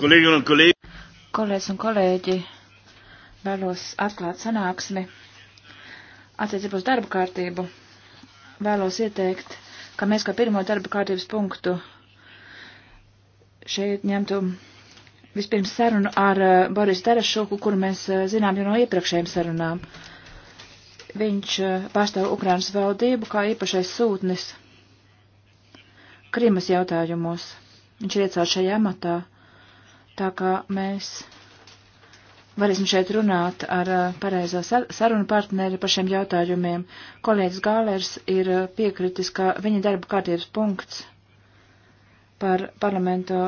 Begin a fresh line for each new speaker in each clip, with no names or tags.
Kolēģi un kolēģi.
Kolēģis un kolēģi, vēlos atklāt sanāksmi. Attiecībā uz darba kārtību vēlos ieteikt, ka mēs kā pirmo darba kārtības punktu šeit ņemtu vispirms sarunu ar eh, Boris Terešoku, kuru mēs eh, zinām jau no iepriekšējiem sarunām. Viņš eh, pārstāv Ukrainas valdību kā īpašais sūtnis Krimas jautājumos. Viņš ir iecēlts šajā amatā Tā kā mēs varēsim šeit runāt ar uh, pareizā sarunu partneri par šiem jautājumiem. Kolēģis Gālērs ir uh, piekritis, ka viņa darba kārtības punkts par parlamento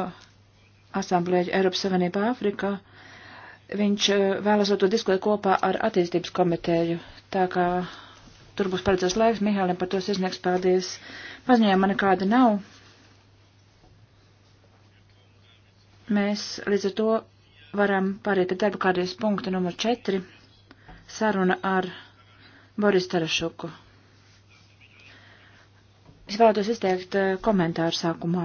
asamblēju Eiropas Savienība Āfrika. Viņš uh, vēlas to diskutēt kopā ar attīstības komiteju. Tā kā tur būs paredzēts laiks, Mihālim par to sasniegs paldies. Paziņojumā nekāda nav. Mēs līdz ar to varam pāriet pie darba kārtības punkta numur 4 - saruna ar Boris Tarašuku. Es vēlētos izteikt eh, komentāru sākumā.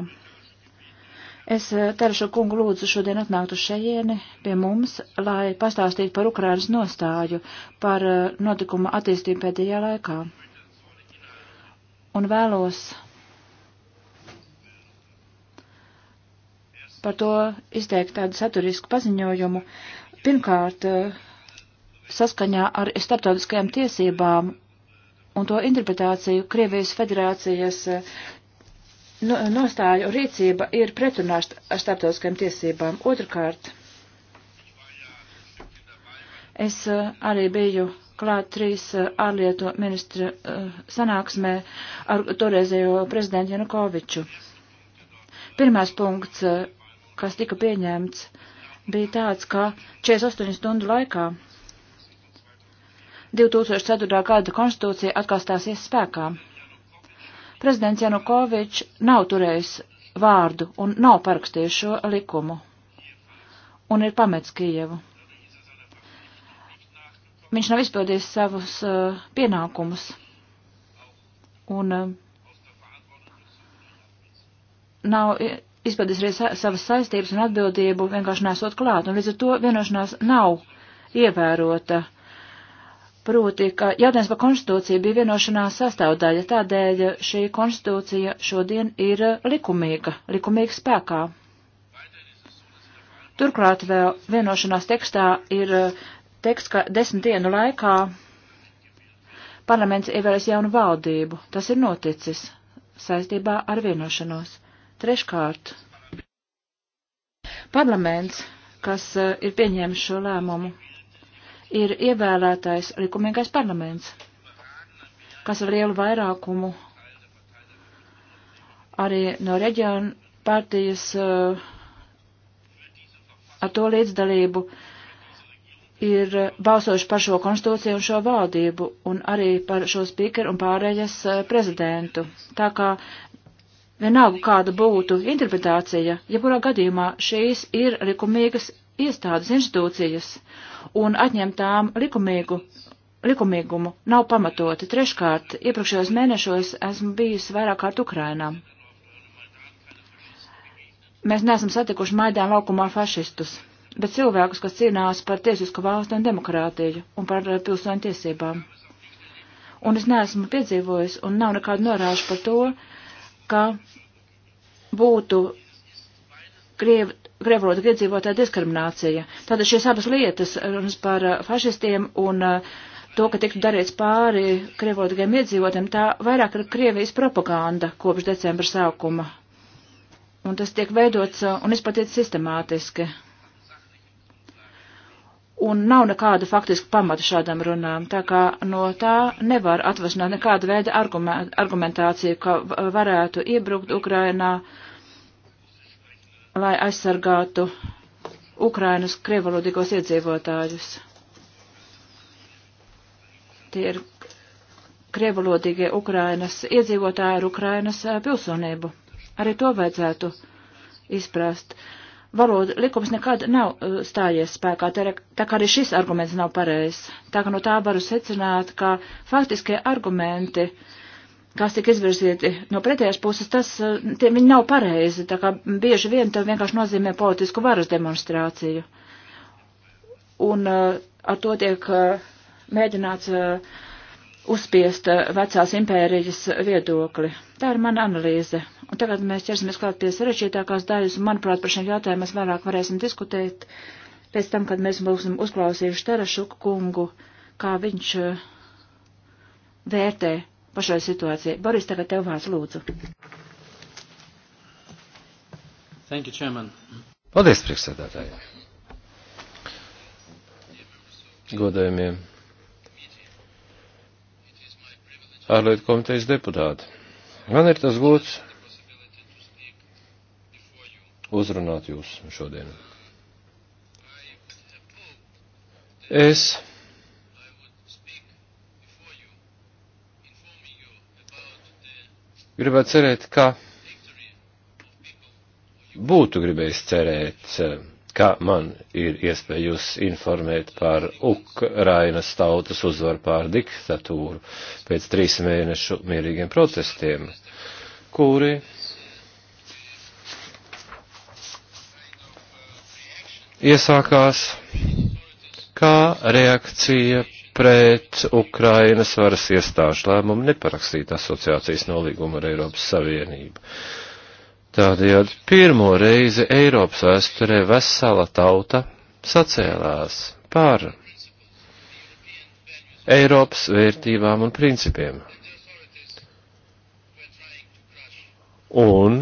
Es eh, Tarašu kungu lūdzu šodien atnākt uz šejieni pie mums, lai pastāstītu par Ukrainas nostāju, par eh, notikuma attīstību pēdējā laikā. Un vēlos par to izteikt tādu saturisku paziņojumu. Pirmkārt, eh, saskaņā ar starptautiskajām tiesībām un to interpretāciju Krievijas federācijas eh, nostāju rīcība ir pretrunā ar starptautiskajām tiesībām. Otrkārt, es eh, arī biju klāt trīs ārlietu ministra sanāksmē ar toreizējo prezidentu Janukoviču. Pirmais punkts kas tika pieņemts, bija tāds, ka 48 stundu laikā 2004. gada konstitūcija atkal stāsies spēkā. Prezidents Janukovičs nav turējis vārdu un nav parakstījis šo likumu un ir pamets Kijevu. Viņš nav izpildījis savus uh, pienākumus un uh, nav izpildīs arī sa savas saistības un atbildību vienkārši nesot klāt, un līdz ar to vienošanās nav ievērota. Proti, ka jautājums par konstitūciju bija vienošanās sastāvdaļa, tādēļ šī konstitūcija šodien ir likumīga, likumīga spēkā. Turklāt vēl vienošanās tekstā ir teksts, ka desmit dienu laikā parlaments ievēlēs jaunu valdību. Tas ir noticis saistībā ar vienošanos. Treškārt, parlaments, kas eh, ir pieņēmis šo lēmumu, ir ievēlētais likumīgais parlaments, kas ar lielu vairākumu arī no reģiona partijas eh, ar to līdzdalību ir balsojuši par šo konstitūciju un šo valdību un arī par šo spīkeru un pārējais eh, prezidentu. Tā kā Vienalga, kāda būtu interpretācija, jebkurā gadījumā šīs ir likumīgas iestādes institūcijas, un atņemt tām likumīgu, likumīgumu nav pamatoti. Treškārt, iepriekšējos mēnešos esmu bijusi vairāk kārt Ukrainā. Mēs neesam satikuši maidām laukumā fašistus, bet cilvēkus, kas cīnās par tiesisku valstu un demokrātiju un par eh, pilsoņu tiesībām. Un es neesmu piedzīvojis un nav nekādu norāžu par to, ka būtu Kriev, Krievrodu iedzīvotāju diskriminācija. Tātad šīs abas lietas, runas par uh, fašistiem un uh, to, ka tiktu darīts pāri krievrodīgiem iedzīvotiem, tā vairāk ir Krievijas propaganda kopš decembra sākuma. Un tas tiek veidots uh, un izplatīts sistemātiski un nav nekādu faktisku pamatu šādām runām, tā kā no tā nevar atvasināt nekādu veidu argumentāciju, ka varētu iebrukt Ukrainā, lai aizsargātu Ukrainas krievalodīgos iedzīvotājus. Tie ir krievalodīgie Ukrainas iedzīvotāji ar Ukrainas pilsonību. Arī to vajadzētu izprast. Uh, valodu likums nekad nav uh, stājies spēkā, tā kā arī šis arguments nav pareizs. Tā kā no tā varu secināt, ka faktiskie argumenti, kas tika izvirzīti no pretējās puses, tas, uh, tie viņi nav pareizi, tā kā bieži vien tev vienkārši nozīmē politisku varas demonstrāciju. Un uh, ar to tiek mēģināts uh, uzspiest eh, vecās impērijas viedokli. Tā ir mana analīze. Un tagad mēs ķersimies klāt pie sarežģītākās daļas, un manuprāt, par šiem jautājumiem mēs vairāk varēsim diskutēt pēc tam, kad mēs būsim uzklausījuši Terašuku kungu, kā viņš eh, vērtē pašai situācijai. Boris, tagad tev vārds lūdzu.
Thank you, Chairman.
Paldies, priekšsēdētāji. Godējumiem ārlietu komitejas deputāti. Man ir tas gods uzrunāt jūs šodien. Es gribētu cerēt, ka būtu gribējis cerēt ka man ir iespēja jūs informēt par Ukrainas tautas uzvaru pār diktatūru pēc trīs mēnešu mierīgiem protestiem, kuri iesākās kā reakcija pret Ukrainas varas iestāžu lēmumu neparakstīt asociācijas nolīgumu ar Eiropas Savienību. Tādējādi pirmo reizi Eiropas vēsturē vesela tauta sacēlās par Eiropas vērtībām un principiem. Un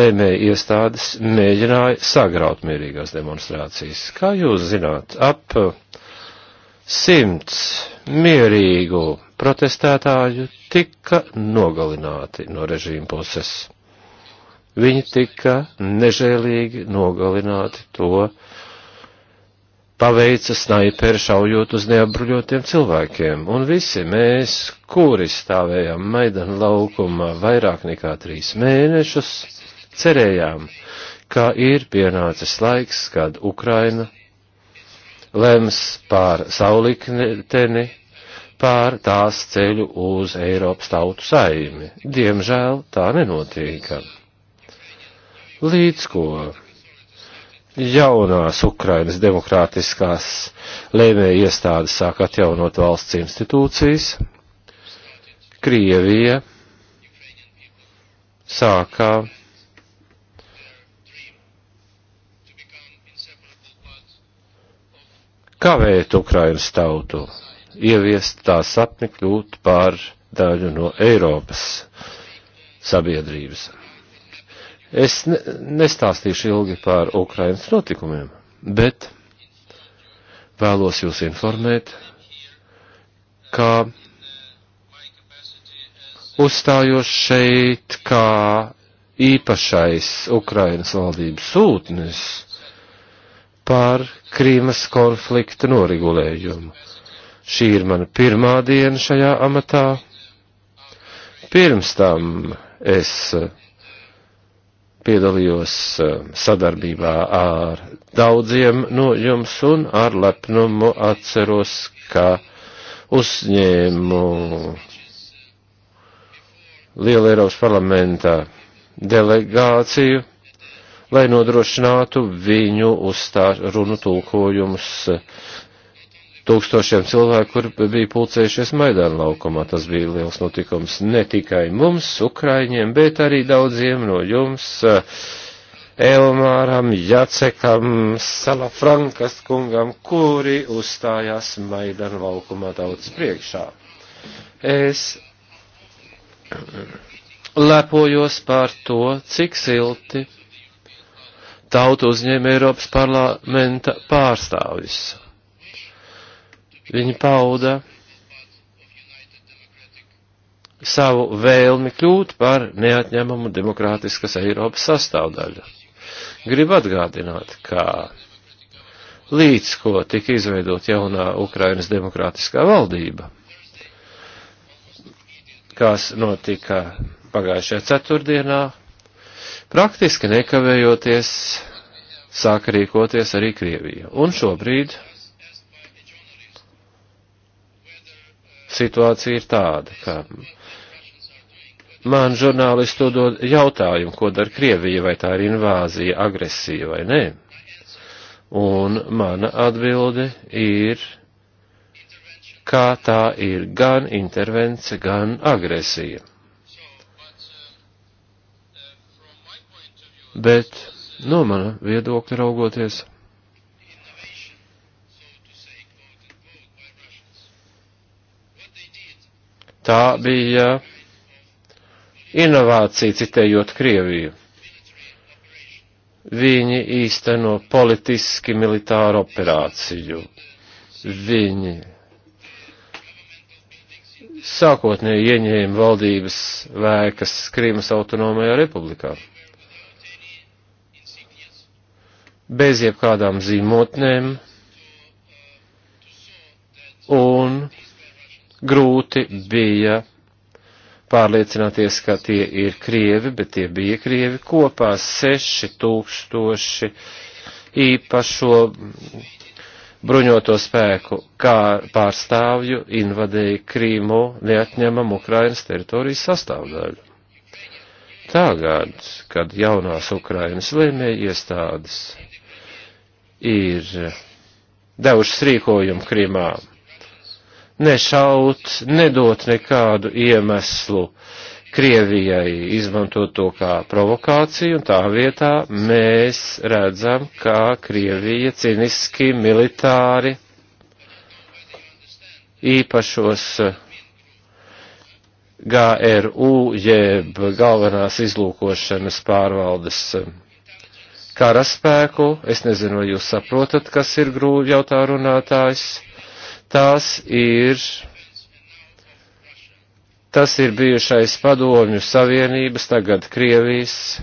lēmēji iestādes mēģināja sagraut mierīgās demonstrācijas. Kā jūs zināt, ap simts mierīgu protestētāju tika nogalināti no režīma puses. Viņi tika nežēlīgi nogalināti to, paveica snaiperi šaujot uz neapbruļotiem cilvēkiem, un visi mēs, kuri stāvējām Maidana laukumā vairāk nekā trīs mēnešus, cerējām, ka ir pienācis laiks, kad Ukraina lems pār saulikteni, pār tās ceļu uz Eiropas tautu saimi. Diemžēl tā nenotiekam līdz ko jaunās Ukrainas demokrātiskās lēmēja iestādes sāk atjaunot valsts institūcijas, Krievija sākā kavēt Ukrainas tautu, ieviest tā sapni kļūt par daļu no Eiropas sabiedrības. Es ne, nestāstīšu ilgi par Ukrainas notikumiem, bet vēlos jūs informēt, ka uzstājos šeit kā īpašais Ukrainas valdības sūtnis par Krīmas konflikta noregulējumu. Šī ir mana pirmā diena šajā amatā. Pirms tam es uh, piedalījos eh, sadarbībā ar daudziem no jums un ar lepnumu atceros, ka uzņēmu Liela Eiropas parlamenta delegāciju, lai nodrošinātu viņu uzstā runu tulkojumus tūkstošiem cilvēku, kur bija pulcējušies Maidāna laukumā. Tas bija liels notikums ne tikai mums, Ukraiņiem, bet arī daudziem no jums, eh, Elmāram, Jacekam, Salafrankas kungam, kuri uzstājās Maidāna laukumā tautas priekšā. Es lepojos par to, cik silti tautu uzņēma Eiropas parlamenta pārstāvis Viņi pauda savu vēlmi kļūt par neatņemamu demokrātiskas Eiropas sastāvdaļu. Gribu atgādināt, ka līdz ko tika izveidot jaunā Ukrainas demokrātiskā valdība, kas notika pagājušajā ceturtdienā, praktiski nekavējoties sāka rīkoties arī Krievija. Un šobrīd situācija ir tāda, ka man žurnālisti dod jautājumu, ko dara Krievija, vai tā ir invāzija, agresija vai nē. Un mana atbilde ir, kā tā ir gan intervence, gan agresija. Bet no mana viedokļa raugoties. Tā bija inovācija, citējot Krieviju. Viņi īsteno politiski militāru operāciju. Viņi sākotnēji ieņēma valdības vēkas Krīmas autonomajā republikā. Bez jebkādām zīmotnēm un grūti bija pārliecināties, ka tie ir krievi, bet tie bija krievi kopā 6000 īpašo bruņoto spēku kā pārstāvju invadēja Krīmu neatņemam Ukrainas teritorijas sastāvdaļu. Tagad, kad jaunās Ukrainas lēmēja iestādes ir devušas rīkojumu Krīmām, nešaut, nedot nekādu iemeslu Krievijai izmantot to kā provokāciju, un tā vietā mēs redzam, kā Krievija ciniski militāri īpašos GRU jeb galvenās izlūkošanas pārvaldes eh, karaspēku. Es nezinu, vai jūs saprotat, kas ir grūti jautā runātājs tās ir, tas ir bijušais padomju savienības, tagad Krievijas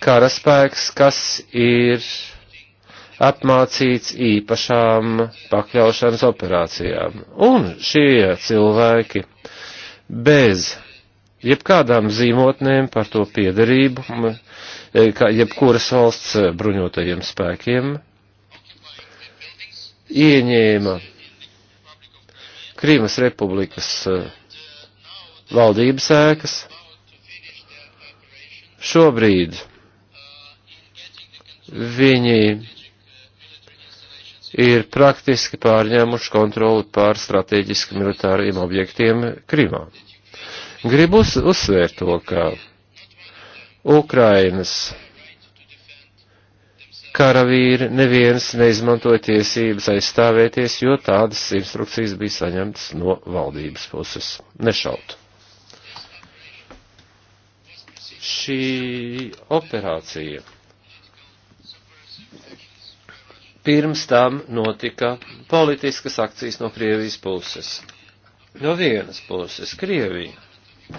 karaspēks, kas ir apmācīts īpašām pakļaušanas operācijām. Un šie cilvēki bez jebkādām zīmotnēm par to piederību, e, kā jebkuras valsts bruņotajiem spēkiem, ieņēma Krīmas republikas eh, valdības ēkas. Šobrīd viņi ir praktiski pārņēmuši kontroli pār strateģiski militāriem objektiem Krimā. Gribu uzsvērt to, ka Ukrainas karavīri neviens neizmantoja tiesības aizstāvēties, jo tādas instrukcijas bija saņemtas no valdības puses. Nešaut. Šī operācija pirms tam notika politiskas akcijas no Krievijas puses. No vienas puses Krievija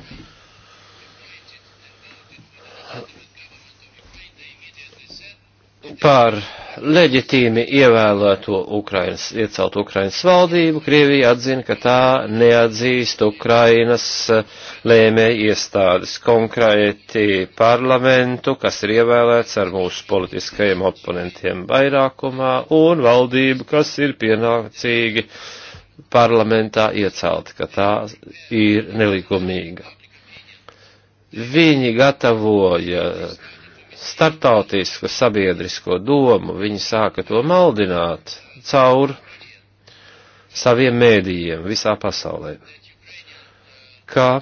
par leģitīmi ievēlēto Ukrainas, iecelt Ukrainas valdību, Krievija atzina, ka tā neatzīst Ukrainas eh, lēmēji iestādes, konkrēti parlamentu, kas ir ievēlēts ar mūsu politiskajiem oponentiem vairākumā, un valdību, kas ir pienācīgi parlamentā iecelta, ka tā ir nelikumīga. Viņi gatavoja startautisko sabiedrisko domu, viņi sāka to maldināt caur saviem mēdījiem visā pasaulē. Kā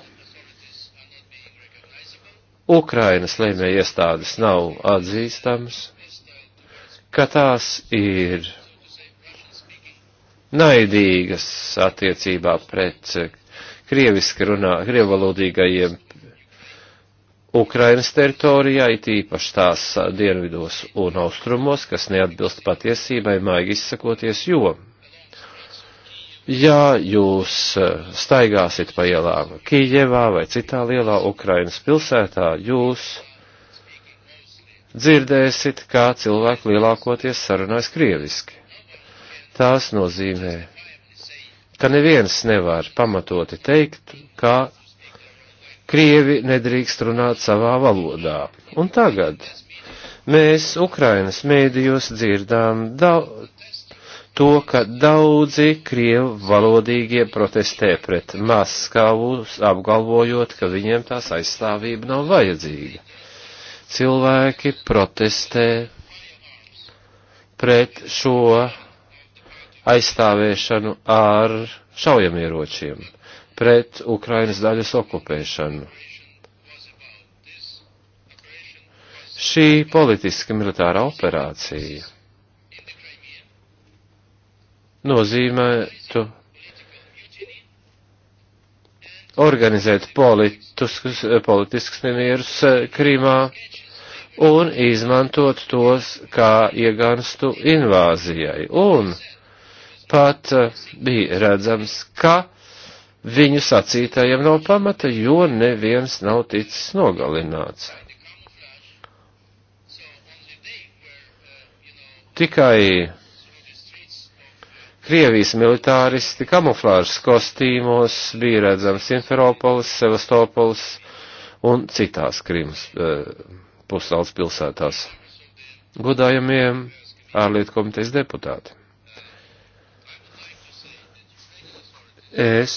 Ukrainas lēmēja iestādes nav atzīstamas, ka tās ir naidīgas attiecībā pret krieviski runā, krievalodīgajiem Ukrainas teritorijā, it īpaši tās dienvidos un austrumos, kas neatbilst patiesībai, maigi izsakoties, jo, ja jūs staigāsit pa ielām Kijevā vai citā lielā Ukrainas pilsētā, jūs dzirdēsit, kā cilvēki lielākoties sarunājas krieviski. Tās nozīmē, ka neviens nevar pamatoti teikt, ka Krievi nedrīkst runāt savā valodā. Un tagad mēs Ukrainas mēdījos dzirdām daudz to, ka daudzi krievu valodīgie protestē pret Maskavu, apgalvojot, ka viņiem tās aizstāvība nav vajadzīga. Cilvēki protestē pret šo aizstāvēšanu ar šaujamieročiem pret Ukrainas daļas okupēšanu. Šī politiska militāra operācija nozīmētu organizēt politiskus, politiskus nemierus Krīmā un izmantot tos kā iegānstu invāzijai. Un pat bija redzams, ka viņu sacītajiem nav pamata, jo neviens nav ticis nogalināts. Tikai Krievijas militāristi kamuflāžas kostīmos bija redzams Simferopolis, Sevastopolis un citās Krimas uh, pusvalsts pilsētās. Godājamie ārlietu komitejas deputāti. Es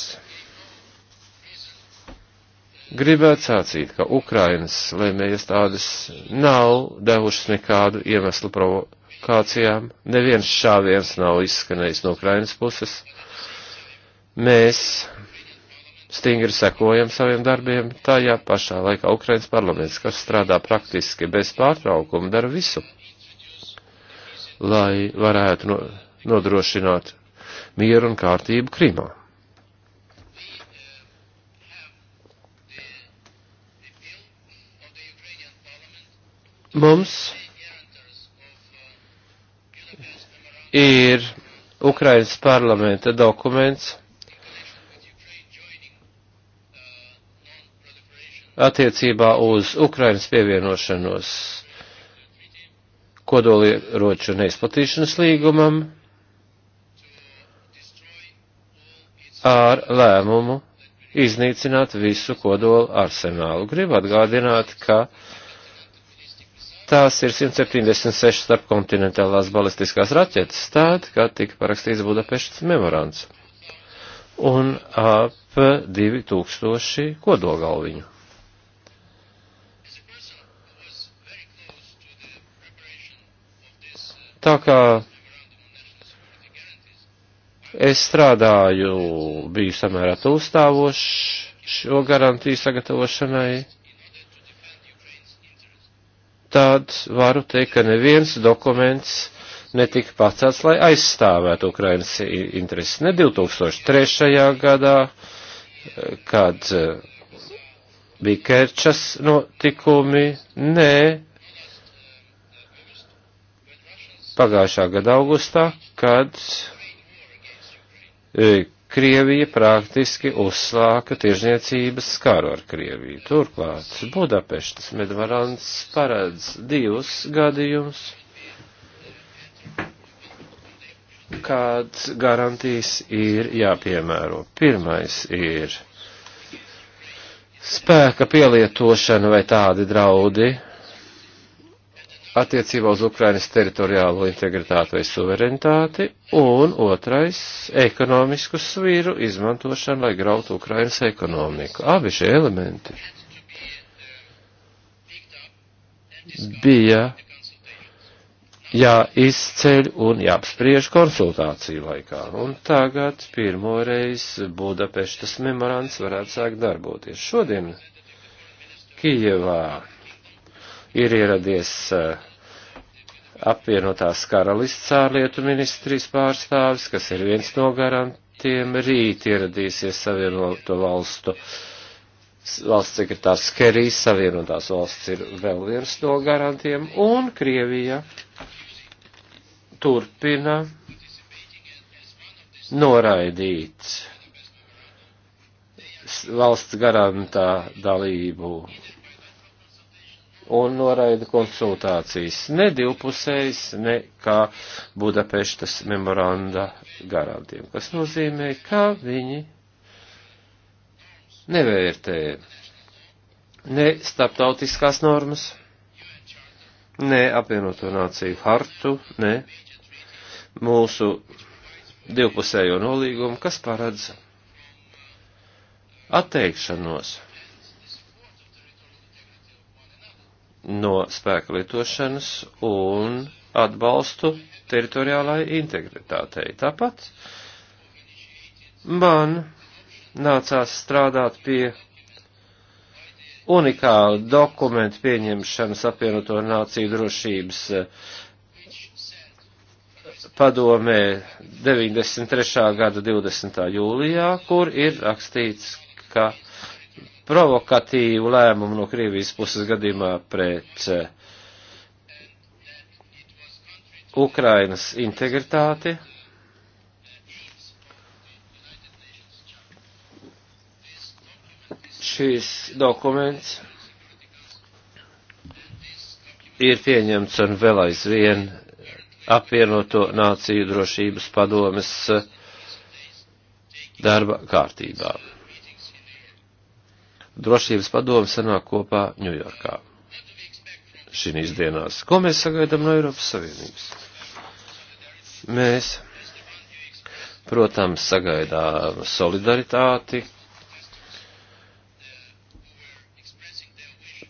Gribētu sacīt, ka Ukrainas lēmējiestādes nav devušas nekādu iemeslu provokācijām, neviens šāviens nav izskanējis no Ukrainas puses. Mēs stingri sekojam saviem darbiem, tajā pašā laikā Ukrainas parlaments, kas strādā praktiski bez pārtraukuma, dara visu, lai varētu no, nodrošināt mieru un kārtību Krimā. Mums ir Ukrainas parlamenta dokuments attiecībā uz Ukrainas pievienošanos kodolieroču neizplatīšanas līgumam ar lēmumu iznīcināt visu kodolu arsenālu. Gribu atgādināt, ka uh, tās ir 176 starpkontinentālās balistiskās raķetes, tād, kā tika parakstīts Budapeštas memorands, un ap 2000 kodolgalviņu. Tā kā es strādāju, biju samērā tūstāvošs šo garantiju sagatavošanai tad varu teikt, ka neviens dokuments netika pacelts, lai aizstāvētu Ukrainas intereses. Ne 2003. gadā, kad eh, bija Kerčas notikumi, nē, pagājušā gada augustā, kad eh, Krievija praktiski uzsāka tirzniecības karu ar Krieviju. Turklāt Budapeštas medvarants paredz divus gadījumus, kāds garantijas ir jāpiemēro. Pirmais ir spēka pielietošana vai tādi draudi, attiecībā uz Ukrainas teritoriālo integritāti vai suverenitāti, un otrais - ekonomisku svīru izmantošanu, lai grautu Ukrainas ekonomiku. Abi šie elementi bija jāizceļ un jāapspriež konsultāciju laikā. Un tagad pirmoreiz Budapeštas memorands varētu sākt darboties. Šodien Kijevā ir ieradies eh, apvienotās karalists ārlietu ministrijas pārstāvis, kas ir viens no garantiem, rīt ieradīsies savienoto valstu valsts sekretārs Kerijs, savienotās valsts ir vēl viens no garantiem, un Krievija turpina noraidīt valsts garantā dalību un noraida konsultācijas. Ne divpusējas, ne kā Budapeštas memoranda garantiem, kas nozīmē, ka viņi nevērtē ne starptautiskās normas, ne apvienoto nāciju hartu, ne mūsu divpusējo nolīgumu, kas paredz atteikšanos no spēka lietošanas un atbalstu teritoriālai integritātei. Tāpat man nācās strādāt pie unikāla dokumentu pieņemšanas apvienoto nāciju drošības eh, padomē 93. gada 20. jūlijā, kur ir rakstīts, ka provokatīvu lēmumu no Krievijas puses gadījumā pret eh, Ukrainas integritāti. Šīs dokuments ir pieņemts un vēl aizvien apvienoto nāciju drošības padomes eh, darba kārtībā drošības padomu sanāk kopā Ņujorkā. Šīs dienās. Ko mēs sagaidām no Eiropas Savienības? Mēs, protams, sagaidām solidaritāti,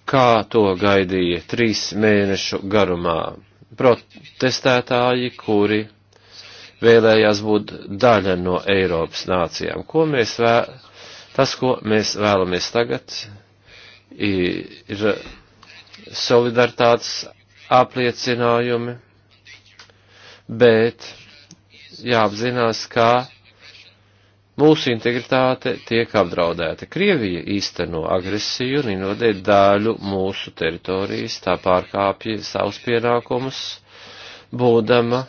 kā to gaidīja trīs mēnešu garumā protestētāji, kuri vēlējās būt daļa no Eiropas nācijām. Ko mēs vēlamies? Tas, ko mēs vēlamies tagad, ir solidaritātes apliecinājumi, bet jāapzinās, kā mūsu integritāte tiek apdraudēta. Krievija īsteno agresiju un invadē daļu mūsu teritorijas, tā pārkāpja savus pienākumus, būdama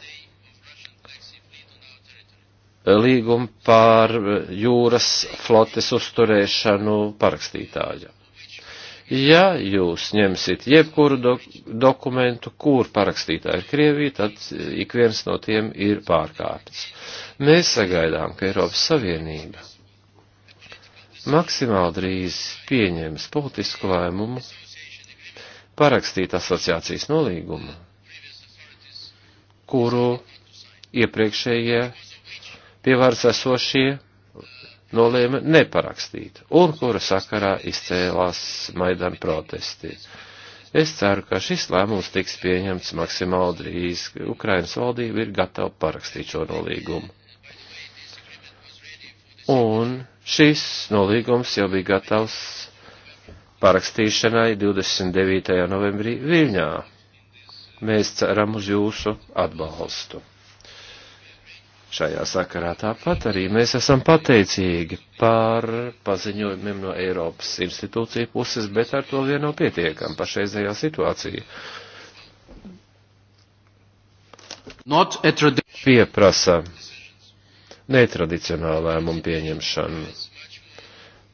līgumu pār jūras flotes uzturēšanu parakstītāja. Ja jūs ņemsiet jebkuru dok dokumentu, kur parakstītāja ir Krievija, tad ik viens no tiem ir pārkāpts. Mēs sagaidām, ka Eiropas Savienība maksimāli drīz pieņems politisku lēmumu parakstīt asociācijas nolīgumu, kuru iepriekšējie pie varas esošie nolēma neparakstīt, un kura sakarā izcēlās Maidan protesti. Es ceru, ka šis lēmums tiks pieņemts maksimāli drīz. Ukrainas valdība ir gatava parakstīt šo nolīgumu. Un šis nolīgums jau bija gatavs parakstīšanai 29. novembrī Viļņā. Mēs ceram uz jūsu atbalstu šajā sakarā. Tāpat arī mēs esam pateicīgi par paziņojumiem no Eiropas institūciju puses, bet ar to vien nav pietiekama pašreizējā situācija. Pieprasa netradicionālu lēmumu pieņemšanu.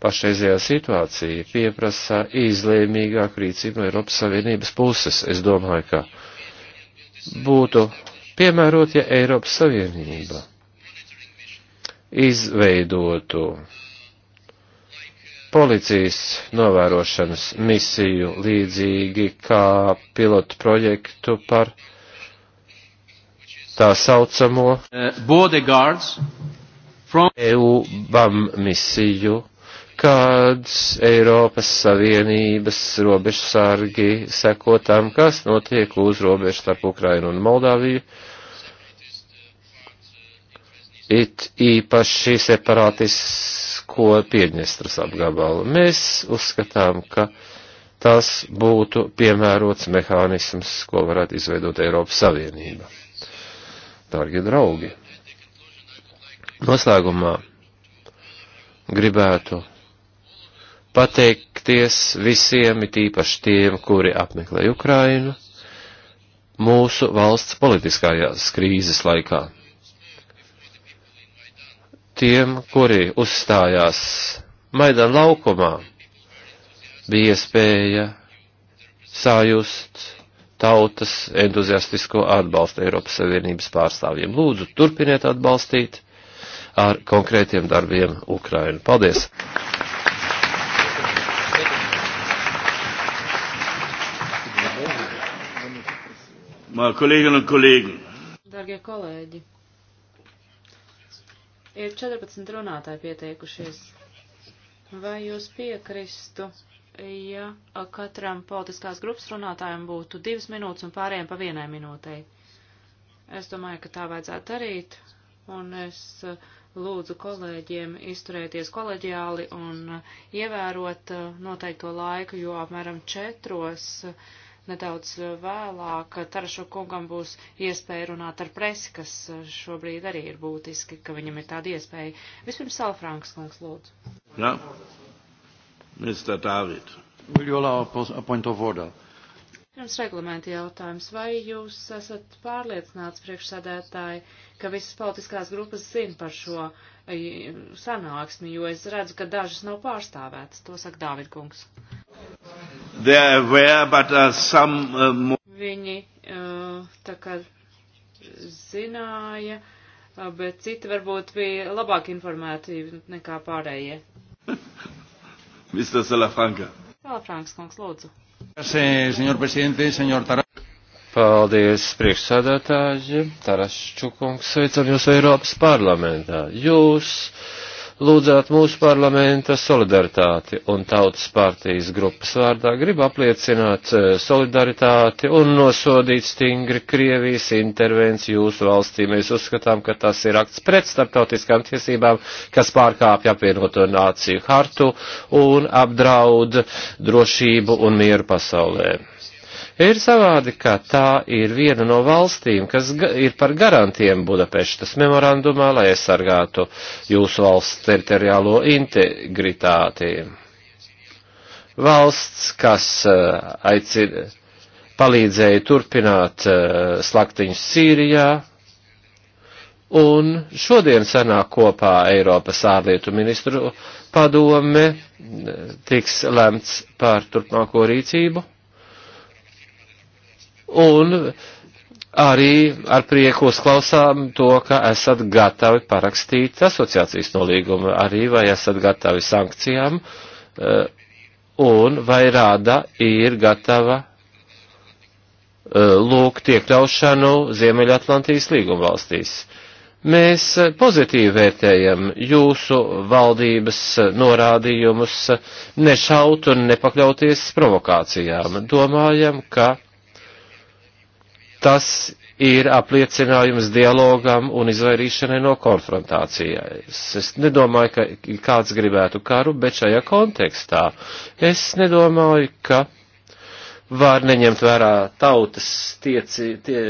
Pašreizējā situācija pieprasa izlēmīgāku rīcību no Eiropas Savienības puses. Es domāju, ka būtu piemērot, ja Eiropas Savienība izveidotu policijas novērošanas misiju līdzīgi kā pilotu projektu par tā saucamo from... EU BAM misiju, kad Eiropas Savienības robežsargi seko tam, kas notiek uz robežas starp Ukrainu un Moldāviju it īpaši separātisko Piedņestras apgabalu. Mēs uzskatām, ka tas būtu piemērots mehānisms, ko varētu izveidot Eiropas Savienība. Dārgie draugi, noslēgumā gribētu pateikties visiem, it īpaši tiem, kuri apmeklē Ukrainu, mūsu valsts politiskajās krīzes laikā tiem, kuri uzstājās Maidan laukumā, bija iespēja sājust tautas entuziastisko atbalstu Eiropas Savienības pārstāvjiem. Lūdzu, turpiniet atbalstīt ar konkrētiem darbiem Ukrainu. Paldies!
Kolēģi un kolēģi!
Darbie kolēģi! Ir 14 runātāji pieteikušies. Vai jūs piekristu, ja katram politiskās grupas runātājiem būtu divas minūtes un pārējiem pa vienai minūtei? Es domāju, ka tā vajadzētu darīt, un es uh, lūdzu kolēģiem izturēties koleģiāli un uh, ievērot uh, noteikto laiku, jo apmēram četros uh, nedaudz eh, vēlāk eh, Tarašu kungam būs iespēja runāt ar presi, kas eh, šobrīd arī ir būtiski, ka viņam ir tāda iespēja. Vispirms Salfranks kungs lūdzu. Jā,
Mr. David. Viljola, point of order.
Pirms reglamenta jautājums, vai jūs esat pārliecināts priekšsādētāji, ka visas politiskās grupas zina par šo sanāksmi, jo es redzu, ka dažas nav pārstāvētas, to saka Dāvidkungs
aware, but, uh, some, uh, more...
Viņi uh, tā kā zināja, uh, bet citi varbūt bija labāk informēti nekā pārējie.
Mr. Salafranca.
Salafranks, kungs, lūdzu.
Paldies, priekšsēdētāji, Tarašķukungs, sveicam jūs Eiropas parlamentā. Jūs lūdzāt mūsu parlamenta solidaritāti un tautas partijas grupas vārdā grib apliecināt eh, solidaritāti un nosodīt stingri Krievijas intervenciju jūsu valstī. Mēs uzskatām, ka tas ir akts pret starptautiskām tiesībām, kas pārkāpja apvienoto nāciju hartu un apdraud drošību un mieru pasaulē. Ir savādi, ka tā ir viena no valstīm, kas ir par garantiem Budapeštas memorandumā, lai aizsargātu jūsu valsts teritoriālo integritāti. Valsts, kas eh, aicina, palīdzēja turpināt eh, slaktiņus Sīrijā, Un šodien sanāk kopā Eiropas ārlietu ministru padome, eh, tiks lemts par turpmāko rīcību un arī ar prieku uzklausām to, ka esat gatavi parakstīt asociācijas nolīgumu, arī vai esat gatavi sankcijām, eh, un vai rāda ir gatava eh, lūgt iekļaušanu Ziemeļatlantijas līguma valstīs. Mēs pozitīvi vērtējam jūsu valdības norādījumus nešaut un nepakļauties provokācijām. Domājam, ka Tas ir apliecinājums dialogam un izvairīšanai no konfrontācijas. Es nedomāju, ka kāds gribētu karu, bet šajā kontekstā es nedomāju, ka var neņemt vērā tautas tieci, tie,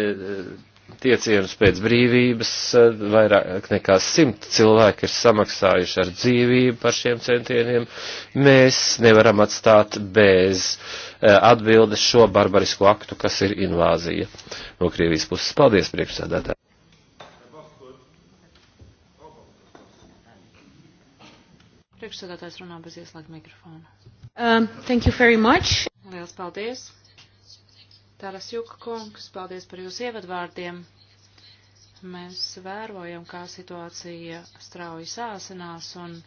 tiecienus pēc brīvības, eh, vairāk nekā simt cilvēki ir samaksājuši ar dzīvību par šiem centieniem. Mēs nevaram atstāt bez eh, atbildes šo barbarisko aktu, kas ir invāzija no Krievijas puses. Paldies, priekšsēdētāji!
Priekšsēdētājs runā bez ieslēgta mikrofona.
Um, thank you very much.
Liels paldies. Tāras Juka kungs, paldies par jūsu ievadvārdiem. Mēs vērojam, kā situācija strauji sāsinās, un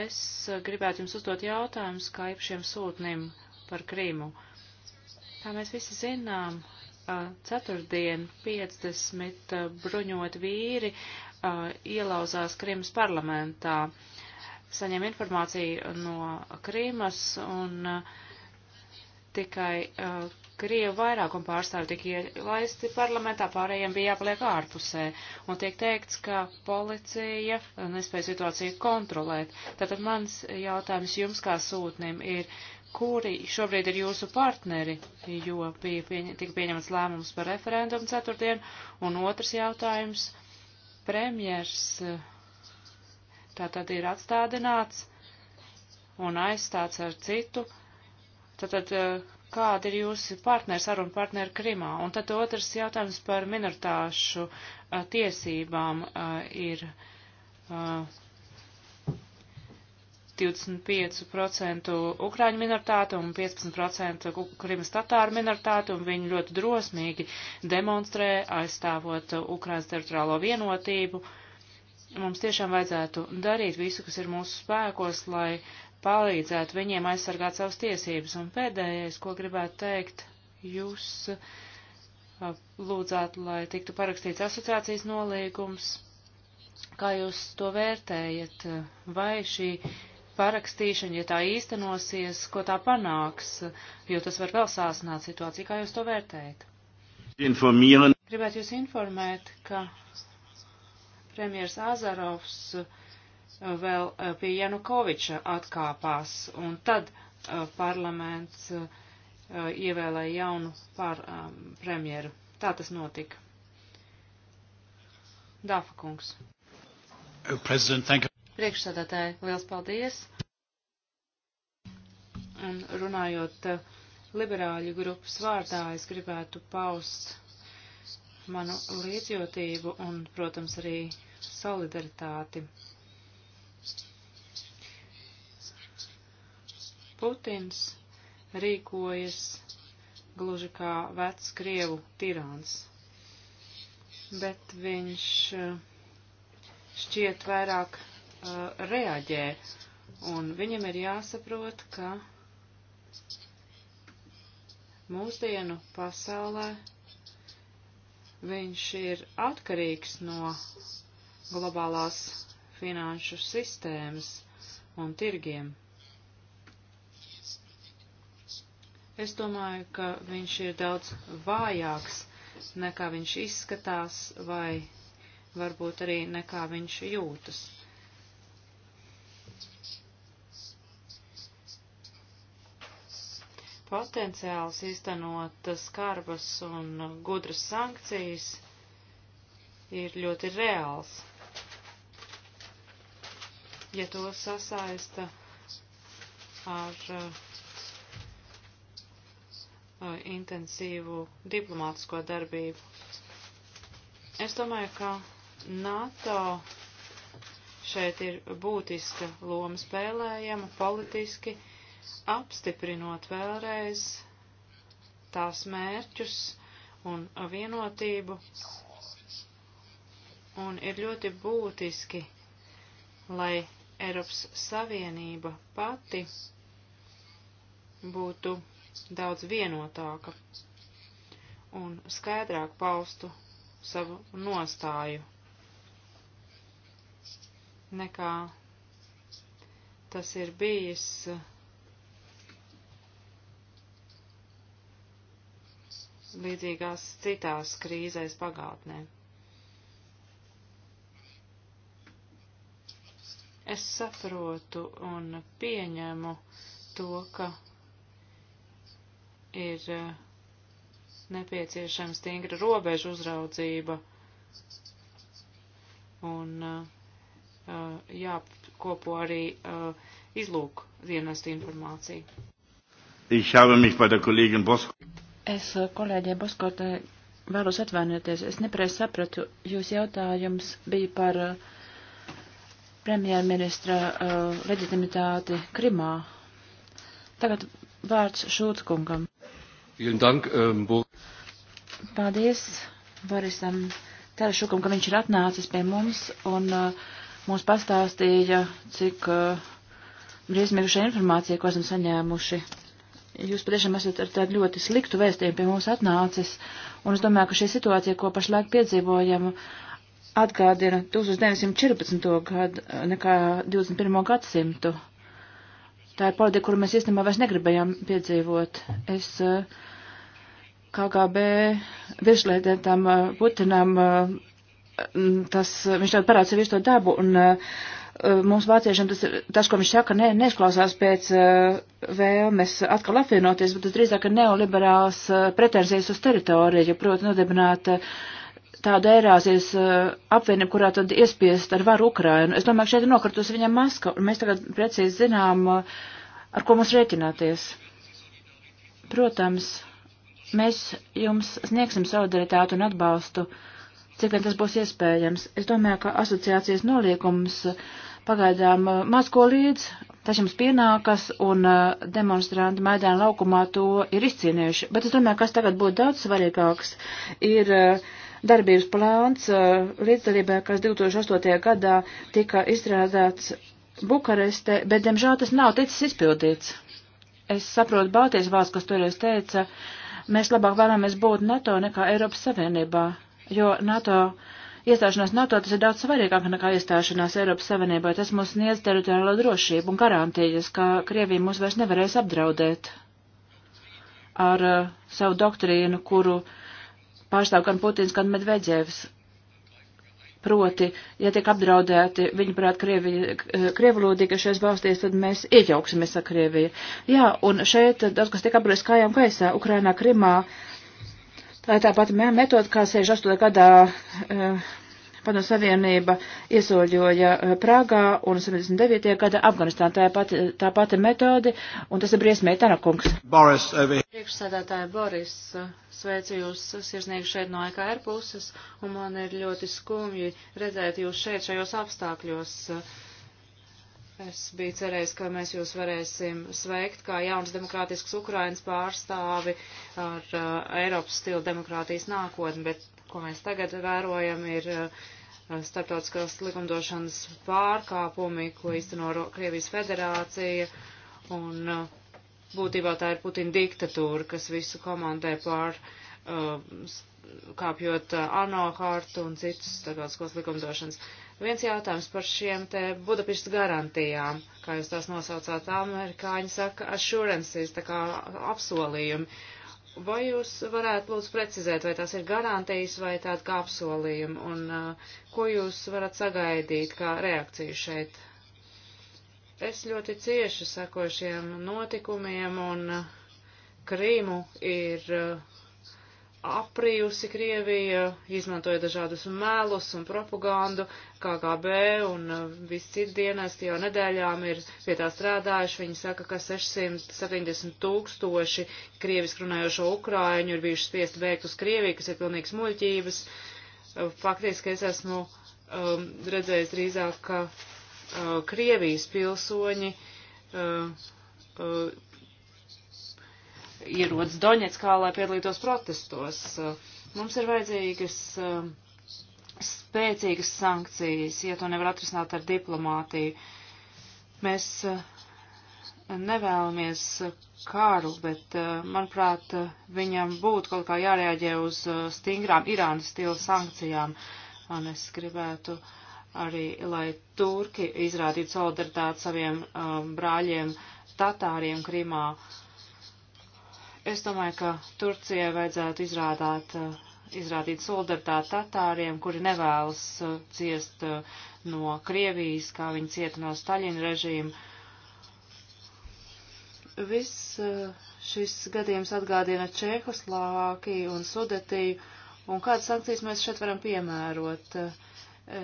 es gribētu jums uzdot jautājumus, kā īpašiem sūtnim par Krīmu. Kā mēs visi zinām, ceturtdien 50 bruņot vīri ielauzās Krīmas parlamentā, saņem informāciju no Krīmas un uh, tikai uh, Krievu vairākumu pārstāvi tika ielaisti parlamentā, pārējiem bija jāpaliek ārpusē, un tiek teikts, ka policija uh, nespēja situāciju kontrolēt. Tātad mans jautājums jums kā sūtnim ir, kuri šobrīd ir jūsu partneri, jo bija pieņ tika pieņemts lēmums par referendumu ceturtdien, un otrs jautājums, premjers uh, tātad ir atstādināts un aizstāts ar citu Tātad, eh, kāda ir jūsu partneri, saruna partneri Krimā? Un tad otrs jautājums par minoritāšu a, eh, tiesībām a, eh, ir a, 25% ukrāņu minoritāte un 15% krimas tatāru minoritāte, un viņi ļoti drosmīgi demonstrē, aizstāvot Ukrānas teritoriālo vienotību. Mums tiešām vajadzētu darīt visu, kas ir mūsu spēkos, lai uh, palīdzētu viņiem aizsargāt savas tiesības. Un pēdējais, ko gribētu teikt, jūs uh, lūdzāt, lai tiktu parakstīts asociācijas nolīgums. Kā jūs to vērtējat? Vai šī parakstīšana, ja tā īstenosies, ko tā panāks, jo tas var vēl sāsināt situāciju, kā jūs to vērtējat?
Informieren.
Gribētu jūs informēt, ka premjers Azarovs uh, vēl eh, pie Janukoviča atkāpās, un tad eh, parlaments eh, ievēlēja jaunu par, premjeru. Tā tas notika. Dāfa kungs.
Uh,
Priekšsādātāji, liels paldies. Un runājot liberāļu grupas vārdā, es gribētu paust manu līdzjūtību un, protams, arī solidaritāti Putins rīkojas gluži kā vecs Krievu tirāns, bet viņš eh, šķiet vairāk uh, reaģē, un viņam ir jāsaprot, ka mūsdienu pasaulē viņš ir atkarīgs no globālās finanšu sistēmas un tirgiem. Es domāju, ka viņš ir daudz vājāks nekā viņš izskatās vai varbūt arī nekā viņš jūtas. Potenciāls iztenot skarbas un gudras sankcijas ir ļoti reāls. Ja to sasaista ar uh, Uh, intensīvu diplomātisko darbību. Es domāju, ka NATO šeit ir būtiska loma spēlējama politiski, apstiprinot vēlreiz tās mērķus un vienotību. Un ir ļoti būtiski, lai Eiropas Savienība pati būtu daudz vienotāka un skaidrāk paustu savu nostāju nekā tas ir bijis uh, līdzīgās citās krīzēs pagātnē. Es saprotu un pieņemu to, ka ir eh, nepieciešama stingra robeža uzraudzība un eh, eh, jākopo arī izlūk dienestu informāciju.
Es
kolēģē Boskotē vēlos atvainoties. Es nepareiz sapratu, jūs jautājums bija par premjerministra uh, leģitimitāti Krimā. Tagad vārds Šūckungam. Dank, um, Paldies Borisam Terešukam, ka viņš ir atnācis pie mums un uh, mums pastāstīja, cik uh, briesmīga šī informācija, ko esam saņēmuši. Jūs patiešām esat ar tādu ļoti sliktu vēstījumu pie mums atnācis, un es domāju, ka šī situācija, ko pašlaik piedzīvojam, atgādina 1914. gadu nekā 21. gadsimtu. Tā ir politika, kuru mēs īstenībā vairs negribējām piedzīvot. Es eh, KGB virslietentam eh, Putinam, eh, mm, tas, viņš tagad parāda sev to dabu, un mums vāciešiem tas, tas, ko viņš saka, ne, neizklausās pēc vēlmes atkal apvienoties, bet tas drīzāk ir neoliberāls pretenzijas uz teritoriju, proti nodibināt. Uh, tāda Eirāzijas uh, apvienība, kurā tad iespiest ar varu Ukrainu. Es domāju, šeit ir nokartus viņam maska, un mēs tagad precīzi zinām, uh, ar ko mums rēķināties. Protams, mēs jums sniegsim solidaritātu un atbalstu, cik vien tas būs iespējams. Es domāju, ka asociācijas noliekums uh, pagaidām masko līdz, tas jums pienākas, un demonstranti Maidāna laukumā to ir izcīnījuši. Bet es domāju, kas tagad būtu daudz svarīgāks, ir uh, darbības plāns eh, līdzdalībai, kas 2008. gadā tika izstrādāts Bukareste, bet, diemžēl, tas nav ticis izpildīts. Es saprotu Baltijas valsts, kas toreiz teica, mēs labāk vēlamies būt NATO nekā Eiropas Savienībā, jo NATO iestāšanās NATO tas ir daudz svarīgāk nekā iestāšanās Eiropas Savienībā. Tas mums sniedz teritoriālo drošību un garantijas, ka Krievija mūs vairs nevarēs apdraudēt ar uh, savu doktrīnu, kuru pārstāv gan Putins, gan Medvedevs. Proti, ja tiek apdraudēti, viņi prāt, krievulodīgi eh, šais valstīs, tad mēs iejauksimies ar Krieviju. Jā, un šeit tas, kas tiek apdraudēts kājām gaisā, Ukrainā, Krimā, tā ir tā pati metoda, kā 68. gadā. Uh, Panu Savienība iesoļoja eh, Prāgā un 79. gada Afganistānā. Tā, pati, tā pati metode, un tas ir briesmīgi Tanakungs.
Boris, Priekšsēdētāja Boris, sveicu jūs sirsnīgi šeit no EKR puses, un man ir ļoti skumji redzēt jūs šeit šajos apstākļos. Es biju cerējis, ka mēs jūs varēsim sveikt kā jauns demokrātisks Ukrainas pārstāvi ar uh, Eiropas stilu demokrātijas nākotni, bet ko mēs tagad vērojam ir uh, Eh, starptautiskās likumdošanas pārkāpumi, ko īsteno Krievijas federācija, un eh, būtībā tā ir Putina diktatūra, kas visu komandē pār eh, kāpjot ANO hartu un citus starptautiskos likumdošanas. Viens jautājums par šiem te Budapestas garantijām, kā jūs tās nosaucāt, amerikāņi saka assurances, tā kā apsolījumi. Uh, Vai jūs varētu lūdzu precizēt, vai tās ir garantijas vai tāda kā apsolījuma, un uh, ko jūs varat sagaidīt kā reakciju šeit? Es ļoti cieši sakoju šiem notikumiem, un uh, Krīmu ir uh, aprijusi Krievija, izmantoja dažādus mēlus un propagandu, KGB un uh, visi citi dienesti jau nedēļām ir pie tā strādājuši. Viņi saka, ka 670 tūkstoši krieviski runājošo ukrāņu ir bijuši spiest bēgt uz Krieviju, kas ir pilnīgs muļķības. Uh, faktiski es esmu um, redzējis drīzāk, ka uh, Krievijas pilsoņi uh, uh, ierodas Doņetskā, lai piedalītos protestos. Mums ir vajadzīgas um, spēcīgas sankcijas, ja to nevar atrisināt ar diplomātiju. Mēs uh, nevēlamies kāru, bet, uh, manuprāt, viņam būtu kaut kā jārēģē uz uh, stingrām Irānas stila sankcijām. Un es gribētu arī, lai Turki izrādītu solidaritāti saviem um, brāļiem Tatāriem Krimā. Uh, Es domāju, ka Turcijai vajadzētu izrādāt, eh, izrādīt solidaritāti tatāriem, kuri nevēlas eh, ciest eh, no Krievijas, kā viņi cieta no Staļina režīma. Viss šis gadījums atgādina Čehoslovākiju un Sudetiju, un kādas sankcijas mēs šeit varam piemērot.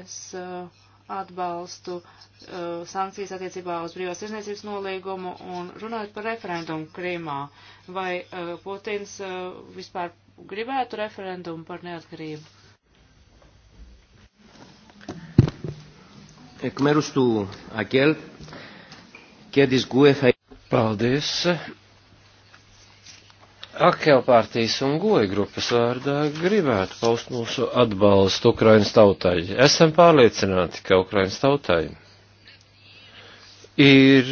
Es uh, atbalstu uh, sankcijas attiecībā uz brīvās izniecības nolīgumu un runājot par referendumu Krīmā. Vai uh, Putins uh, vispār gribētu referendumu par neatkarību?
Εκ μέρους του ΑΚΕΛ και της ΓΟΕΦΑ. Paldies. Akelpārtīs un goja grupas vārdā gribētu paust mūsu atbalstu Ukrainas tautai. Esam pārliecināti, ka Ukrainas tautai ir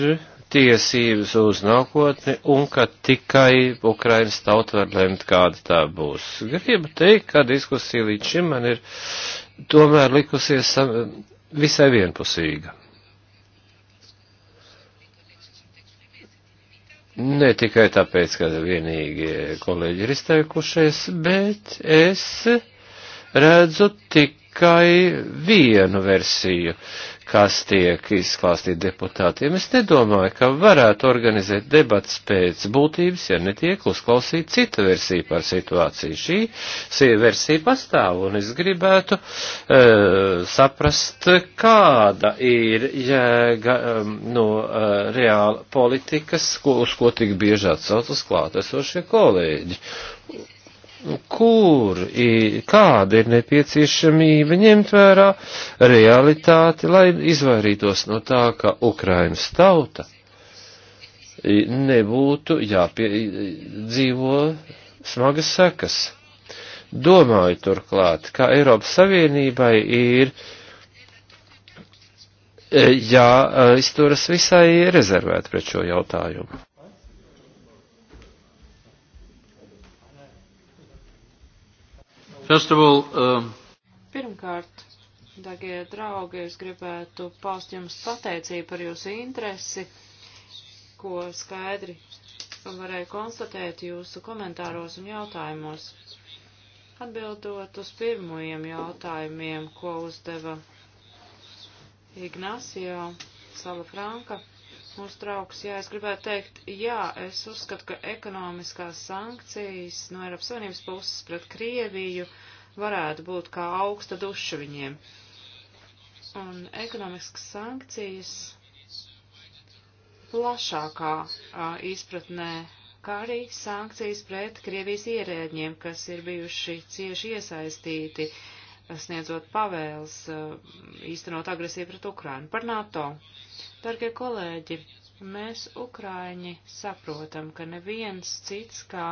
tiesības uz nākotni un ka tikai Ukrainas tauta var lemt, kāda tā būs. Gribu teikt, ka diskusija līdz šim man ir tomēr likusies visai vienpusīga. Ne tikai tāpēc, ka vienīgi kolēģi ir izteikušies, bet es redzu tikai vienu versiju, kas tiek izklāstīti deputātiem. Es nedomāju, ka varētu organizēt debats pēc būtības, ja netiek uzklausīt cita versija par situāciju. Šī versija pastāv, un es gribētu e, uh, saprast, kāda ir jēga um, no uh, reāla politikas, ko, uz ko tik bieži atsaucas klātesošie kolēģi kur ir, kāda ir nepieciešamība ņemt vērā realitāti, lai izvairītos no tā, ka Ukrainas tauta nebūtu jāpiedzīvo smagas sekas. Domāju turklāt, ka Eiropas Savienībai ir e, jāizturas visai rezervēt pret šo jautājumu. First of all, um...
Pirmkārt, Dagie draugi, es gribētu paust jums pateicību par jūsu interesi, ko skaidri varēju konstatēt jūsu komentāros un jautājumos. Atbildot uz pirmajiem jautājumiem, ko uzdeva Ignacio Salafranka, mūsu draugs. Jā, es gribētu teikt, jā, es uzskatu, ka ekonomiskās sankcijas no Eiropas Savienības puses pret Krieviju varētu būt kā augsta duša viņiem. Un ekonomiskas sankcijas plašākā a, izpratnē, kā arī sankcijas pret Krievijas ierēdņiem, kas ir bijuši cieši iesaistīti, sniedzot pavēles, a, īstenot agresiju pret Ukrainu. Par NATO. Dargie kolēģi, mēs, Ukraiņi, saprotam, ka neviens cits kā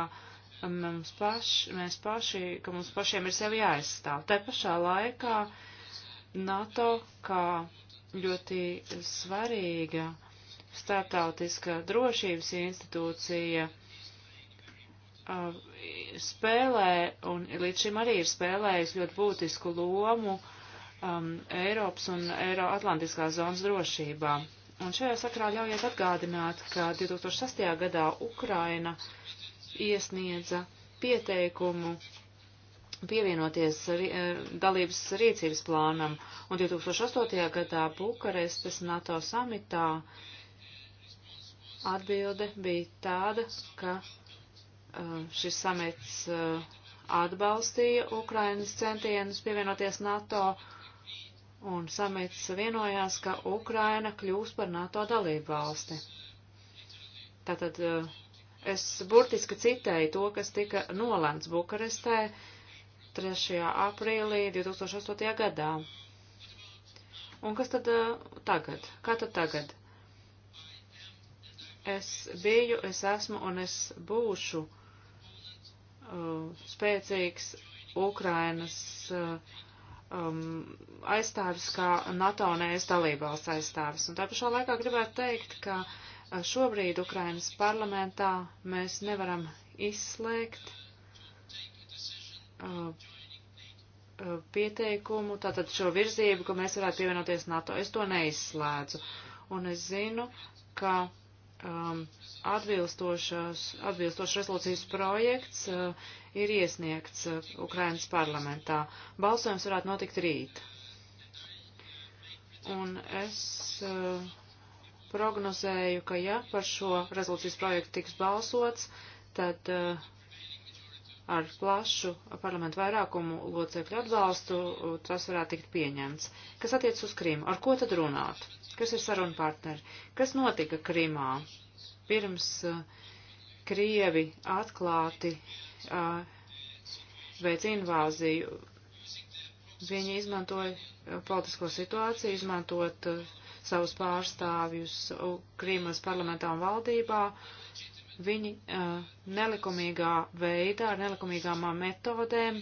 mums paši, mēs paši, ka mums pašiem ir sevi jāaizstāv. Tā pašā laikā NATO kā ļoti svarīga starptautiska drošības institūcija uh, spēlē, un līdz šim arī ir spēlējusi ļoti būtisku lomu um, Eiropas un Eiroatlantiskās zonas drošībā. Un šajā sakrā ļaujiet atgādināt, ka 2006. gadā Ukraina iesniedza pieteikumu pievienoties e, dalības rīcības plānam, un 2008. gadā Bukarestes NATO samitā atbilde bija tāda, ka e, šis samits e, atbalstīja Ukrainas centienus pievienoties NATO, un samits vienojās, ka Ukraina kļūs par NATO dalību valsti. Tātad eh, es burtiski citēju to, kas tika nolēmts Bukarestē 3. aprīlī 2008. gadā. Un kas tad eh, tagad? Kā tad tagad? Es biju, es esmu un es būšu uh, spēcīgs Ukrainas uh, um, aizstāvis, kā NATO un ES dalībvalsts aizstāvis. Un tā pašā laikā gribētu teikt, ka uh, šobrīd Ukrainas parlamentā mēs nevaram izslēgt uh, uh, pieteikumu, tātad šo virzību, ka mēs varētu pievienoties NATO. Es to neizslēdzu. Un es zinu, ka um, atbilstošas, atbilstošas rezolūcijas projekts uh, ir iesniegts uh, Ukrainas parlamentā. Balsojums varētu notikt rīt. Un es uh, prognozēju, ka ja par šo rezolūcijas projektu tiks balsots, tad uh, ar plašu parlamentu vairākumu locekļu atbalstu tas varētu tikt pieņemts. Kas attiec uz Krimu? Ar ko tad runāt? Kas ir saruna partneri? Kas notika Krimā? Pirms Krievi atklāti uh, veic invāziju. Viņi izmantoja uh, politisko situāciju, izmantot uh, savus pārstāvjus uh, Krīmas parlamentā un valdībā. Viņi uh, nelikumīgā veidā, ar nelikumīgām uh, metodēm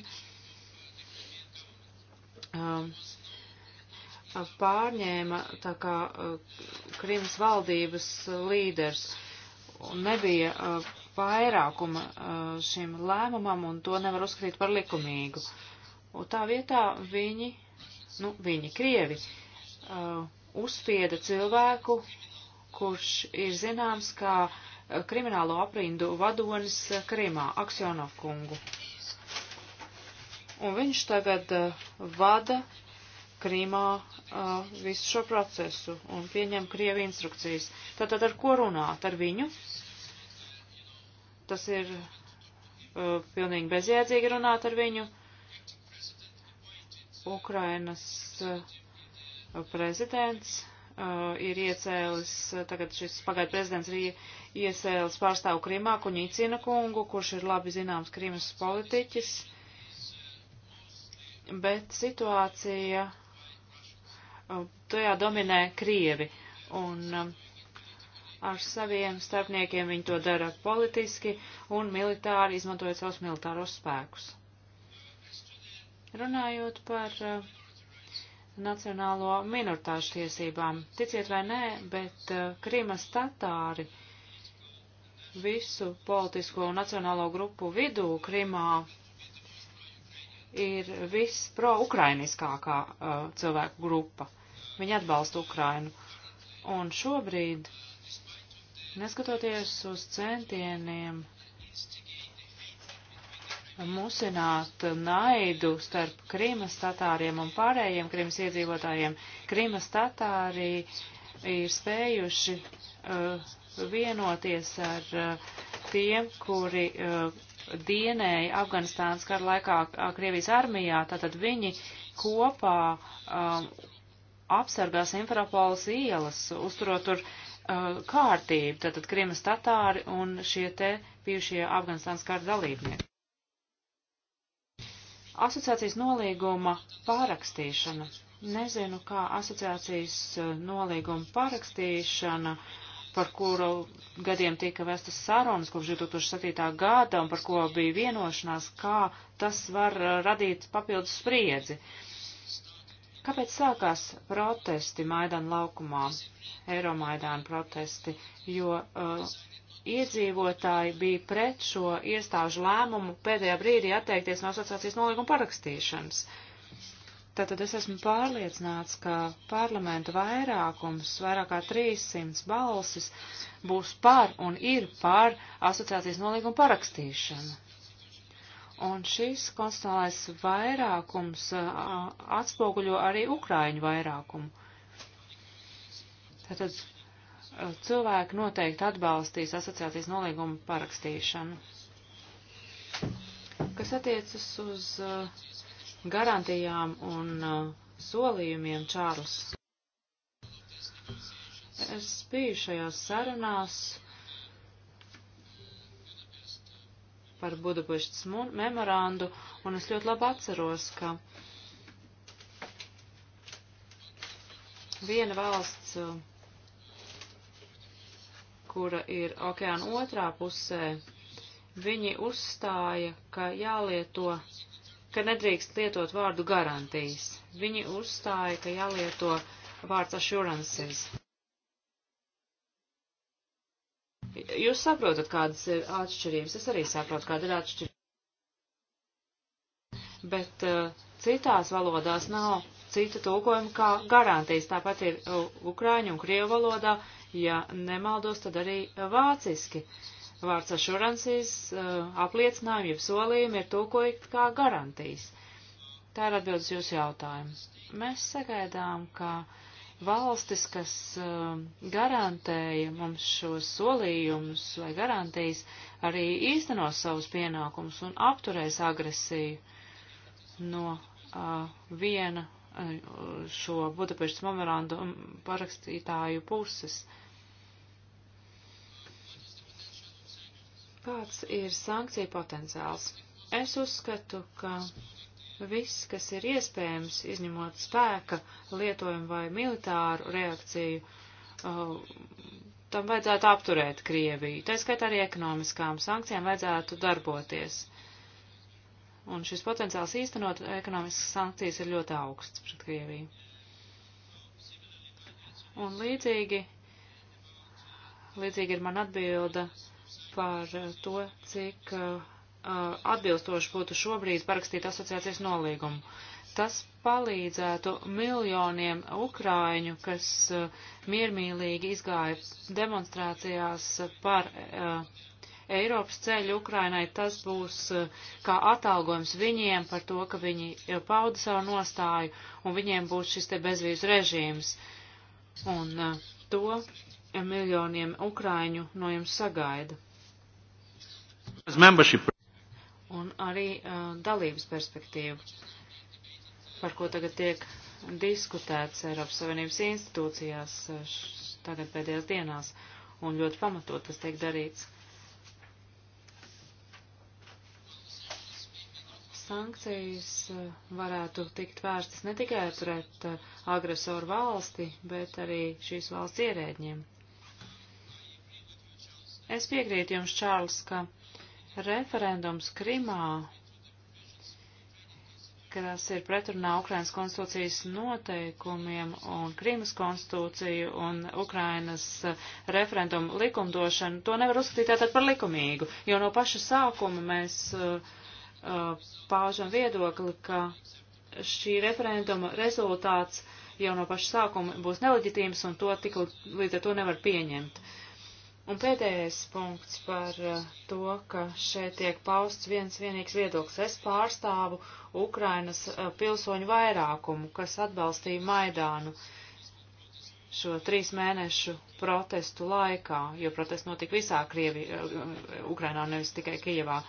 um, pārņēma tā kā Krimas valdības līders. Un nebija uh, vairākuma uh, šim lēmumam, un to nevar uzskatīt par likumīgu. Un tā vietā viņi, nu, viņi, krievi, uh, uzspieda cilvēku, kurš ir zināms kā uh, kriminālo aprindu vadonis Krimā, Aksionov kungu. Un viņš tagad vada Krīmā uh, visu šo procesu un pieņem Krievi instrukcijas. Tātad ar ko runāt? Ar viņu? tas ir uh, pilnīgi bezjēdzīgi runāt ar viņu. Ukrainas uh, prezidents uh, ir iecēlis, uh, tagad šis pagaidu prezidents ir iecēlis pārstāvu Krimā Kuņīcina kungu, kurš ir labi zināms Krimas politiķis, bet situācija uh, tajā dominē Krievi. Un, uh, ar saviem starpniekiem, viņi to dara politiski un militāri, izmantojot savus militāros spēkus. Runājot par uh, nacionālo minoritāšu tiesībām, ticiet vai nē, bet uh, eh, Krīmas tatāri visu politisko un nacionālo grupu vidū Krimā ir viss pro-ukrainiskākā uh, eh, cilvēku grupa. Viņi atbalsta Ukrainu. Un šobrīd uh, Neskatoties uz centieniem musināt naidu starp Krīmas tatāriem un pārējiem Krīmas iedzīvotājiem, Krīmas tatārī ir spējuši uh, vienoties ar uh, tiem, kuri uh, dienēja Afganistānas kara laikā uh, Krievijas armijā, tātad viņi kopā um, apsargās Infrapolas ielas, uzturot tur uh, kārtību, tātad Kriemas tatāri un šie te bijušie Afganistānas kara dalībnieki. Asociācijas nolīguma pārakstīšana. Nezinu, kā asociācijas uh, nolīguma pārakstīšana uh, par kuru gadiem tika vestas sarunas kopš 2007. gada un par ko bija vienošanās, kā tas var uh, radīt papildus spriedzi. Kāpēc sākās protesti Maidana laukumā, Eiromaidāna protesti, jo uh, iedzīvotāji bija pret šo iestāžu lēmumu pēdējā brīdī atteikties no asociācijas nolīguma parakstīšanas. Tātad es esmu pārliecināts, ka parlamenta vairākums, vairāk kā 300 balsis, būs par un ir par asociācijas nolīguma parakstīšanu. Un šis konstitucionālais vairākums atspoguļo arī Ukraiņu vairākumu. Tātad cilvēki noteikti atbalstīs asociācijas nolīgumu parakstīšanu. Kas attiecas uz garantijām un solījumiem, Čārlis? Es biju šajās sarunās par Budapuštas memorandu, un es ļoti labi atceros, ka viena valsts, kura ir okeāna otrā pusē, viņi uzstāja, ka jālieto, ka nedrīkst lietot vārdu garantijas. Viņi uzstāja, ka jālieto vārds assurances. jūs saprotat, kādas ir atšķirības. Es arī saprotu, kāda ir atšķirība. Bet uh, citās valodās nav citu tulkojumu kā garantijas. Tāpat ir uh, ukraiņu un krievu valodā, ja nemaldos, tad arī vāciski. Vārds assurances uh, apliecinājumi, jeb solījumi ir tulkojumi kā garantijas. Tā ir atbildes jūsu jautājumu. Mēs sagaidām, ka. Uh, valstis, kas um, garantēja mums šos solījumus vai garantijas, arī īstenos savus pienākumus un apturēs agresiju no uh, viena uh, šo Budapeštas memorandu parakstītāju puses. Kāds ir sankcija potenciāls? Es uzskatu, ka viss, kas ir iespējams, izņemot spēka lietojumu vai militāru reakciju, uh, tam vajadzētu apturēt Krieviju. Tā skaitā arī ekonomiskām sankcijām vajadzētu darboties. Un šis potenciāls īstenot ekonomiskas sankcijas ir ļoti augsts pret Krieviju. Un līdzīgi, līdzīgi ir man atbilda par to, cik uh, Uh, atbilstoši būtu šobrīd parakstīt asociācijas nolīgumu. Tas palīdzētu miljoniem ukrāņu, kas uh, miermīlīgi izgāja demonstrācijās par uh, Eiropas ceļu Ukrainai. Tas būs kā atalgojums viņiem par to, ka viņi pauda savu nostāju un viņiem būs šis te bezvīzu režīms. Un to miljoniem ukrāņu no jums sagaida. Membership un arī uh, dalības perspektīvu, par ko tagad tiek diskutēts Eiropas Savienības institūcijās š, tagad pēdējās dienās, un ļoti pamatot tas tiek darīts. Sankcijas varētu tikt vērstas ne tikai pret agresoru valsti, bet arī šīs valsts ierēģiem. Es piekrītu jums, Čārls, ka Referendums Krimā, kas ir pretrunā Ukrainas konstitūcijas noteikumiem un Krīmas konstitūciju un Ukrainas eh, referendumu likumdošanu, to nevar uzskatīt tātad par likumīgu, jo no paša sākuma mēs uh, paužam viedokli, ka šī referenduma rezultāts jau no paša sākuma būs neleģitīms un to tik līdz ar to nevar pieņemt. Uh, Un pēdējais punkts par eh, to, ka šeit tiek pausts viens vienīgs viedoklis. Es pārstāvu Ukrainas eh, pilsoņu vairākumu, kas atbalstīja Maidānu šo trīs mēnešu protestu laikā, jo protests notika visā Krievi, eh, Ukrainā, nevis tikai Kievā.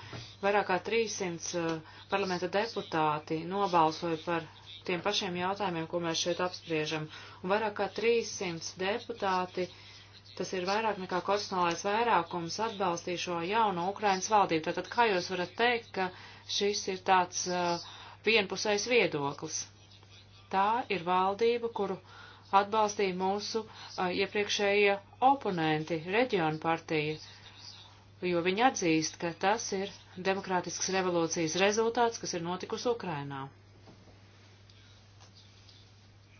Vairāk kā 300 parlamenta deputāti nobalsoja par tiem pašiem jautājumiem, ko mēs šeit apspriežam, un vairāk kā 300 deputāti uh, Tas ir vairāk nekā konstitucionālais vairākums atbalstīja šo jauno Ukrainas valdību. Tātad kā jūs varat teikt, ka šis ir tāds uh, vienpusējs viedoklis? Tā ir valdība, kuru atbalstīja mūsu uh, iepriekšējie oponenti, reģiona partija, jo viņi atzīst, ka tas ir demokrātiskas revolūcijas rezultāts, kas ir notikusi Ukrainā.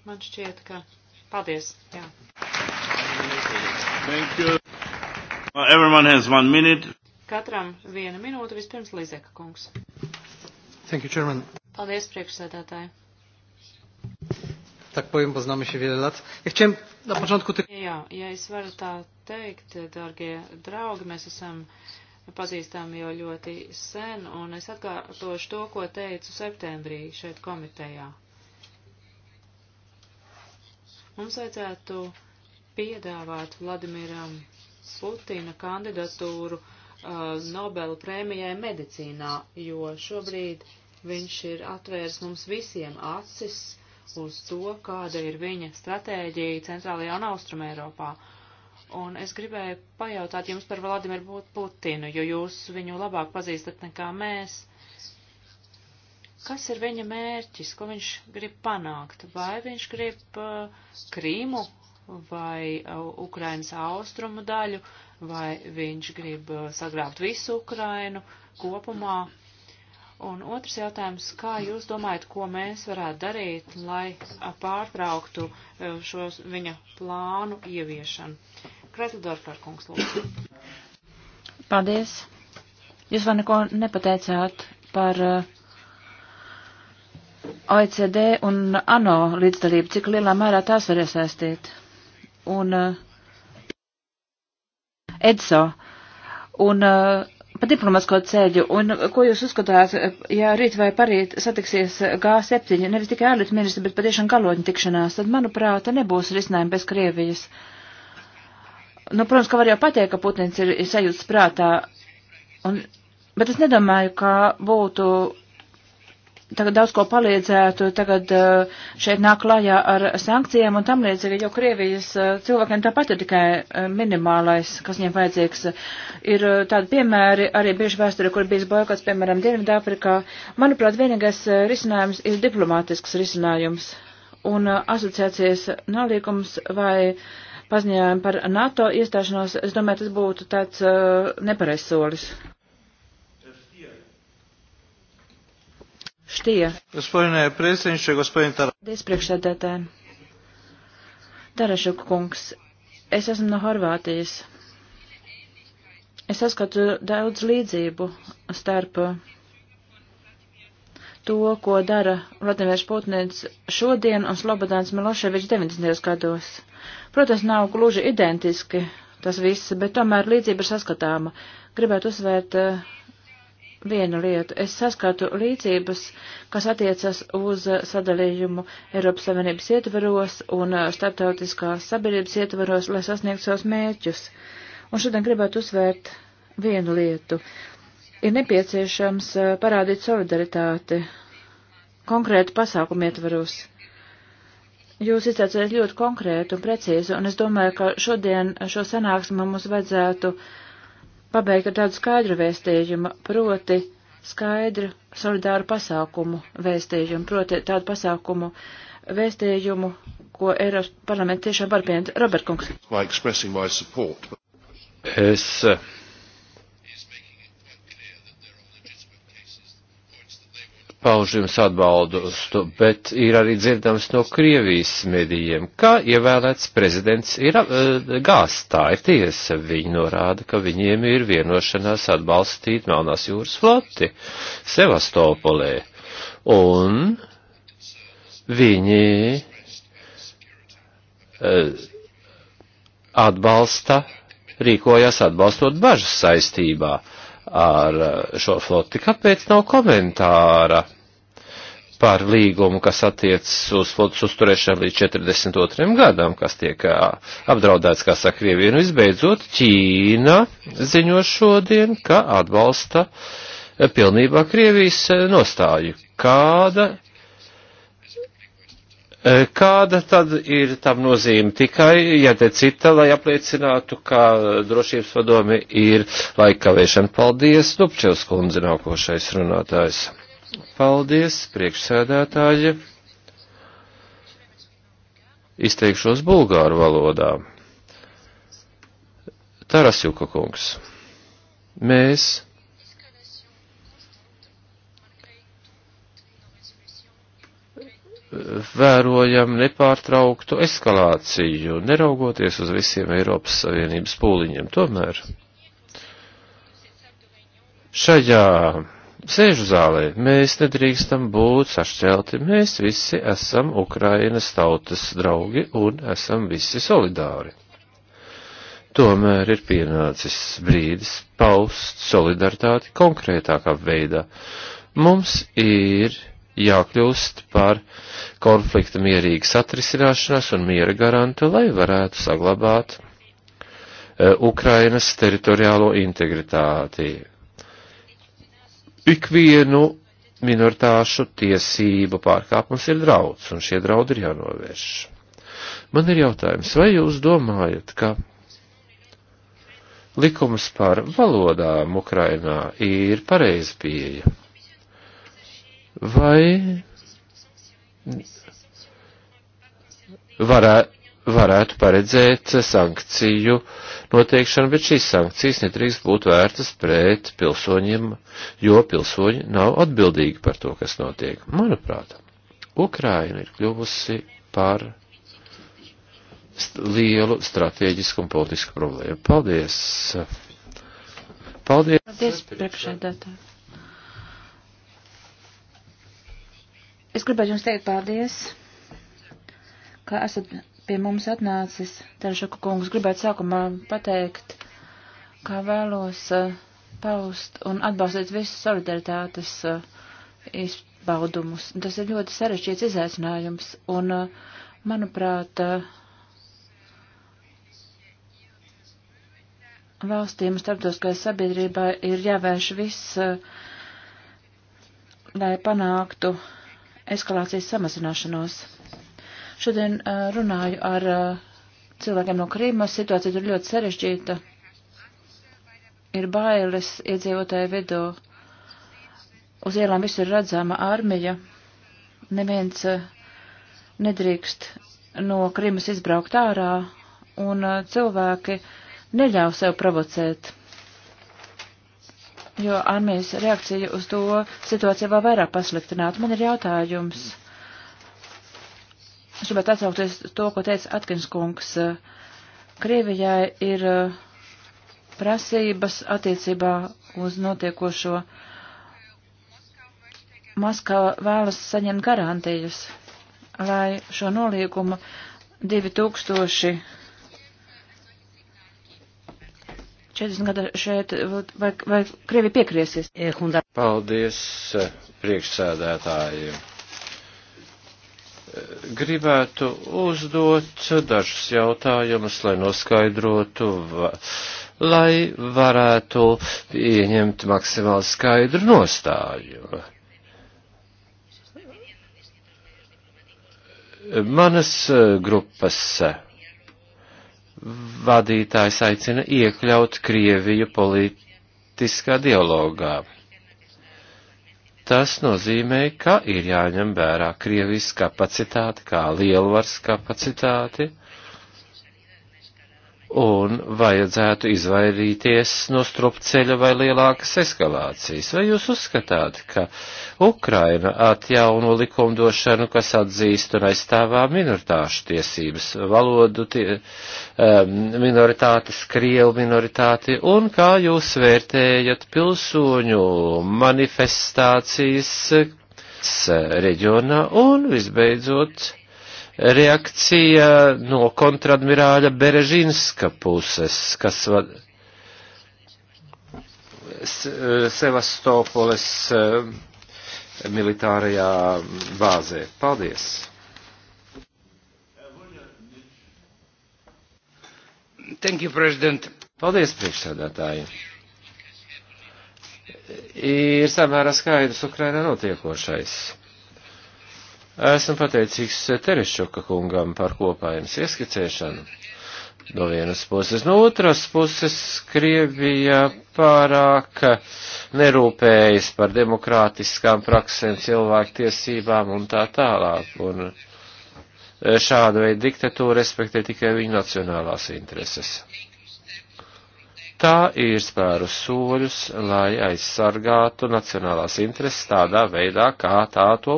Man šķiet, ka. Paldies! Jā.
Thank you.
Everyone has one minute.
Katram viena minūte, vispirms Lizeka kungs. Thank you, Chairman. Paldies, priekšsēdētāji.
Tak powiem,
bo znamy się wiele lat. Ja chciałem na początku
tylko... Jā, ja es varu tā teikt, dārgie draugi, mēs esam pazīstami jau ļoti sen, un es atkārtošu to, ko teicu septembrī šeit komitejā. Mums vajadzētu piedāvāt Vladimiram Putina kandidatūru uh, Nobela prēmijai medicīnā, jo šobrīd viņš ir atvērs mums visiem acis uz to, kāda ir viņa stratēģija centrālajā un austrumē Eiropā. Un es gribēju pajautāt jums par Vladimiru Putinu, jo jūs viņu labāk pazīstat nekā mēs. Kas ir viņa mērķis, ko viņš grib panākt? Vai viņš grib uh, Krīmu vai uh, Ukrainas austrumu daļu, vai viņš grib uh, sagrābt visu Ukrainu kopumā. Un otrs jautājums, kā jūs domājat, ko mēs varētu darīt, lai uh, pārtrauktu šo viņa plānu ieviešanu? Kreslidorfer kungs, lūdzu.
Paldies. Jūs vēl neko nepateicāt par OECD un ANO līdzdalību, cik lielā mērā tās var iesaistīt un eh, EDSO un eh, pa diplomatisko ceļu. Un ko jūs uzskatāt, eh, ja rīt vai parīt satiksies G7, nevis tikai ārlietu ministri, bet patiešām galotņu tikšanās, tad, manuprāt, nebūs risinājumu bez Krievijas. Nu, protams, ka var jau pateikt, ka Putins ir sajūts prātā, un, bet es nedomāju, ka būtu tagad daudz ko palīdzētu, tagad eh, šeit nāk klājā ar sankcijām un tam līdzīgi, jo Krievijas eh, cilvēkiem tāpat ir tikai eh, minimālais, kas viņiem vajadzīgs. Ir tādi piemēri arī bieži vēsturē, kur bijis boikots, piemēram, Dienvidāfrikā. Manuprāt, vienīgais risinājums ir diplomātisks risinājums un asociācijas nolīgums vai paziņojumi par NATO iestāšanos. Es domāju, tas būtu tāds nepareizs solis. Štija.
Gospodine predsjedniče, gospodin
Tarašev. Tarašev kungs, es esmu no Horvātijas. Es saskatu daudz līdzību starp to, ko dara Vladimirs Putnēns šodien un Slobodāns Miloševičs 90. gados. Protams, nav gluži identiski tas viss, bet tomēr līdzība ir saskatāma. Gribētu uzsvērt uh, vienu lietu. Es saskatu līdzības, kas attiecas uz eh, sadalījumu Eiropas Savienības ietveros un eh, starptautiskās sabiedrības ietveros, lai sasniegtu savus mērķus. Un šodien gribētu uzsvērt vienu lietu. Ir nepieciešams eh, parādīt solidaritāti konkrētu pasākumu ietveros. Jūs izteicāt ļoti konkrētu un precīzu, un es domāju, ka šodien šo sanāksmu mums vajadzētu uh, pabeigt ar tādu skaidru vēstījumu, proti skaidru solidāru pasākumu vēstījumu, proti tādu pasākumu vēstījumu, ko Eiropas parlaments tiešām var pieņemt. Robertkungs.
Es
pauž jums atbaldustu, bet ir arī dzirdams no Krievijas medijiem, ka ievēlēts prezidents ir uh, eh, gāstā, ir tiesa. Viņi norāda, ka viņiem ir vienošanās atbalstīt Melnās jūras floti Sevastopolē. Un viņi uh, atbalsta, rīkojas atbalstot bažas saistībā. Uh, ar eh, šo floti. Kāpēc nav komentāra par līgumu, kas attiecas uz flotas uzturēšanu līdz 42. gadam, kas tiek eh, apdraudēts, kā saka Krievija? Un nu, visbeidzot, Ķīna ziņo šodien, ka atbalsta eh, pilnībā Krievijas nostāju. Kāda E, kāda tad ir tam nozīme tikai, ja te cita, lai apliecinātu, ka drošības padomi ir laikkavēšana? Paldies, Dupčevs kundze, nākošais runātājs. Paldies, priekšsēdētāji. Izteikšos bulgāru valodā. Tarasjuka kungs. Mēs vērojam nepārtrauktu eskalāciju, neraugoties uz visiem Eiropas Savienības pūliņiem. Tomēr šajā sēžu zālē mēs nedrīkstam būt sašķelti. Mēs visi esam Ukrainas tautas draugi un esam visi solidāri. Tomēr ir pienācis brīdis paust solidaritāti konkrētākā veidā. Mums ir jākļūst par konflikta mierīgas atrisināšanās un miera garantu, lai varētu saglabāt e, Ukrainas teritoriālo integritāti. Ikvienu minoritāšu tiesību pārkāpums ir draudz, un šie draudi ir jānovērš. Man ir jautājums, vai jūs domājat, ka likums par valodām Ukrainā ir pareiza pieeja? vai varē, varētu paredzēt sankciju noteikšanu, bet šīs sankcijas nedrīkst būt vērtas pret pilsoņiem, jo pilsoņi nav atbildīgi par to, kas notiek. Manuprāt, Ukraina ir kļuvusi par st lielu strateģisku un politisku problēmu. Paldies! Paldies, Paldies
priekšēdētāji! Es gribētu jums teikt paldies, ka esat pie mums atnācis, Tarašaku kungs. Gribētu sākumā pateikt, kā vēlos eh, paust un atbalstīt visus solidaritātes eh, izbaudumus. Tas ir ļoti sarežģīts izaicinājums un, eh, manuprāt, valstīm un starptautiskajai sabiedrībai ir jāvērš viss, lai panāktu eskalācijas samazināšanos. Šodien uh, runāju ar uh, cilvēkiem no Krīmas, situācija tur ļoti sarežģīta. Ir bailes iedzīvotāju vidū. Uz ielām visur redzama armija. Neviens uh, nedrīkst no Krīmas izbraukt ārā, un cilvēki neļauj sev provocēt jo armijas reakcija uz to situāciju vēl vairāk pasliktinātu. Man ir jautājums. Es gribētu atsaukties to, ko teica Atkins kungs. Krievijai ir eh, prasības attiecībā uz notiekošo. Maskava vēlas saņemt garantijas, lai šo nolīgumu 2000 40 gada šeit, vai, vai Krievi piekriesies?
Paldies priekšsēdētājiem. Gribētu uzdot dažus jautājumus, lai noskaidrotu, lai varētu pieņemt maksimāli skaidru nostāju. Manas grupas vadītājs aicina iekļaut Krieviju politiskā dialogā. Tas nozīmē, ka ir jāņem vērā Krievijas kapacitāte, kā lielvars kapacitāte, un vajadzētu izvairīties no strupceļa vai lielākas eskalācijas. Vai jūs uzskatāt, ka Ukraina atjauno likumdošanu, kas atzīst un aizstāvā minoritāšu tiesības, valodu tie, um, minoritātes, krievu minoritāti, un kā jūs vērtējat pilsoņu manifestācijas reģionā un visbeidzot, reakcija no kontradmirāļa Berežinska puses, kas vad eh, Sevastopoles eh, militārajā bāzē. Paldies! Thank you, President. Paldies, priekšsēdētāji. Ir samērā skaidrs Ukrainā notiekošais Esmu pateicīgs Terešoka kungam par kopājums ieskicēšanu. No vienas puses, no otras puses, Krievija pārāk nerūpējas par demokrātiskām praksēm, cilvēku tiesībām un tā tālāk. Un šāda veida diktatūra respektē tikai viņu nacionālās intereses tā ir spērus soļus, lai aizsargātu nacionālās intereses tādā veidā, kā tā to,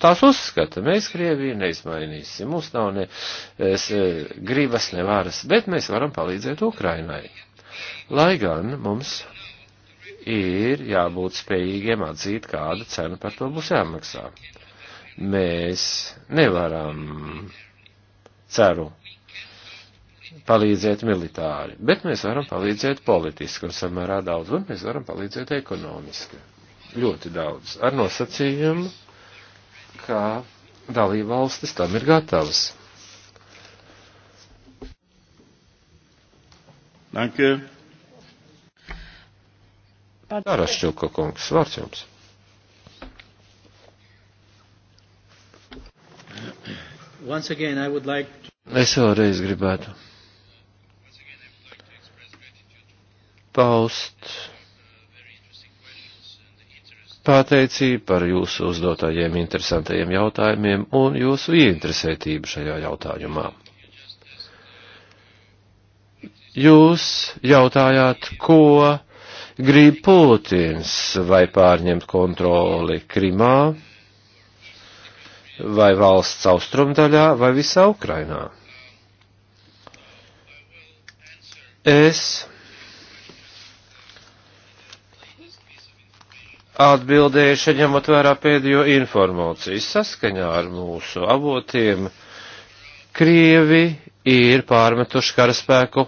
tās uzskata. Mēs Krieviju neizmainīsim, mums nav ne es, e, gribas, ne varas, bet mēs varam palīdzēt Ukrainai. Lai gan mums ir jābūt spējīgiem atzīt, kāda cena par to būs jāmaksā. Mēs nevaram, ceru, palīdzēt militāri, bet mēs varam palīdzēt politiski un samērā daudz, un mēs varam palīdzēt ekonomiski. Ļoti daudz. Ar nosacījumu, ka dalībvalstis tam ir gatavas. Danke. Karašķilka kungs, vārds jums.
Again, like to...
Es vēlreiz gribētu paust pateicību par jūsu uzdotajiem interesantajiem jautājumiem un jūsu ieinteresētību šajā jautājumā. Jūs jautājāt, ko grib Putins vai pārņemt kontroli Krimā, vai valsts austrumdaļā, vai visā Ukrainā? Es atbildējuši, ņemot vērā pēdējo informāciju. Saskaņā ar mūsu avotiem Krievi ir pārmetuši karaspēku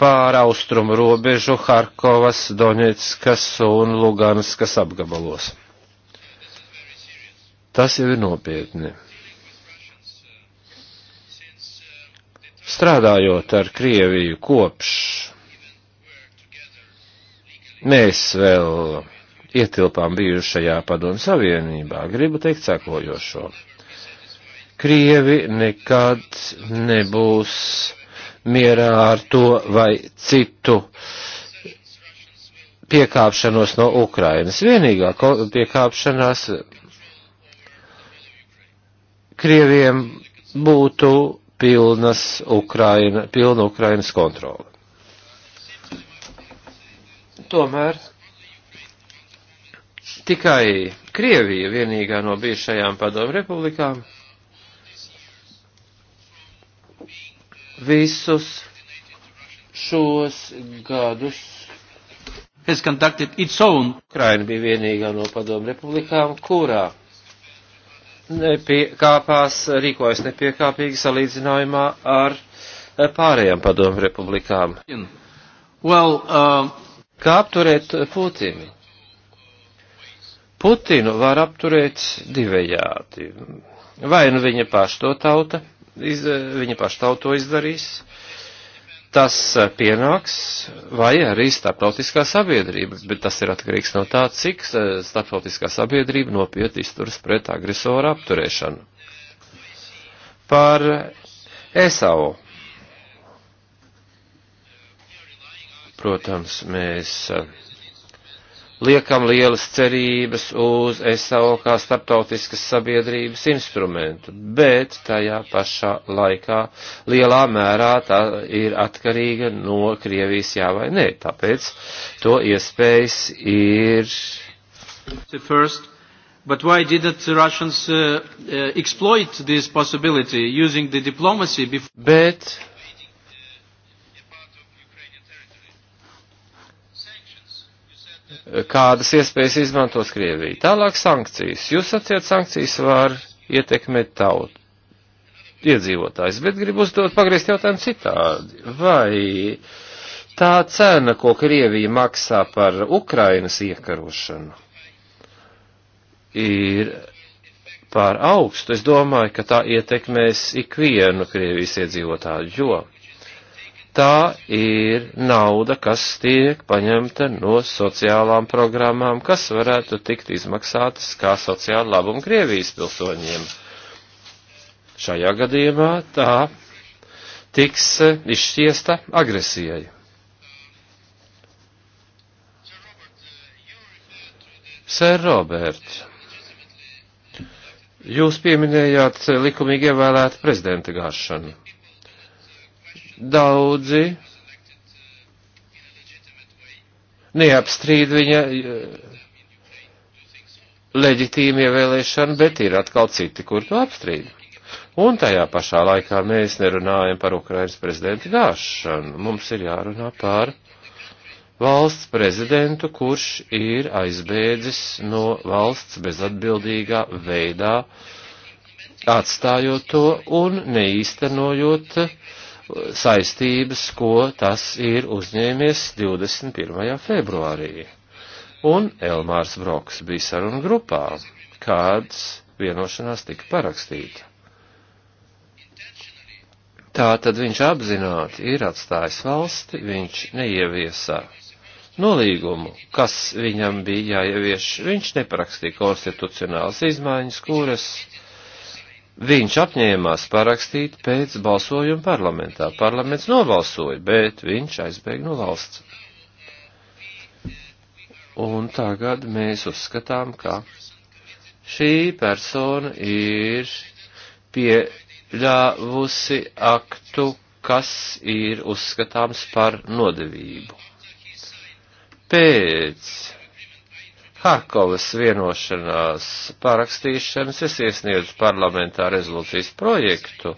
pār austrumu robežu Harkovas, Doņetskas un Luganskas apgabalos. Tas jau ir nopietni. Strādājot ar Krieviju kopš, mēs vēl ietilpām bijušajā padomu savienībā, gribu teikt sakojošo. Krievi nekad nebūs mierā ar to vai citu piekāpšanos no Ukrainas. Vienīgā piekāpšanās Krieviem būtu pilnas Ukraina, pilna Ukrainas kontrole. Tomēr Tikai Krievija vienīgā no bijušajām padomu republikām visus šos gadus has conducted its own. Ukraina bija vienīgā no padomu republikām, kurā nepiekāpās, rīkojas nepiekāpīgi salīdzinājumā ar eh, pārējām padomu republikām. Well, uh... Kā apturēt Putinu? Putinu var apturēt divējādi. Vai nu viņa paša to tauta, iz, viņa paša tauta to izdarīs, tas eh, pienāks, vai arī starptautiskā sabiedrība, bet tas ir atkarīgs no tā, cik eh, starptautiskā sabiedrība nopietni izturas pret agresoru apturēšanu. Par eh, Esau. Protams, mēs. Uh, liekam lielas cerības uz SAO kā starptautiskas sabiedrības instrumentu, bet tajā pašā laikā lielā mērā tā ir atkarīga no Krievijas jā vai nē, tāpēc to iespējas ir. First. But why didn't the Russians uh, uh, exploit this possibility using the diplomacy before? Bet kādas iespējas izmantos Krievija. Tālāk sankcijas. Jūs sacījat, sankcijas var ietekmēt tautu iedzīvotājs, bet gribu uzdot pagriezt jautājumu citādi. Vai tā cena, ko Krievija maksā par Ukrainas iekarošanu, ir pār augstu? Es domāju, ka tā ietekmēs ikvienu Krievijas iedzīvotāju, jo tā ir nauda, kas tiek paņemta no sociālām programmām, kas varētu tikt izmaksātas kā sociāla labuma Krievijas pilsoņiem. Šajā gadījumā tā tiks izšķiesta agresijai. Sir Robert, jūs pieminējāt likumīgi ievēlētu prezidenta gāšanu. Daudzi neapstrīd viņa eh, leģitīmi ievēlēšanu, bet ir atkal citi, kur to apstrīd. Un tajā pašā laikā mēs nerunājam par Ukrainas prezidenta gāšanu. Mums ir jārunā par valsts prezidentu, kurš ir aizbēdzis no valsts bezatbildīgā veidā, atstājot to un neīstenojot uh, saistības, ko tas ir uzņēmies 21. februārī. Un Elmārs Broks bija saruna grupā, kāds vienošanās tika parakstīta. Tā tad viņš apzināti ir atstājis valsti, viņš neieviesā nolīgumu, kas viņam bija jāievieš. Viņš neparakstīja konstitucionālas izmaiņas, kuras viņš apņēmās parakstīt pēc balsojuma parlamentā. Parlaments nobalsoja, bet viņš aizbēga no valsts. Un tagad mēs uzskatām, ka šī persona ir pieļāvusi aktu, kas ir uzskatāms par nodevību. Pēc Harkovas vienošanās parakstīšanas es iesniedzu parlamentā rezolūcijas projektu,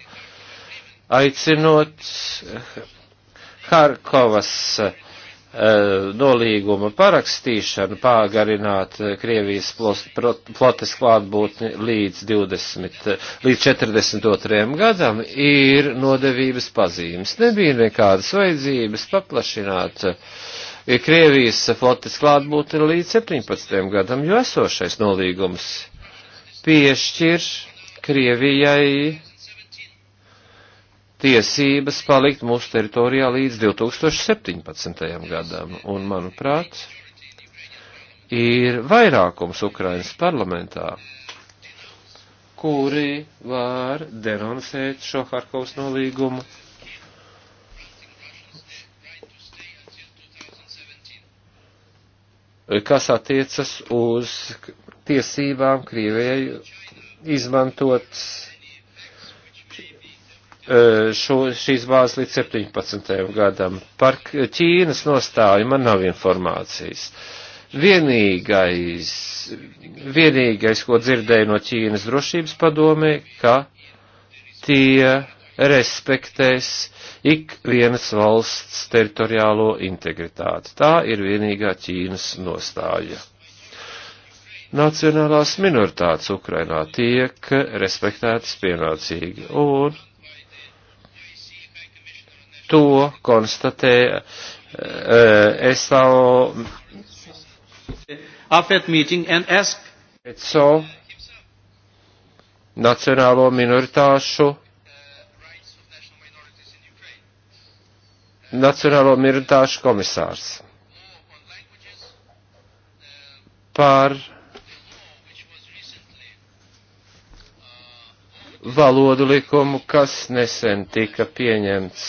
aicinot Harkovas eh, nolīguma parakstīšanu pāgarināt Krievijas flotes klātbūtni līdz, 20, līdz 42. gadam ir nodevības pazīmes. Nebija nekādas vajadzības paplašināt uh, Krievijas flotes klātbūtni līdz 17. gadam, jo esošais nolīgums piešķir Krievijai tiesības palikt mūsu teritorijā līdz 2017. gadam. Un, manuprāt, ir vairākums Ukrainas parlamentā, kuri var denonsēt šo Harkovas nolīgumu kas attiecas uz tiesībām Krievijai izmantot e, šo, šīs bāzes līdz 17. gadam. Par Ķīnas nostāju man nav informācijas. Vienīgais, vienīgais, ko dzirdēju no Ķīnas drošības padomē, ka tie respektēs ik vienas valsts teritoriālo integritāti. Tā ir vienīgā Ķīnas nostāja. Nacionālās minoritātes Ukrainā tiek respektētas pienācīgi, un to konstatē uh, eh, SAO AFET meeting and ask ECO Nacionālo minoritāšu Nacionālo minoritāšu komisārs par valodu likumu, kas nesen tika pieņemts,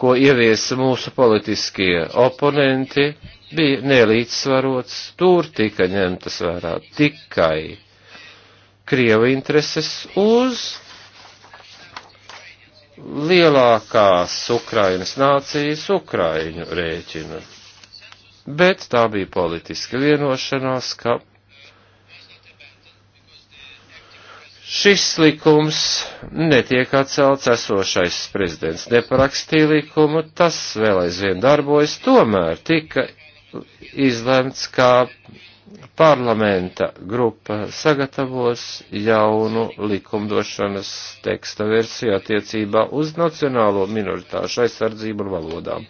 ko ieviesa mūsu politiskie oponenti, bija nelīdzsvarots, tur tika ņemtas vērā tikai Krievu intereses uz lielākās Ukrainas nācijas Ukraiņu rēķina. Bet tā bija politiska vienošanās, ka šis likums netiek atcelts, esošais prezidents neparakstīja likumu, tas vēl aizvien darbojas, tomēr tika izlemts, kā parlamenta grupa sagatavos jaunu likumdošanas teksta versiju attiecībā uz nacionālo minoritāšu aizsardzību un valodām.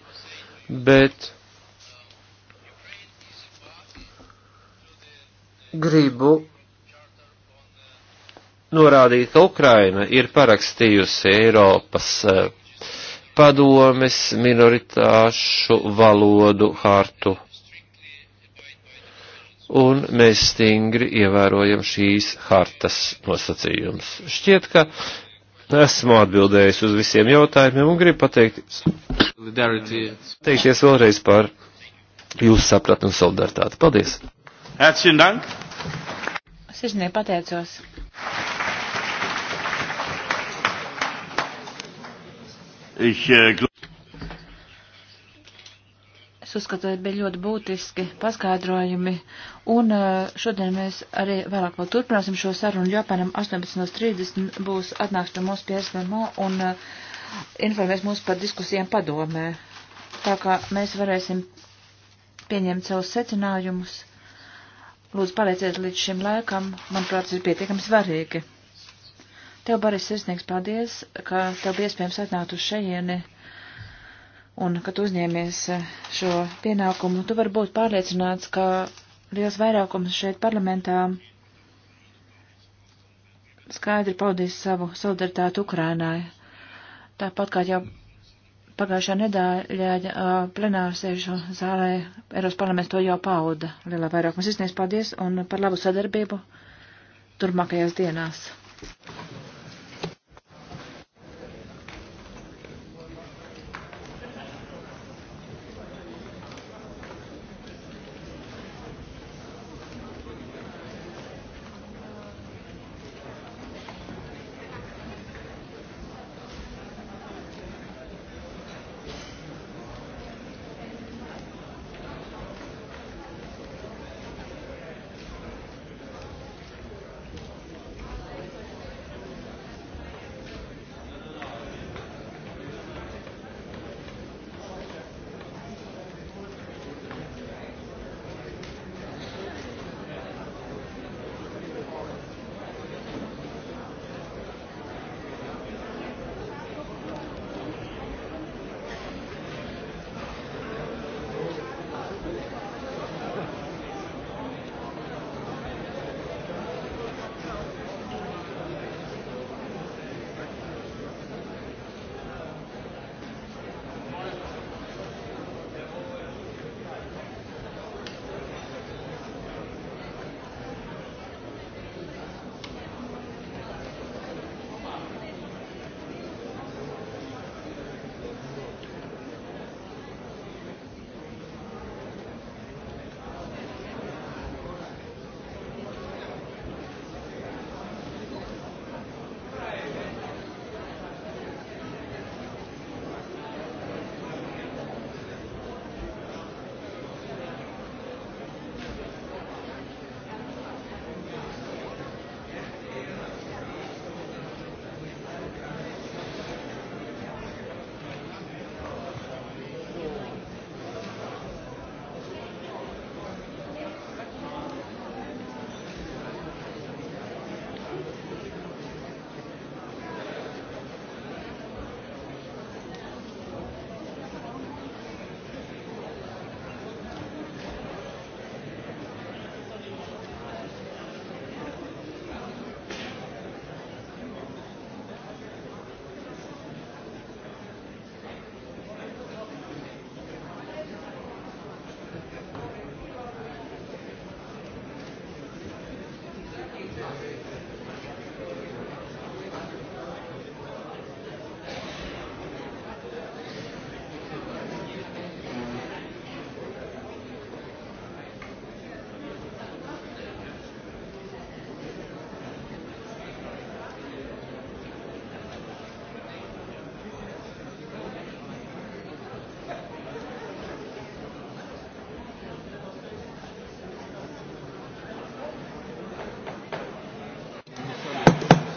Bet gribu norādīt, ka Ukraina ir parakstījusi Eiropas eh, padomes minoritāšu valodu hartu un mēs stingri ievērojam šīs hartas nosacījums. Šķiet, ka esmu atbildējis uz visiem jautājumiem un gribu pateikt, teikties vēlreiz par jūsu sapratni un solidaritāti. Paldies!
Herzlichen Dank!
Sirsnīgi pateicos! Ich, äh, Es uzskatu, ka bija ļoti būtiski paskaidrojumi, un eh, šodien mēs arī vēlāk vēl turpināsim šo sarunu, jo apmēram 18.30 būs atnāks pie mums pie SVMO un eh, informēs mūs par diskusijām padomē. Tā kā mēs varēsim pieņemt savus secinājumus. Lūdzu, palieciet līdz šim laikam, manuprāt, tas ir pietiekami svarīgi. Tev, Baris, sirsnīgs paldies, ka tev bija iespējams atnākt uz šejieni un kad uzņēmies eh, šo pienākumu, tu vari būt pārliecināts, ka liels vairākums šeit parlamentā skaidri paudīs savu solidaritāti Ukrainai. Tāpat kā jau pagājušā nedēļā plenārsēžu zālē Eiropas parlaments to jau pauda. Lielā vairākums iznies paldies un par labu sadarbību turmākajās dienās.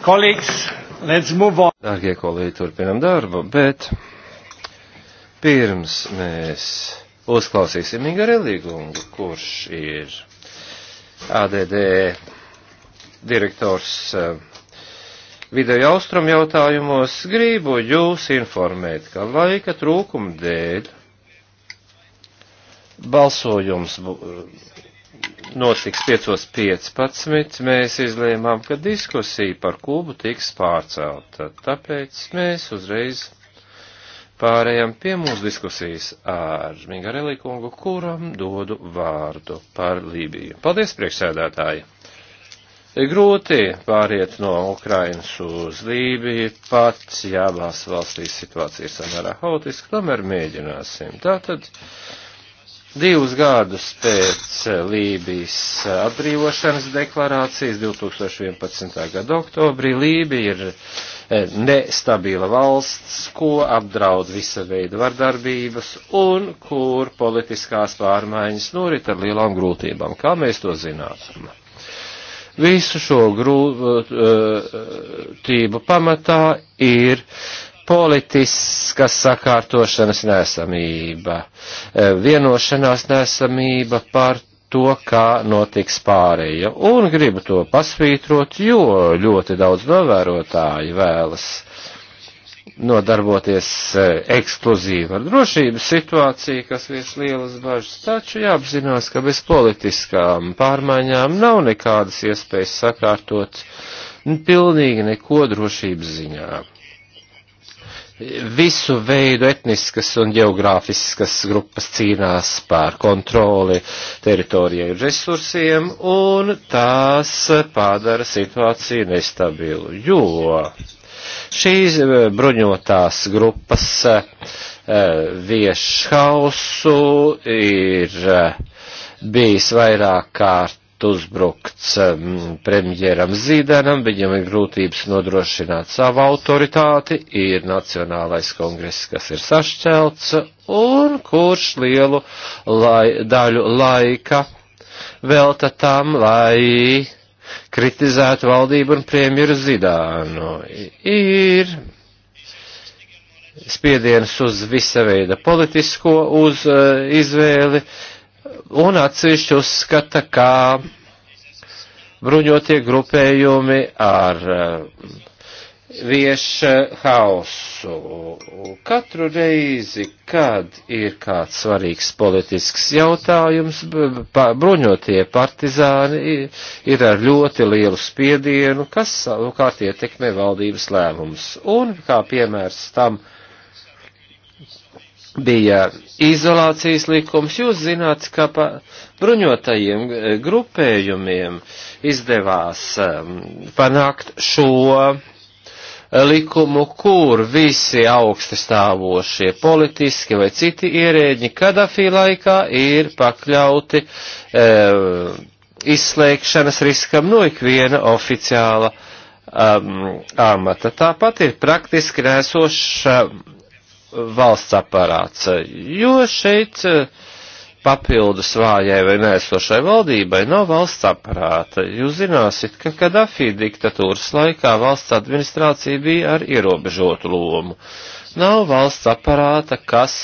Dārgie kolēģi, turpinam darbu, bet pirms mēs uzklausīsim Ingarelī Gungu, kurš ir ADD direktors eh, video austrum jautājumos, gribu jūs informēt, ka laika trūkuma dēļ balsojums notiks 5.15, mēs izlēmām, ka diskusija par Kubu tiks pārcelta. Tāpēc mēs uzreiz pārējām pie mūsu diskusijas ar Mingarelī kungu, kuram dodu vārdu par Lībiju. Paldies, priekšsēdētāji! Grūti pāriet no Ukrainas uz Lībiju, pat ja abās valstīs situācija ir samērā haotiska, tomēr mēģināsim. Tātad. Divus gadus pēc eh, Lībijas eh, atbrīvošanas deklarācijas 2011. gada oktobrī Lībija ir eh, nestabila valsts, ko apdraud visa veida vardarbības un kur politiskās pārmaiņas norit ar lielām grūtībām, kā mēs to zinām. Visu šo grūtību pamatā ir politiskas sakārtošanas nesamība, e, vienošanās nesamība par to, kā notiks pārēja. Un gribu to pasvītrot, jo ļoti daudz novērotāji vēlas nodarboties e, ekskluzīvi ar drošības situāciju, kas vieš lielas bažas, taču jāapzinās, ka bez politiskām pārmaiņām nav nekādas iespējas sakārtot pilnīgi neko drošības ziņām visu veidu etniskas un geogrāfiskas grupas cīnās pār kontroli teritorijai un resursiem, un tās padara situāciju nestabilu, jo šīs eh, bruņotās grupas eh, vieš hausu ir eh, bijis vairāk kārt tikt uzbrukts premjeram Zīdenam, viņam ir grūtības nodrošināt savu autoritāti, ir Nacionālais kongress, kas ir sašķelts, un kurš lielu lai, daļu laika velta tam, lai kritizētu valdību un premjeru Zidānu. Ir spiediens uz visa veida politisko uz, uh, izvēli, uh, un atsevišķi uzskata, kā bruņotie grupējumi ar eh, vieša eh, hausu. Katru reizi, kad ir kāds svarīgs politisks jautājums, bruņotie partizāni ir ar ļoti lielu spiedienu, kas savukārt ietekmē valdības lēmumus. Un kā piemērs tam, uh, bija izolācijas likums. Jūs zināt, ka pa bruņotajiem eh, grupējumiem izdevās ehm, panākt šo eh, likumu, kur visi augsti stāvošie politiski vai citi ierēģi Kadafī laikā ir pakļauti e, izslēgšanas riskam no ikviena oficiāla um, amata. Tāpat ir praktiski nesošs valsts aparāts, jo šeit eh, papildus vājai vai nēsošai valdībai nav valsts aparāta. Jūs zināsit, ka Kadafī diktatūras laikā valsts administrācija bija ar ierobežotu lomu. Nav valsts aparāta, kas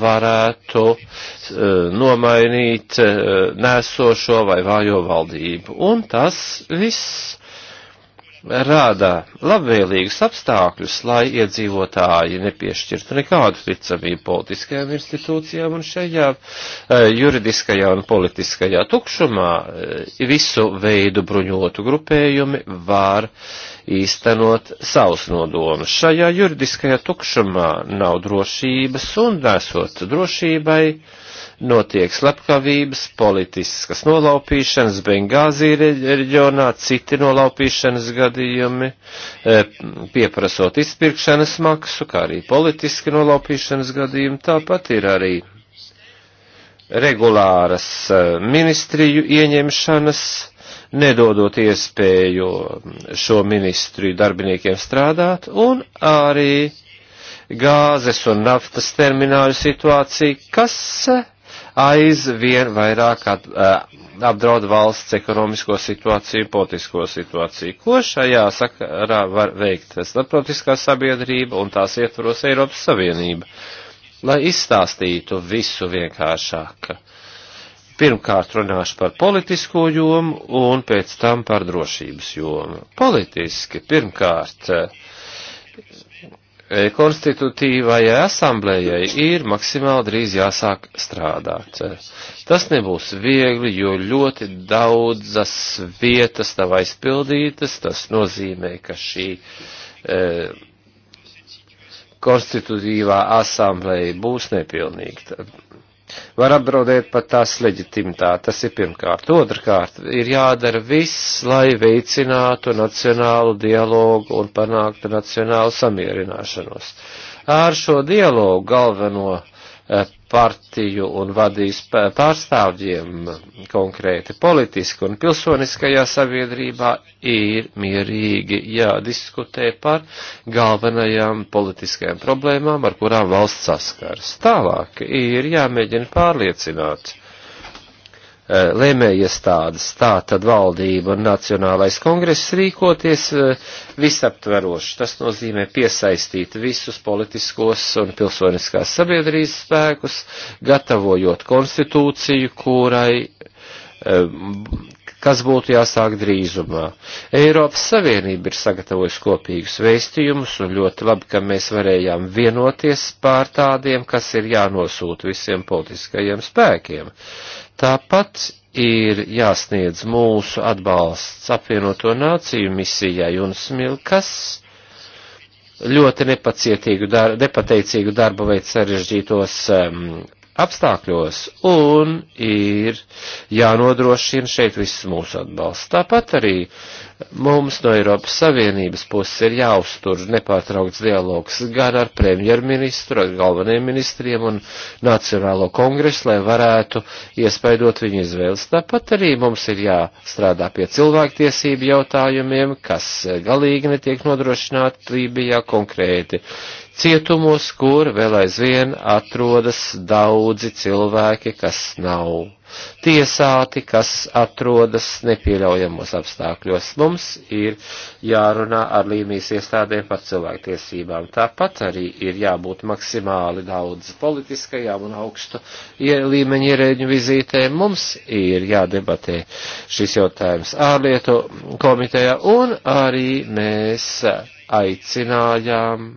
varētu uh, nomainīt uh, eh, nēsošo vai vājo valdību. Un tas viss rādā labvēlīgus apstākļus, lai iedzīvotāji nepiešķirtu nekādu ticamību politiskajām institūcijām un šajā e, juridiskajā un politiskajā tukšumā e, visu veidu bruņotu grupējumi var īstenot savus nodomus. Šajā juridiskajā tukšumā nav drošības un nesot drošībai notiek slepkavības, politiskas nolaupīšanas, Bengāzī reģionā, citi nolaupīšanas gadījumi, e, pieprasot izpirkšanas maksu, kā arī politiski nolaupīšanas gadījumi, tāpat ir arī regulāras e, ministriju ieņemšanas, nedodot iespēju šo ministriju darbiniekiem strādāt, un arī gāzes un naftas termināļu situācija, kas aizvien vairāk at, eh, apdraud valsts ekonomisko situāciju un politisko situāciju. Ko šajā sakarā var veikt starptautiskā sabiedrība un tās ietvaros Eiropas Savienība, lai izstāstītu visu vienkāršāk? Pirmkārt runāšu par politisko jomu un pēc tam par drošības jomu. Politiski pirmkārt. Uh, konstitutīvajai asamblējai ir maksimāli drīz jāsāk strādāt. Tas nebūs viegli, jo ļoti daudzas vietas nav aizpildītas, tas nozīmē, ka šī e, konstitutīvā asamblēja būs nepilnīga var apdraudēt pat tās leģitimitāti. Tas ir pirmkārt. Otrkārt, ir jādara viss, lai veicinātu nacionālu dialogu un panāktu nacionālu samierināšanos. Ar šo dialogu galveno Eh, partiju un vadīs pārstāvjiem konkrēti politiski un pilsoniskajā sabiedrībā ir mierīgi jādiskutē par galvenajām politiskajām problēmām, ar kurām valsts saskars. Tālāk ir jāmēģina pārliecināt Eh, lēmējiestādes, tā tad valdība un Nacionālais kongress rīkoties eh, visaptveroši. Tas nozīmē piesaistīt visus politiskos un pilsoniskās sabiedrības spēkus, gatavojot konstitūciju, kurai eh, kas būtu jāsāk drīzumā. Eiropas Savienība ir sagatavojusi kopīgus vēstījumus, un ļoti labi, ka mēs varējām vienoties pār tādiem, kas ir jānosūta visiem politiskajiem spēkiem. Tāpat ir jāsniedz mūsu atbalsts apvienoto nāciju misijai un smil, kas ļoti nepacietīgu, dar, nepateicīgu darbu veids sarežģītos um, apstākļos un ir jānodrošina šeit viss mūsu atbalsts. Tāpat arī mums no Eiropas Savienības puses ir jāuztur nepārtraukts dialogs gan ar premjerministru, ar galveniem ministriem un Nacionālo kongresu, lai varētu iespaidot viņu izvēles. Tāpat arī mums ir jāstrādā pie cilvēktiesību jautājumiem, kas galīgi netiek nodrošināti Lībijā konkrēti cietumos, kur vēl aizvien atrodas daudzi cilvēki, kas nav tiesāti, kas atrodas nepieļaujamos apstākļos. Mums ir jārunā ar Līmijas iestādēm par cilvēktiesībām. Tāpat arī ir jābūt maksimāli daudz politiskajām un augstu līmeņa ierēģu vizītēm. Mums ir jādebatē šis jautājums ārlietu komitejā un arī mēs aicinājām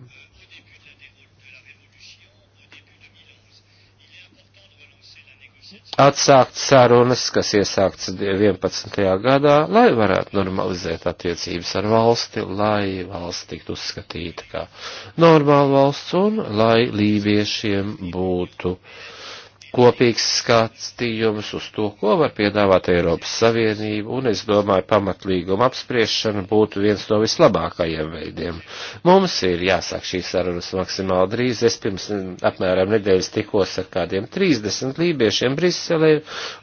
atsākt sarunas, kas iesākts 11. gadā, lai varētu normalizēt attiecības ar valsti, lai valsts tiktu uzskatīta kā normāla valsts un lai lībiešiem būtu uh, kopīgs skatījums uz to, ko var piedāvāt Eiropas Savienība, un es domāju, pamatlīguma apspriešana būtu viens no vislabākajiem veidiem. Mums ir jāsāk šīs sarunas maksimāli drīz. Es pirms mm, apmēram nedēļas tikos ar kādiem 30 lībiešiem Briselē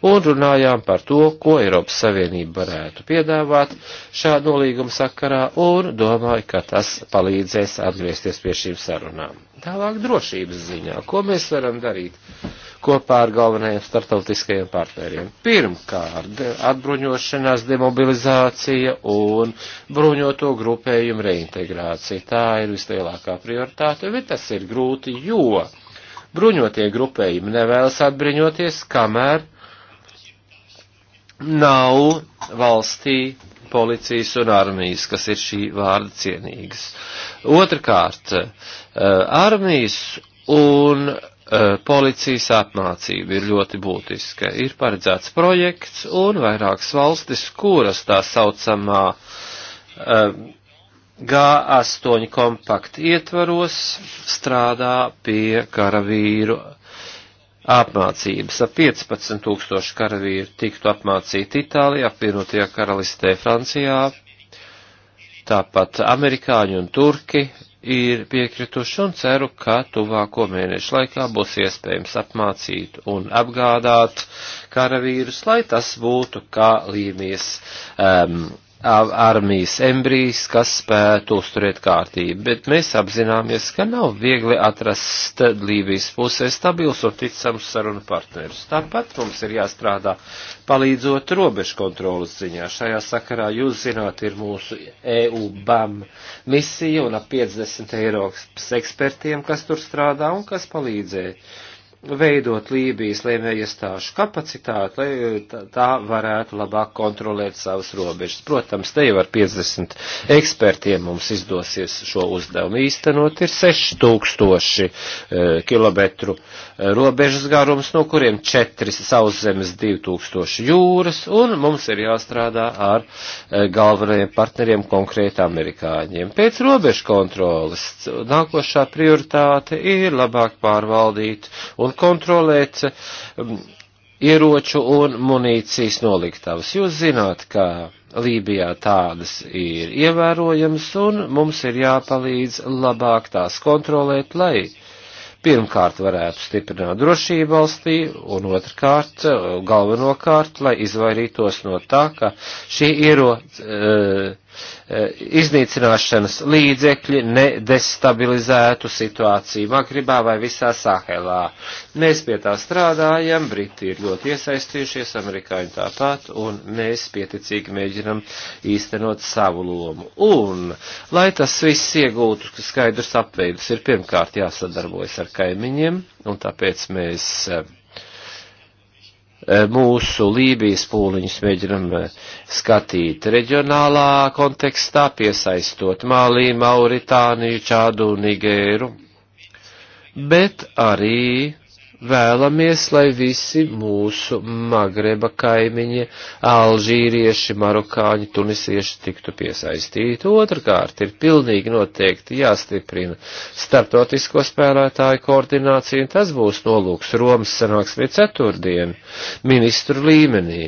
un runājām par to, ko Eiropas Savienība varētu piedāvāt šādu nolīgumu sakarā, un domāju, ka tas palīdzēs atgriezties pie šīm sarunām. Tālāk drošības ziņā, ko mēs varam darīt? kopā ar galvenajiem startautiskajiem partneriem. Pirmkārt, atbruņošanās, demobilizācija un bruņoto grupējumu reintegrācija. Tā ir vislielākā prioritāte, bet tas ir grūti, jo bruņotie grupējumi nevēlas atbruņoties, kamēr nav valstī policijas un armijas, kas ir šī vārda cienīgas. Otrakārt, eh, armijas un Eh, policijas apmācība ir ļoti būtiska. Ir paredzēts projekts un vairākas valstis, kuras tā saucamā eh, G8 kompakta ietvaros strādā pie karavīru apmācības. Ap 15 tūkstoši karavīru tiktu apmācīti Itālijā, apvienotajā karalistē Francijā, tāpat amerikāņi un turki ir piekrituši un ceru, ka tuvāko mēnešu laikā būs iespējams apmācīt un apgādāt karavīrus, lai tas būtu kā līmijas um, armijas embrijs, kas spētu uzturēt kārtību, bet mēs apzināmies, ka nav viegli atrast Lībijas pusē stabils un ticams sarunu partnerus. Tāpat mums ir jāstrādā palīdzot robežu kontrolas ziņā. Šajā sakarā jūs zināt, ir mūsu EU BAM misija un ap 50 Eiropas ekspertiem, kas tur strādā un kas palīdzēja veidot Lībijas lēmējiestāšu kapacitāti, lai eh, tā varētu labāk kontrolēt savas robežas. Protams, te jau ar 50 ekspertiem mums izdosies šo uzdevumu īstenot. Ir 6000 eh, km eh, robežas garums, no kuriem 4 sauszemes, 2000 jūras, un mums ir jāstrādā ar galvenajiem partneriem konkrēti amerikāņiem. Pēc robežu kontrolas nākošā prioritāte ir labāk pārvaldīt un kontrolēt um, ieroču un munīcijas noliktavas. Jūs zināt, ka Lībijā tādas ir ievērojams un mums ir jāpalīdz labāk tās kontrolēt, lai pirmkārt varētu stiprināt drošību valstī un otrkārt, uh, galvenokārt, lai izvairītos no tā, ka šie ieroči. Uh, Eh, iznīcināšanas līdzekļi nedestabilizētu situāciju Magribā vai visā Sahelā. Mēs pie tā strādājam, Briti ir ļoti iesaistījušies, amerikāņi tāpat, un mēs pieticīgi mēģinam īstenot savu lomu. Un, lai tas viss iegūtu skaidrus apveidus, ir pirmkārt jāsadarbojas ar kaimiņiem, un tāpēc mēs eh, Eh, mūsu Lībijas pūliņus mēģinam eh, skatīt reģionālā kontekstā, piesaistot Malī, Mauritāniju, Čādu, Nigēru, bet arī vēlamies, lai visi mūsu Magreba kaimiņi, alžīrieši, marokāņi, tunisieši tiktu piesaistīti. Otrkārt, ir pilnīgi noteikti jāstiprina starptautisko spēlētāju koordinācija, un tas būs nolūks Romas sanāksmē ceturtdien, ministru līmenī.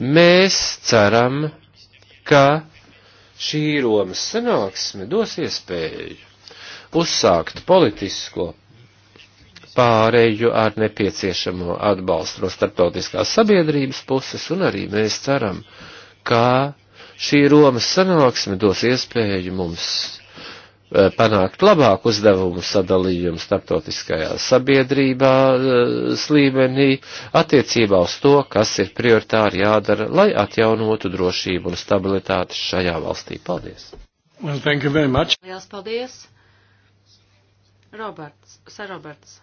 Mēs ceram, ka šī Romas sanāksme dos iespēju uzsākt politisko pārēju ar nepieciešamo atbalstu no starptautiskās sabiedrības puses, un arī mēs ceram, ka šī Romas sanāksme dos iespēju mums eh, panākt labāku uzdevumu sadalījumu starptautiskajā sabiedrībā eh, slīmenī attiecībā uz to, kas ir prioritāri jādara, lai atjaunotu drošību un stabilitāti šajā valstī. Paldies!
Well,
thank you very much.
Lielas paldies! Roberts, Sir Roberts.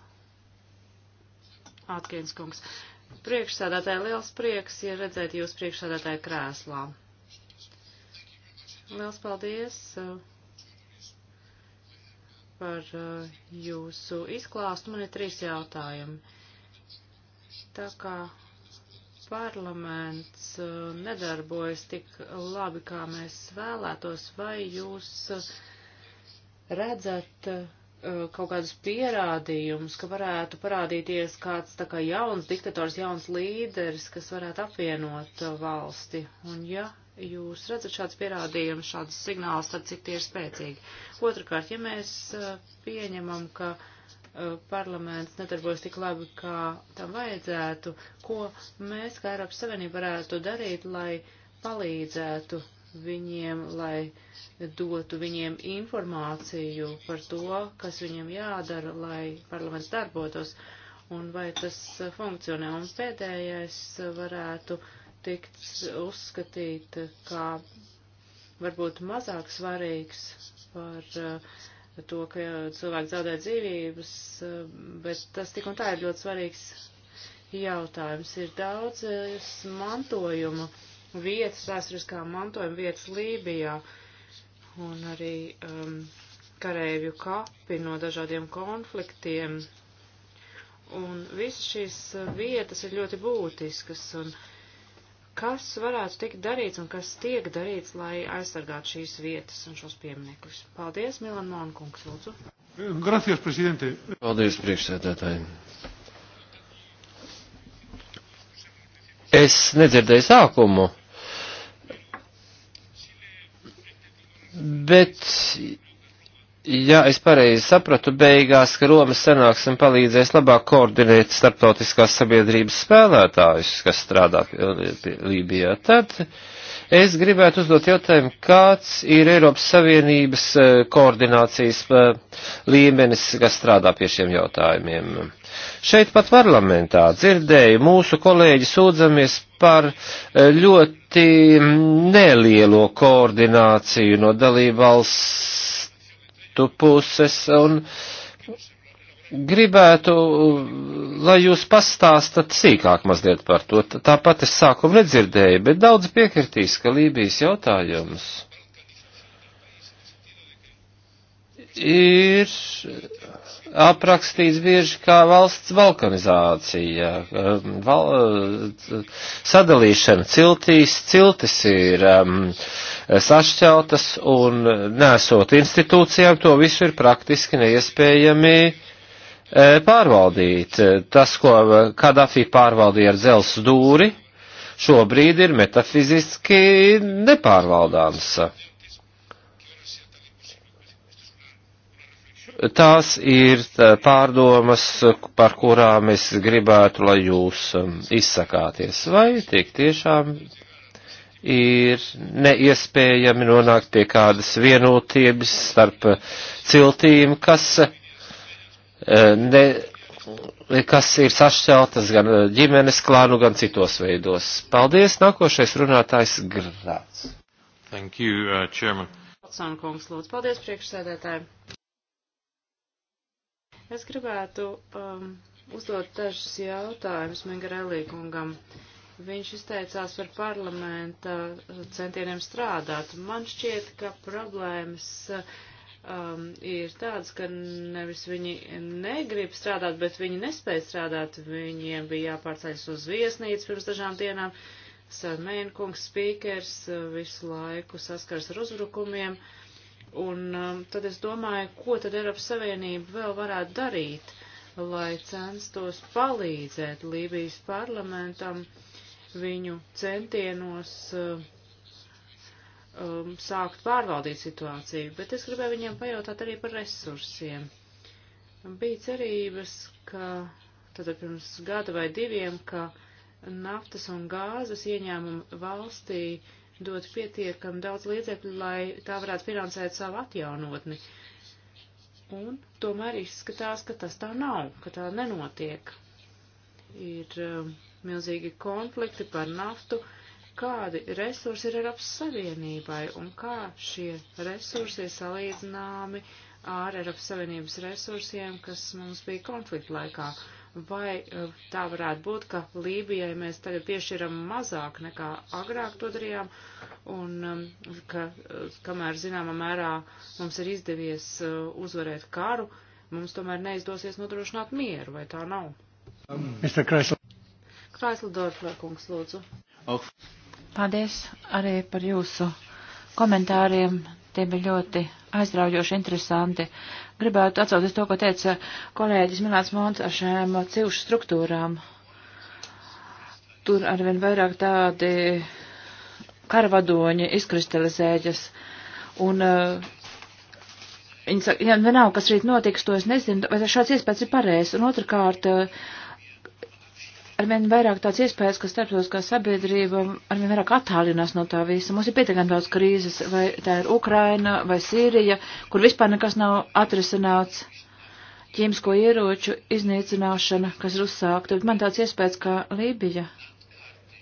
Atkins kungs. Priekšsādātāji liels prieks, ja redzēt jūs priekšsādātāju krēslā. Liels paldies uh, par uh, jūsu izklāstu. Man ir trīs jautājumi. Tā kā parlaments uh, nedarbojas tik labi, kā mēs vēlētos, vai jūs redzat Uh, kaut kādus pierādījumus, ka varētu parādīties kāds tā kā jauns diktators, jauns līderis, kas varētu apvienot uh, valsti. Un ja jūs redzat šāds pierādījums, šāds signāls, tad cik tie ir spēcīgi. Otrakārt, ja mēs uh, pieņemam, ka parlaments nedarbojas tik labi, kā tam vajadzētu, ko mēs kā Eiropas Savienība varētu darīt, lai palīdzētu viņiem, lai dotu viņiem informāciju par to, kas viņiem jādara, lai parlaments darbotos un vai tas funkcionē. Un pēdējais varētu tikt uzskatīt kā varbūt mazāk svarīgs par eh, to, ka cilvēki zaudē dzīvības, eh, bet tas tik un tā ir ļoti svarīgs jautājums. Ir daudz eh, mantojuma vietas, vēsturiskā mantojuma vietas Lībijā un arī um, karēvju kapi no dažādiem konfliktiem. Un visas šīs uh, vietas ir ļoti būtiskas. Un kas varētu tikt darīts un kas tiek darīts, lai aizsargātu šīs vietas un šos pieminekļus? Paldies, Milan Monkungs, lūdzu.
Gracias, prezidente.
Paldies,
priekšsēdētāji. Es nedzirdēju sākumu Bet, ja es pareizi sapratu, beigās, ka Romas sanāksim palīdzēs labāk koordinēt starptautiskās sabiedrības spēlētājus, kas strādā Lībijā, tad es gribētu uzdot jautājumu, kāds ir Eiropas Savienības eh, koordinācijas eh, līmenis, kas strādā pie šiem jautājumiem. Šeit pat parlamentā dzirdēju mūsu kolēģi sūdzamies par eh, ļoti nelielo koordināciju no dalībvalstu puses un gribētu, lai jūs pastāstat sīkāk mazliet par to. Tāpat es sākumu nedzirdēju, bet daudz piekritīs, ka Lībijas jautājums ir aprakstīts bieži kā valsts balkanizācija, ehm, val, eh, sadalīšana ciltīs, ciltis ir um, sašķeltas un nesot institūcijām, to visu ir praktiski neiespējami eh, pārvaldīt. Tas, ko eh, Kadafī pārvaldīja ar dzels dūri, šobrīd ir metafiziski nepārvaldāms. Tās ir pārdomas, par kurām es gribētu, lai jūs um, izsakāties. Vai tik tiešām ir neiespējami nonākt pie kādas vienotības starp ciltīm, kas, uh, ne, kas ir sašķeltas gan ģimenes klānu, gan citos veidos. Paldies, nākošais runātājs Grāts. Thank you, uh, Chairman.
Paldies, priekšsēdētāji. Es gribētu um, uzdot dažus jautājumus Mingarelī kungam. Viņš izteicās par parlamenta uh, centieniem strādāt. Man šķiet, ka problēmas um, ir tādas, ka nevis viņi negrib strādāt, bet viņi nespēja strādāt. Viņiem bija jāpārceļas uz viesnīcu pirms dažām dienām. Sarmēnkungs, spīkers, uh, visu laiku saskars ar uzbrukumiem. Uh, Un um, tad es domāju, ko tad Eiropas Savienība vēl varētu darīt, lai censtos palīdzēt Lībijas parlamentam viņu centienos uh, um, sākt pārvaldīt situāciju. Bet es gribēju viņiem pajautāt arī par resursiem. Bija cerības, ka tad pirms gada vai diviem, ka naftas un gāzes ieņēmumi valstī uh, dot pietiekam daudz līdzekļu, lai tā varētu finansēt savu atjaunotni. Un tomēr izskatās, ka tas tā nav, ka tā nenotiek. Ir um, milzīgi konflikti par naftu, kādi resursi ir Eiropas Savienībai un kā šie resursi ir salīdzināmi ar Eiropas Savienības resursiem, kas mums bija konflikta laikā. Uh, vai eh, tā varētu būt, ka Lībijai mēs tagad piešķiram mazāk nekā agrāk to darījām, un um, ka eh, kamēr zināmā mērā mums ir izdevies eh, uzvarēt karu, mums tomēr neizdosies nodrošināt mieru, vai tā nav? Mr. Um, Kreisl. Kreisl Dorflerkungs, lūdzu.
Oh.
Paldies arī par jūsu komentāriem. Tie bija ļoti aizraujoši, interesanti gribētu atsauties to, ko teica kolēģis Milāns Mons ar šām cilšu struktūrām. Tur arvien vairāk tādi karvadoņi izkristalizējas. Un uh, viņi saka, ja nav, kas rīt notiks, to es nezinu, vai šāds iespējas ir pareizs. Un otrkārt, uh, arvien vairāk tāds iespējas, ka starptautiskā sabiedrība arvien vairāk attālinās no tā visa. Mums ir pietiekami daudz krīzes, vai tā ir Ukraina vai Sīrija, kur vispār nekas nav atrisināts. Ķīmisko ieroču iznīcināšana, kas ir uzsākta, bet man tāds iespējas, ka Lībija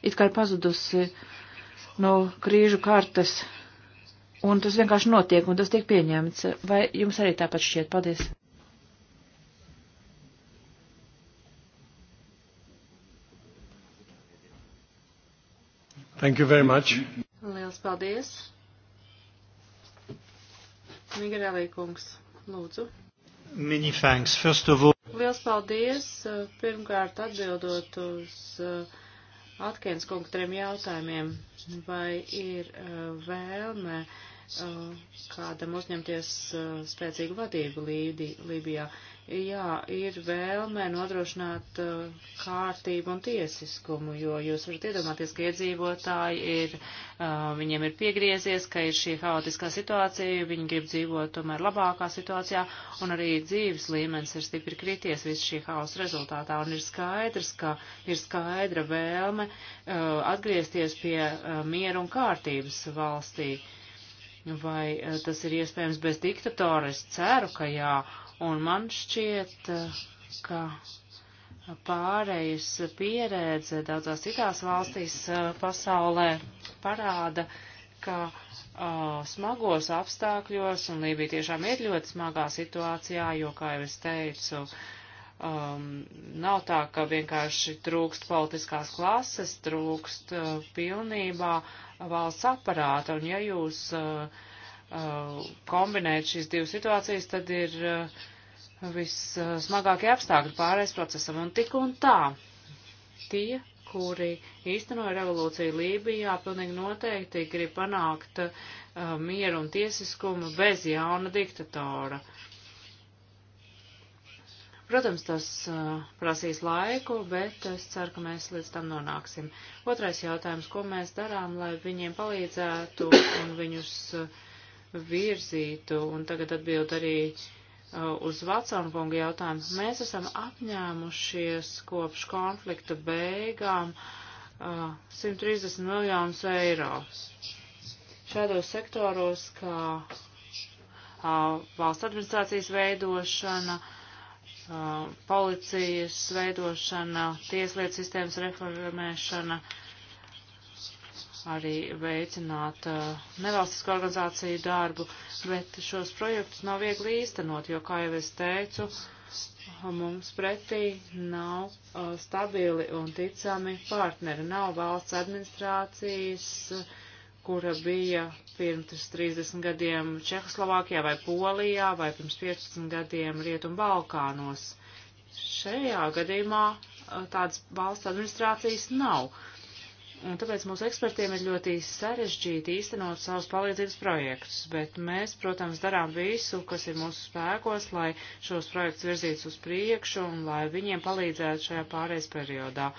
it kā ir pazudusi no krīžu kartes, un tas vienkārši notiek, un tas tiek pieņemts. Vai jums arī tāpat šķiet? Paldies!
Thank you very much.
Liels paldies. Migrēlī kungs, lūdzu.
Many thanks. First of all.
Liels paldies. Eh, pirmkārt atbildot uz eh, Atkins kungu trim jautājumiem, vai ir eh, vēlme kādam uzņemties spēcīgu vadību Lībijā jā, ir vēlme nodrošināt uh, kārtību un tiesiskumu, jo jūs varat iedomāties, ka iedzīvotāji ir, uh, viņiem ir piegriezies, ka ir šī haotiskā situācija, viņi grib dzīvot tomēr labākā situācijā, un arī dzīves līmenis ir stipri krities visu šī hausa rezultātā, un ir skaidrs, ka ir skaidra vēlme uh, atgriezties pie uh, mieru un kārtības valstī. Vai uh, tas ir iespējams bez diktatora? Es ceru, ka jā Un man šķiet, ka pārējas pieredze daudzās citās valstīs pasaulē parāda, ka o, smagos apstākļos, un Lībija tiešām ir ļoti smagā situācijā, jo, kā jau es teicu, um, nav tā, ka vienkārši trūkst politiskās klases, trūkst uh, pilnībā valsts aparāta, un ja jūs uh, Uh, kombinēt šīs divas situācijas, tad ir uh, vissmagākie apstākļi pārējais procesam. Un tik un tā, tie, kuri īstenoja revolūciju Lībijā, pilnīgi noteikti grib panākt uh, mieru un tiesiskumu bez jauna diktatora. Protams, tas uh, prasīs laiku, bet es ceru, ka mēs līdz tam nonāksim. Otrais jautājums, ko mēs darām, lai viņiem palīdzētu un viņus uh, virzītu, un tagad atbild arī uh, uz Vatsona kunga jautājumu. Mēs esam apņēmušies kopš konflikta beigām uh, 130 miljonus eiro. Šādos sektoros, kā uh, valsts administrācijas veidošana, uh, policijas veidošana, tieslietu sistēmas reformēšana, uh, arī veicināt uh, nevalstisko organizāciju darbu, bet šos projektus nav viegli īstenot, jo, kā jau es teicu, mums pretī nav uh, stabili un ticami partneri, nav valsts administrācijas, kura bija pirms 30 gadiem Čehoslovākijā vai Polijā vai pirms 15 gadiem Rietum Balkānos. Šajā gadījumā uh, tādas valsts administrācijas nav. Uh, Un tāpēc mūsu ekspertiem ir ļoti sarežģīti īstenot savus palīdzības projektus, bet mēs, protams, darām visu, kas ir mūsu spēkos, lai šos projektus virzītu uz priekšu un lai viņiem palīdzētu šajā pārējais periodā.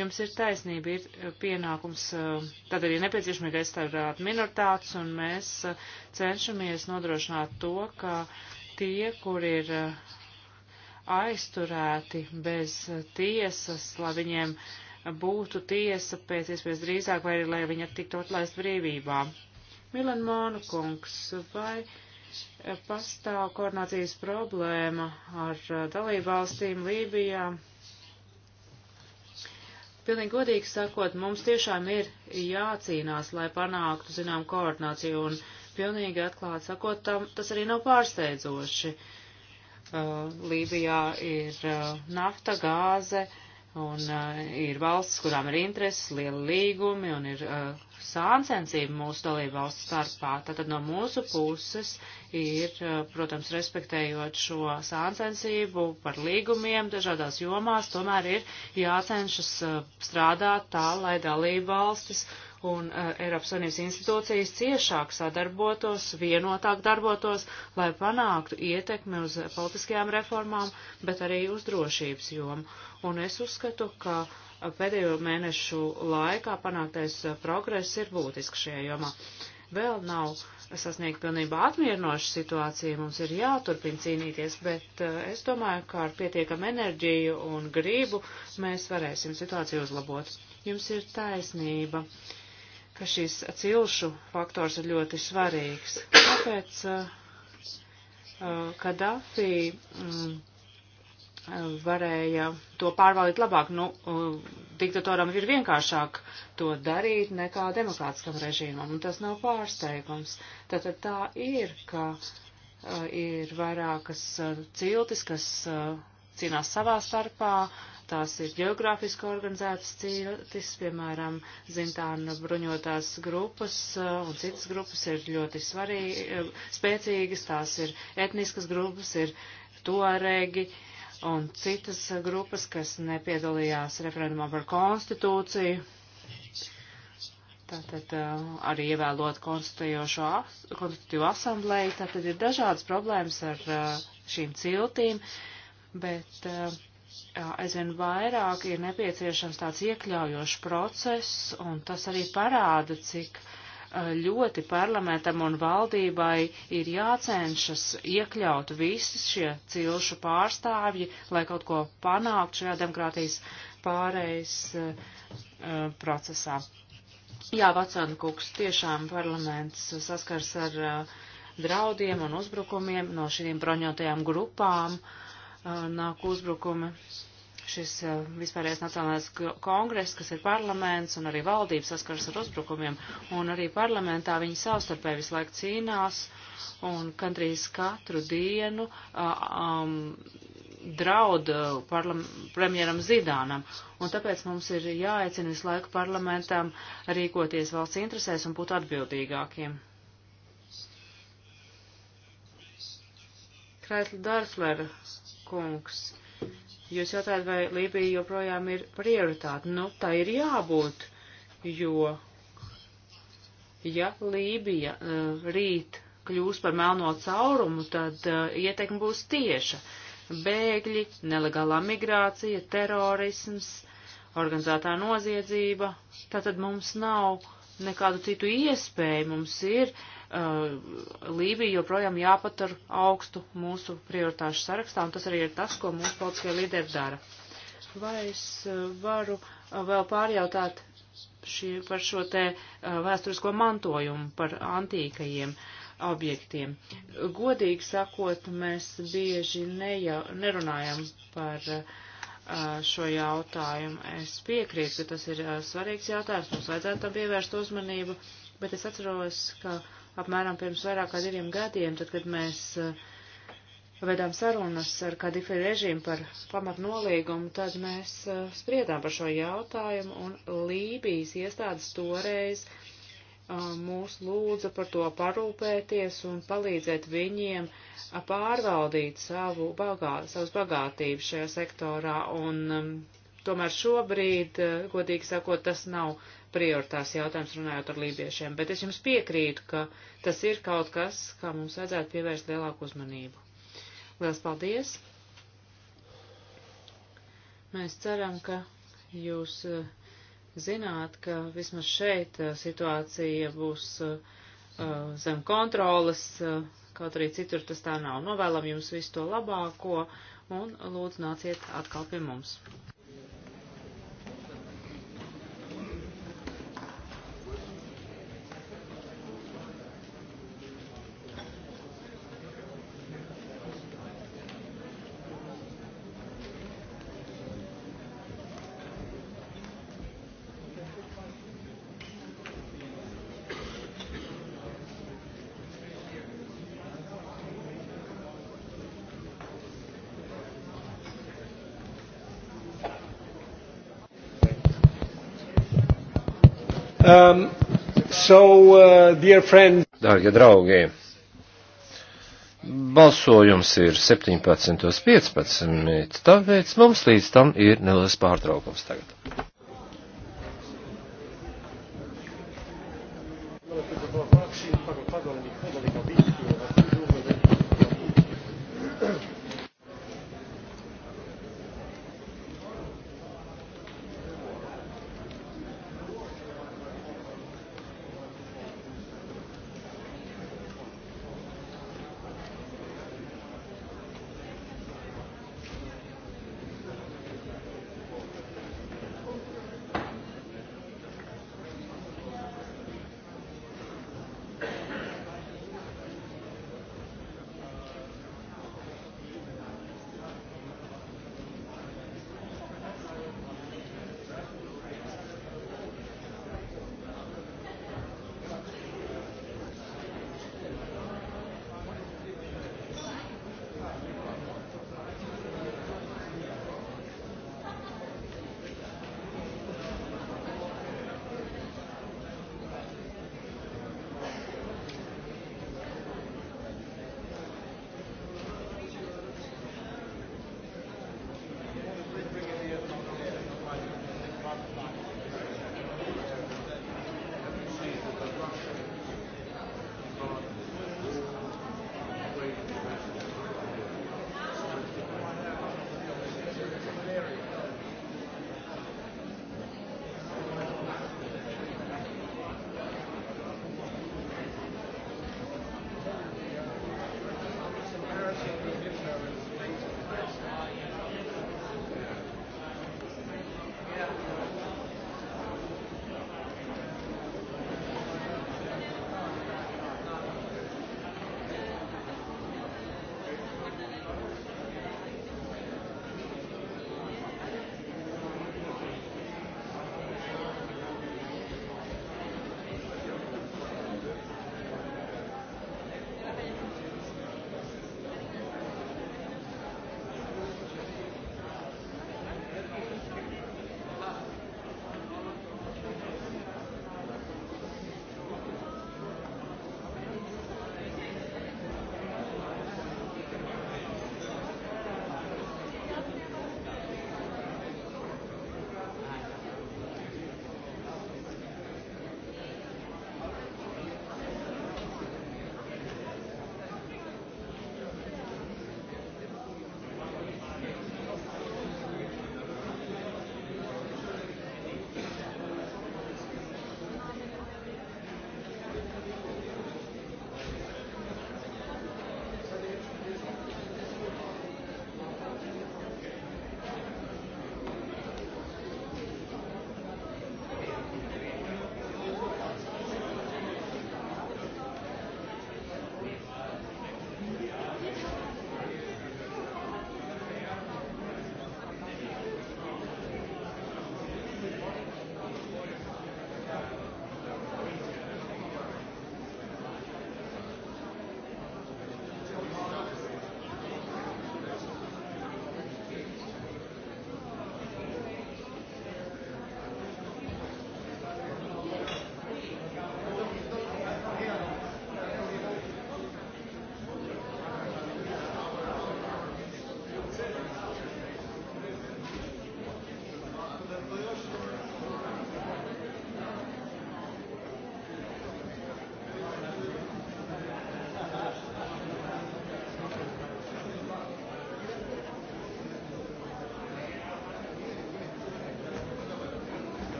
Jums ir taisnība, ir uh, pienākums, uh, tad arī nepieciešami restaurēt minoritātes, un mēs uh, cenšamies nodrošināt to, ka tie, kur ir aizturēti bez tiesas, lai viņiem uh, būtu tiesa pēc iespējas drīzāk, vai arī, lai viņa tiktu atlaist brīvībā. Milan Mānukungs, vai eh, pastāv koordinācijas problēma ar eh, dalību valstīm Lībijā? Pilnīgi godīgi sakot, mums tiešām ir jācīnās, lai panāktu, zinām, koordināciju, un pilnīgi atklāt sakot, tam, tas arī nav pārsteidzoši. Uh, Lībijā ir uh, nafta, gāze, uh, Un uh, ir valsts, kurām ir intereses, liela līgumi un ir uh, sāncensība mūsu dalību valsts starpā. Tātad no mūsu puses ir, uh, protams, respektējot šo sāncensību par līgumiem dažādās jomās, tomēr ir jācenšas uh, strādāt tā, lai dalību valstis un uh, Eiropas Savienības institūcijas ciešāk sadarbotos, vienotāk darbotos, lai panāktu ietekmi uz politiskajām reformām, bet arī uz drošības jomu. Un es uzskatu, ka pēdējo mēnešu laikā panāktais eh, progress ir būtisks šajā jomā. Vēl nav sasniegt pilnībā apmierinošu situāciju, mums ir jāturpina cīnīties, bet uh, es domāju, ka ar pietiekam enerģiju un gribu mēs varēsim situāciju uzlabot. Jums ir taisnība. Uh, ka šis cilšu faktors ir ļoti svarīgs. Tāpēc eh, eh, Kadafi mm, eh, varēja to pārvaldīt labāk. Nu, diktatoram ir vienkāršāk to darīt nekā demokrātiskam režīmam, un tas nav pārsteigums. Tātad tā ir, ka ir vairākas ciltis, kas cīnās savā starpā, Tās ir geogrāfiski organizētas cīņas, piemēram, zintāna nu, bruņotās grupas un citas grupas ir ļoti svarīgi, spēcīgas, tās ir etniskas grupas, ir tuaregi un citas grupas, kas nepiedalījās referendumā par konstitūciju. Tātad arī ievēlot konstitūtīvo asamblēju, tātad ir dažādas problēmas ar šīm ciltīm, bet uh, aizvien vairāk ir nepieciešams tāds iekļaujošs process, un tas arī parāda, cik ļoti parlamentam un valdībai ir jācenšas iekļaut visi šie cilšu pārstāvji, lai kaut ko panākt šajā demokrātijas pārejas uh, procesā. Jā, Vacāna kungs, tiešām parlaments saskars ar uh, draudiem un uzbrukumiem no šīm broņotajām grupām. Uh, nāk uzbrukumi. Šis vispārējais nacionālais kongress, kas ir parlaments un arī valdība saskaras ar uzbrukumiem, un arī parlamentā viņi savstarpēji visu laiku cīnās, un gandrīz katru dienu um, draud premjeram Zidānam, un tāpēc mums ir jāaicina visu laiku parlamentam rīkoties valsts interesēs un būt atbildīgākiem. Kreitla Dārflera kungs. Jūs jautājat, vai Lībija joprojām ir prioritāte? Nu, tā ir jābūt, jo, ja Lībija uh, rīt kļūs par melno caurumu, tad uh, ietekme būs tieša. Bēgļi, nelegālā migrācija, terorisms, organizētā noziedzība. Tātad mums nav nekādu citu iespēju, mums ir uh, Uh, Lībija joprojām jāpatur augstu mūsu prioritāšu sarakstā, un tas arī ir tas, ko mūsu politiskie līderi dara. Vai es uh, varu uh, vēl pārjautāt šī, par šo te vēsturisko mantojumu, par antīkajiem objektiem? Godīgi sakot, mēs bieži neja, nerunājam par šo jautājumu. Es piekrītu, ka tas ir svarīgs jautājums, mums vajadzētu tam pievērst uzmanību, bet es atceros, ka uh, apmēram pirms vairāk kā diviem gadiem, tad, kad mēs eh, vedām sarunas ar Kadifi režīmu par pamatnolīgumu, tad mēs eh, spriedām par šo jautājumu, un Lībijas iestādes toreiz eh, mūs lūdza par to parūpēties un palīdzēt viņiem pārvaldīt savu bagā, savus bagātības šajā sektorā. Un, um, tomēr šobrīd, godīgi sakot, tas nav prioritārs jautājums runājot ar lībiešiem, bet es jums piekrītu, ka tas ir kaut kas, kā mums vajadzētu pievērst lielāku uzmanību. Lielas paldies! Mēs ceram, ka jūs eh, zināt, ka vismaz šeit eh, situācija būs uh, zem kontrolas, uh, kaut arī citur tas tā nav. Novēlam jums visu to labāko un lūdzu nāciet atkal pie mums.
Um, so, uh, dear friend. Dārgie draugi, balsojums ir 17.15, tāpēc mums līdz tam ir neliels pārtraukums
tagad.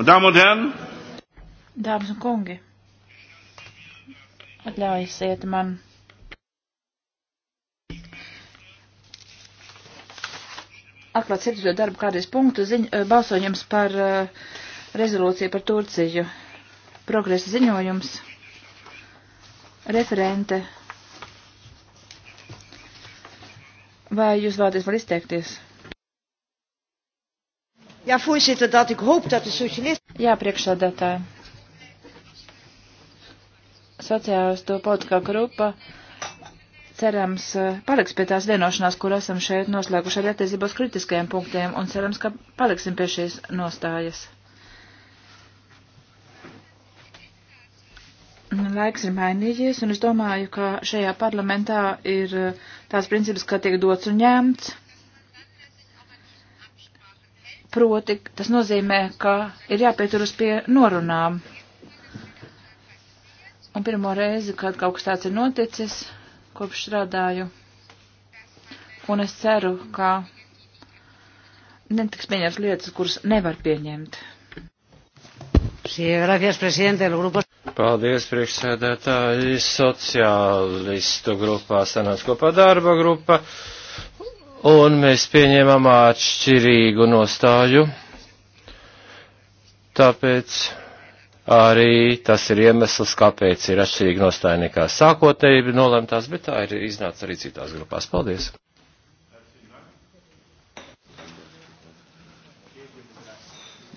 Meine Damen un Herren,
Dāmas un kungi, atļaujiet man atklāt 7. darba kārtības punktu ziņ, eh, balsojums par uh, rezolūciju par Turciju. Progresa ziņojums. Referente. Vai jūs vēlaties var izteikties? Ja, voorzitter, dat ik hoop dat de socialisten. Jā, priekšsādātāji. Sociālistu politiskā grupa cerams eh, paliks pie tās vienošanās, kur esam šeit noslēguši ar attiecībos kritiskajiem punktiem, un cerams, ka paliksim pie šīs nostājas. Laiks ir mainījies, un es domāju, ka šajā parlamentā ir eh, tās principus, ka tiek dots un ņemts Proti, tas nozīmē, ka ir jāpieturas pie norunām. Un pirmo reizi, kad kaut kas tāds ir noticis, kopš strādāju, un es ceru, ka netiks pieņemts lietas, kuras nevar pieņemt.
Paldies, priekšsēdētāji, sociālistu grupā sanāca kopā darba grupa un mēs pieņēmām atšķirīgu nostāju, tāpēc arī tas ir iemesls, kāpēc ir atšķirīga nostāja nekā sākotnēji nolemtās, bet tā ir iznāca arī citās grupās. Paldies!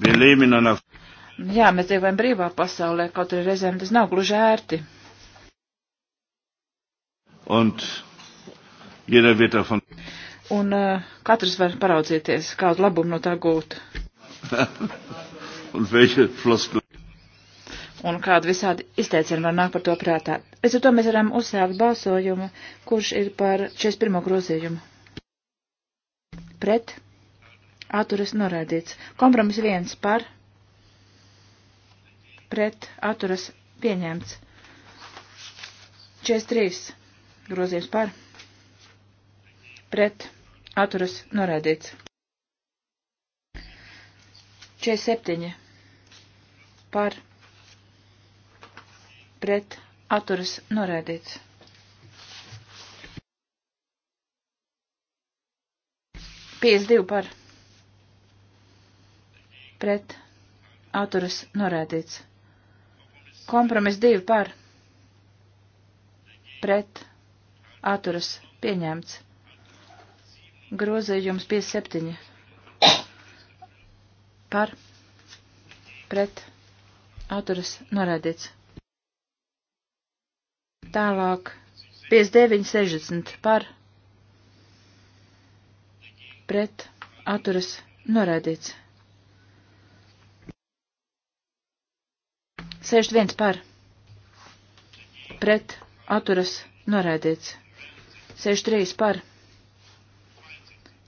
Jā,
mēs dzīvojam brīvā pasaulē, kaut arī reizēm tas nav gluži ērti.
Un jeder wird davon
un uh, katrs var paraudzīties, kādu labumu no tā gūt.
un veļa floskula.
Un kādu visādi izteicienu var nākt par to prātā. Es ar to mēs varam uzsākt balsojumu, kurš ir par 41. grozījumu. Pret. Atturas noraidīts. Kompromis viens par. Pret. Atturas pieņemts. 43. Grozījums par. Pret Atturas norādīts. 47. Par. Pret. Atturas norādīts. 52 par. Pret. Atturas norādīts. Kompromis 2 par. Pret. Atturas pieņemts. Grozījums 57 par pret atturas norādīts. Tālāk 5960 par pret atturas norādīts. 61 par pret atturas norādīts. 63 par pret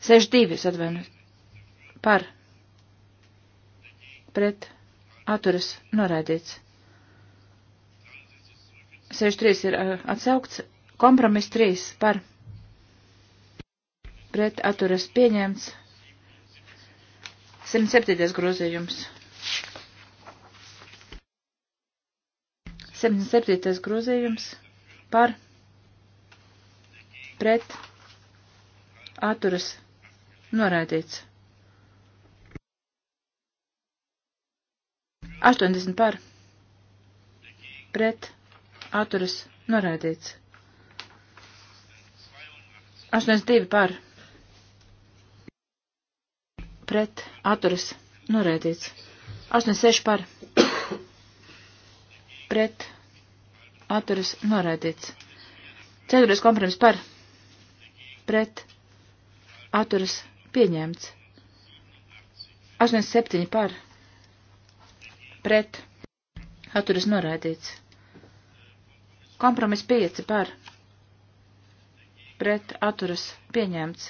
62 atvainojos par pret atturas norādīts. 63 ir uh, atsaukts, kompromiss 3 par pret atturas pieņemts. 107. grozījums. 77. grozījums par pret atturas Noraidīts. 80 par. Pret. Atturas. Noraidīts. 82 par. Pret. Atturas. Noraidīts. 86 par. Pret. Atturas. Noraidīts. 4. kompromiss par. Pret. Atturas. Pieņemts. 87 par. Pret. Atturas noraidīts. Kompromis 5 par. Pret. Atturas. Pieņemts.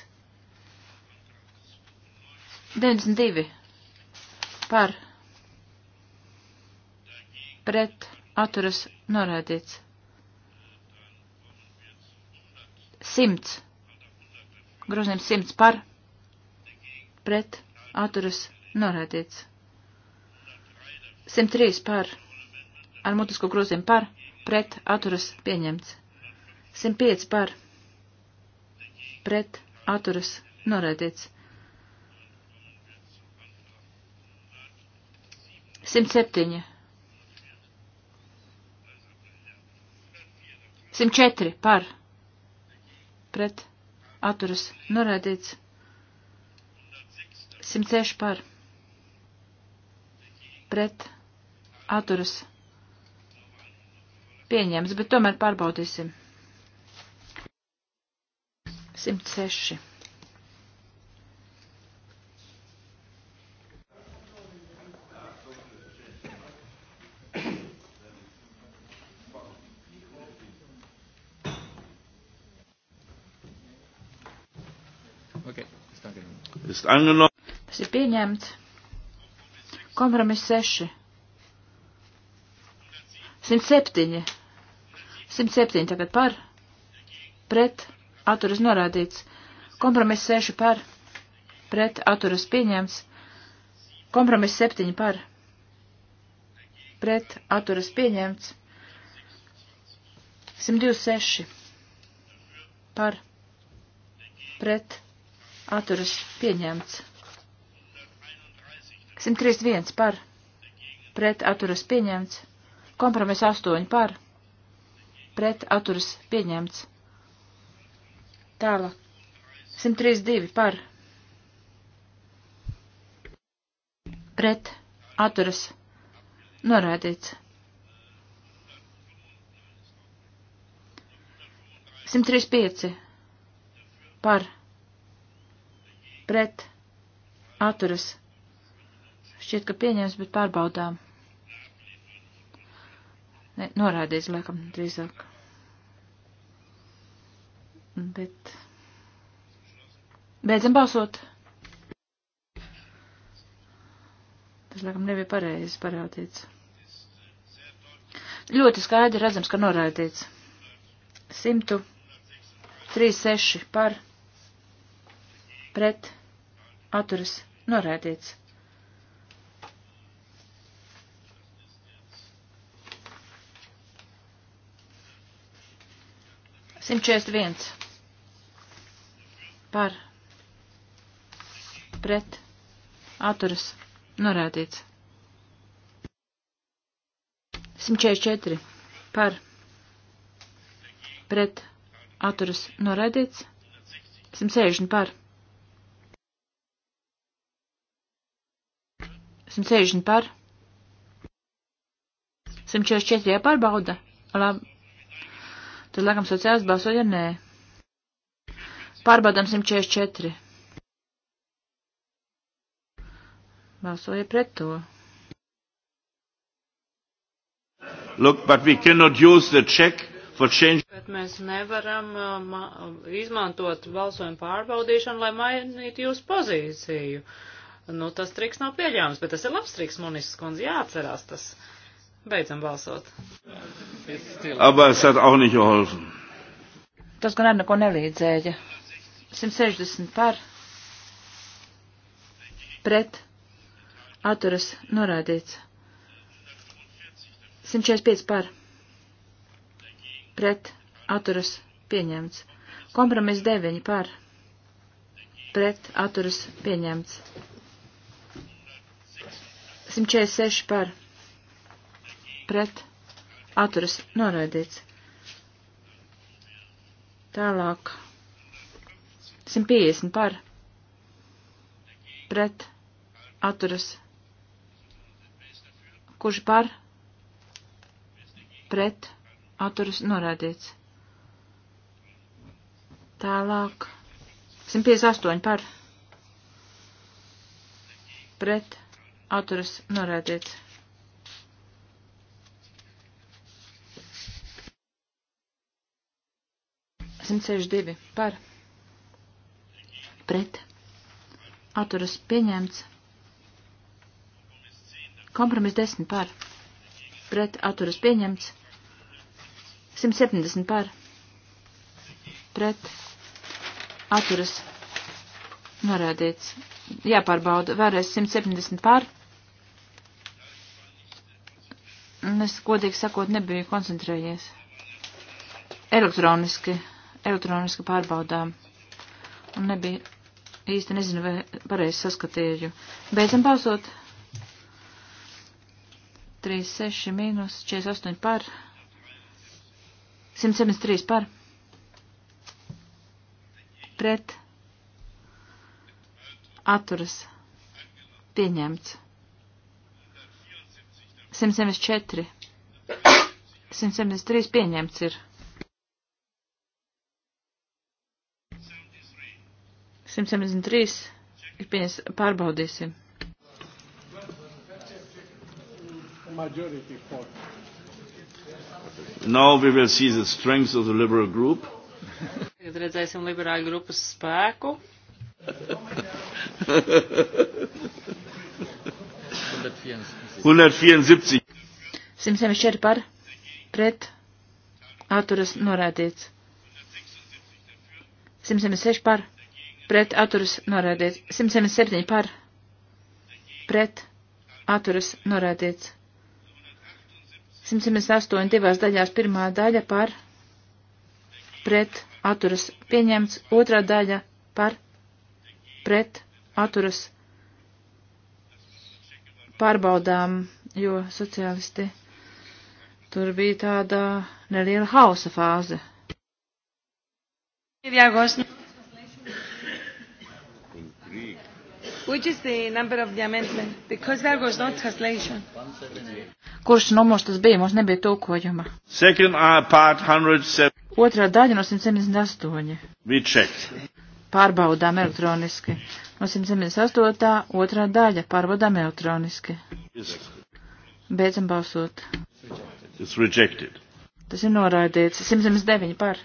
92 par. Pret. Atturas noraidīts. 100. Grozījums 100 par pret atturas norādīts. 103 par ar mutisko grozījumu par pret atturas pieņemts. 105 par pret atturas norādīts. 107. 104 par pret atturas norādīts. 106 par pret atturas pieņems, bet tomēr pārbaudīsim. 106.
Okay. Ist
angenommen. Tas ir pieņemts. Kompromis 6. 107. 107 tagad par. Pret. Atturas norādīts. Kompromis 6 par. Pret. Atturas pieņemts. Kompromis 7 par. Pret. Atturas pieņemts. 126 par. Pret. Atturas pieņemts. 131 par, pret atturas pieņemts. Kompromis 8 par, pret atturas pieņemts. Tālāk. 132 par, pret atturas norādīts. 135 par pret atturas Šķiet, ka pieņems, bet pārbaudām. Ne, norādīs, laikam, drīzāk. Bet. Beidzam balsot. Tas, laikam, nebija pareizi parādīts. Ļoti skaidri redzams, ka norādīts. 136 par pret atturas norādīts. 141 par pret atturas norādīts. 144 par pret atturas norādīts. 160 par 160 par 144 jāpārbauda. Labi. Tad, laikam, sociālisti balsoja nē. Pārbaudām 144. Balsoja pret to.
Look, but we cannot use the check for change.
Bet mēs nevaram um, izmantot balsojumu pārbaudīšanu, lai mainītu jūsu pozīciju. Nu, tas triks nav pieļāms, bet tas ir labs triks, Monisas kundze, jāatcerās tas. Uh, Beidzam balsot. Aber es
hat auch nicht geholfen.
Tas
gan ar neko nelīdzēja. 160 par. Pret. Atturas norādīts. 145 par. Pret. Atturas pieņemts. Kompromiss 9 par. Pret. Atturas pieņemts. 146 par pret atturas noraidīts. Tālāk. 150 par pret atturas. Kurš par pret atturas noraidīts. Tālāk. 158 par pret atturas noraidīts. 162 par pret atturas pieņemts. Kompromis 10 par pret atturas pieņemts. 170 par pret atturas norādīts. Jāpārbauda vēlreiz 170 par. Es, godīgi sakot, nebiju koncentrējies. Elektroniski elektroniski pārbaudām. Un nebija īsti nezinu, vai pareizi saskatīju. Beidzam balsot. 36 mīnus 48 par. 173 par. Pret. Atturas. Pieņemts. 174. 173 pieņemts ir. 173 ir pieņems, pārbaudīsim.
Now we will see the strength of the liberal group.
Tagad redzēsim liberāļu grupas spēku.
Simtiem šķiet par pret atturas norādīts. 176 par pret atturas norādīts. 177 par pret atturas norādīts. 178 divās daļās pirmā daļa par pret atturas pieņemts, otrā daļa par pret atturas pārbaudām, jo sociālisti tur bija tāda neliela hausa fāze. Ir jāgos. Which
is the number of the amendment? Because there was no translation.
Kurš numurs tas bija? Mums nebija tulkojuma.
Second uh, part 107.
Otrā daļa no 178. We checked. Pārbaudām elektroniski. No 178. otrā daļa pārbaudām elektroniski. Yes. Beidzam balsot.
It's rejected.
Tas ir noraidīts. 179 par.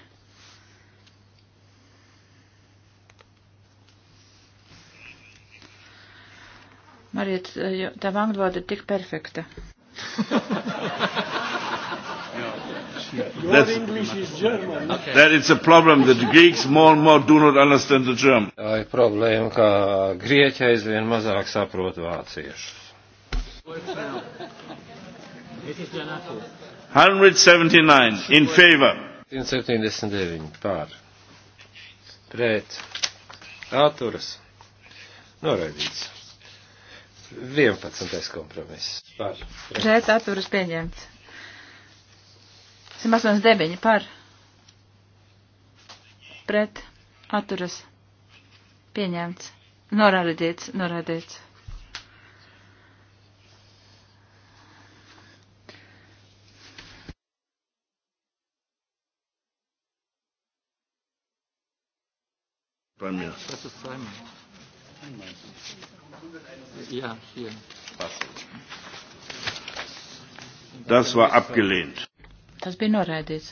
Mariet, tā vangvārda ir tik perfekta. Your That's, English is German. Okay.
That it's a problem that Greeks more and more do not understand the German. Tā ir problēma, ka Grieķi aizvien
mazāk saprot vāciešus.
179 in favor. 179 pār. Pret. Atturas. Noraidīts.
11. kompromiss. Par. Pret
atturas pieņemts. 189 par. Pret atturas pieņemts. Norādīts, norādīts.
Bei mir. Das ist zweimal. Ja, hier.
Tas var apgelehnt.
Tas bija noraidīts.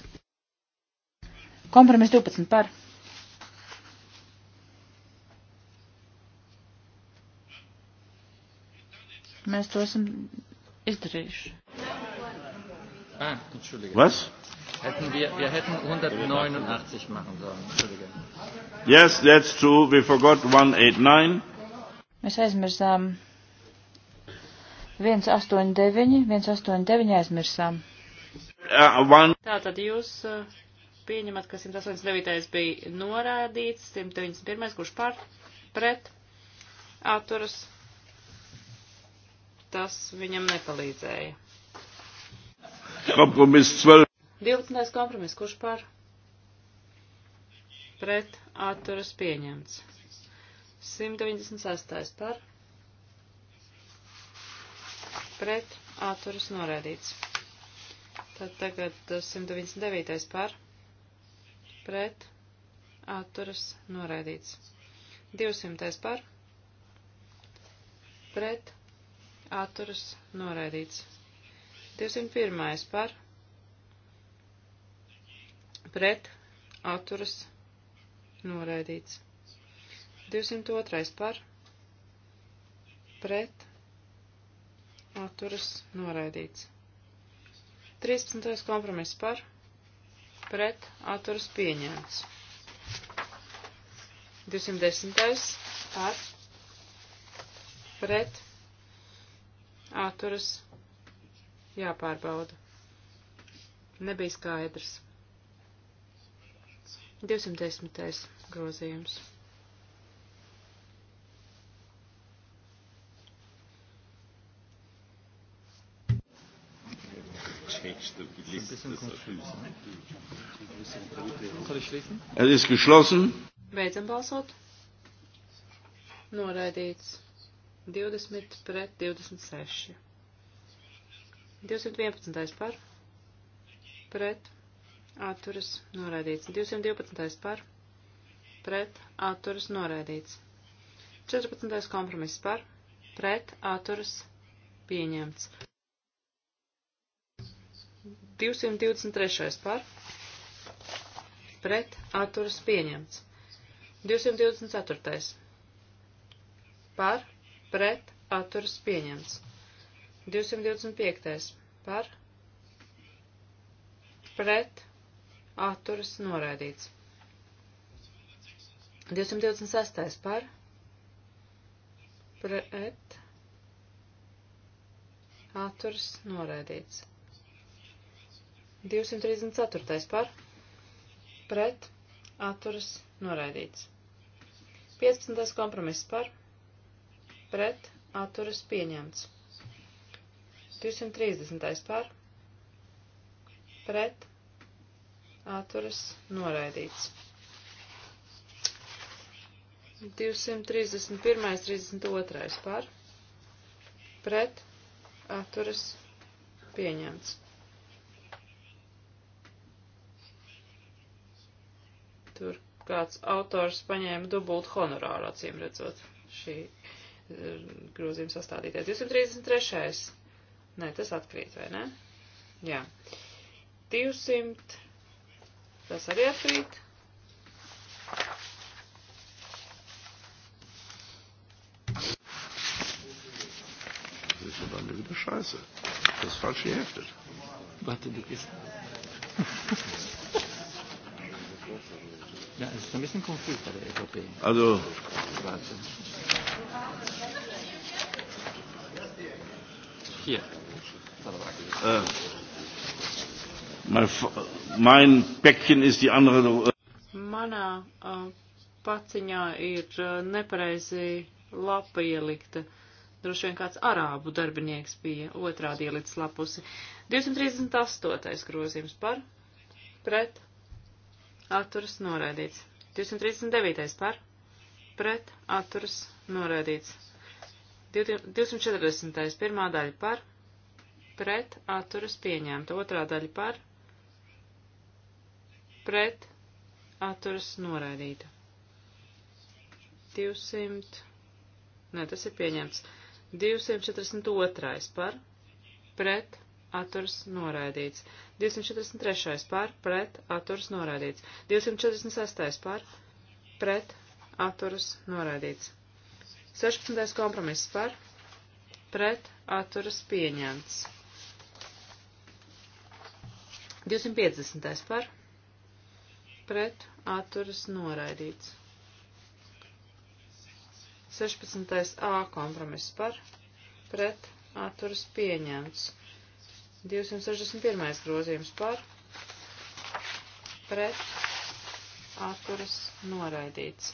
Kompromiss 12 par. Mēs to esam izdarījuši.
Ah, Entschuldige. Was? Hätten wir, wir hätten 189 machen sollen. Entschuldige.
Yes, that's true. We forgot 189.
Mēs aizmirsām 189, 189 aizmirsām. Uh, one...
Tātad jūs uh, pieņemat, ka 189 bija norādīts, 191, kurš par, pret, atturas, tas viņam nepalīdzēja.
Kompromiss 12.
12. kompromiss, kurš par? Pret atturas pieņemts. 196. par? Pret atturas norēdīts. Tad tagad 199. Eh, par? Pret atturas norēdīts. 200. par? Pret atturas norēdīts. 201. par pret atturas noraidīts. 202. par pret atturas noraidīts. 13. kompromiss par pret atturas pieņemts. 210. par pret atturas noraidīts jāpārbauda. Nebija skaidrs. 210. grozījums.
Es
ist geschlossen.
Beidzam balsot. Noraidīts. 20 pret 26. 211. par pret atturas noraidīts. 212. par pret atturas noraidīts. 14. kompromiss par pret atturas pieņemts. 223. par pret atturas pieņemts. 224. par pret atturas pieņemts. 225. par pret atturas noraidīts. 226. par pret atturas noraidīts. 234. par pret atturas noraidīts. 15. kompromiss par pret atturas pieņemts. 230. par pret atturas noraidīts. 231. 32. par pret atturas pieņemts. Tur kāds autors paņēma dubult honorāru, acīm redzot, šī eh, grozījuma sastādītē. 233. Nē, tas atkrīt, vai ne? Jā. 200. Tas arī atkrīt.
Das ist aber wieder scheiße. Das ist falsch geheftet. Warte, du gehst.
Ja, es ist ein bisschen konfus bei der EVP. Also. Warte. Hier. Äh,
mein, mein Päckchen ist die andere. Äh,
Manā uh, paciņā ir uh, nepareizi lapa ielikta. Droši vien kāds arābu darbinieks bija otrādi ielicis lapusi. 238. grozījums par, pret, atturas noraidīts. 239. par, pret, atturas noraidīts. 240. pirmā daļa par, pret atturas pieņemta. Otrā daļa par pret atturas noraidīta. 200. Nē, tas ir pieņemts. 242. par pret atturas noraidīts. 243. par pret atturas noraidīts. 246. par pret atturas noraidīts. 16. kompromiss par pret atturas pieņemts. 250. par pret atturas noraidīts. 16. A kompromiss par pret atturas pieņemts. 261. grozījums par pret atturas noraidīts.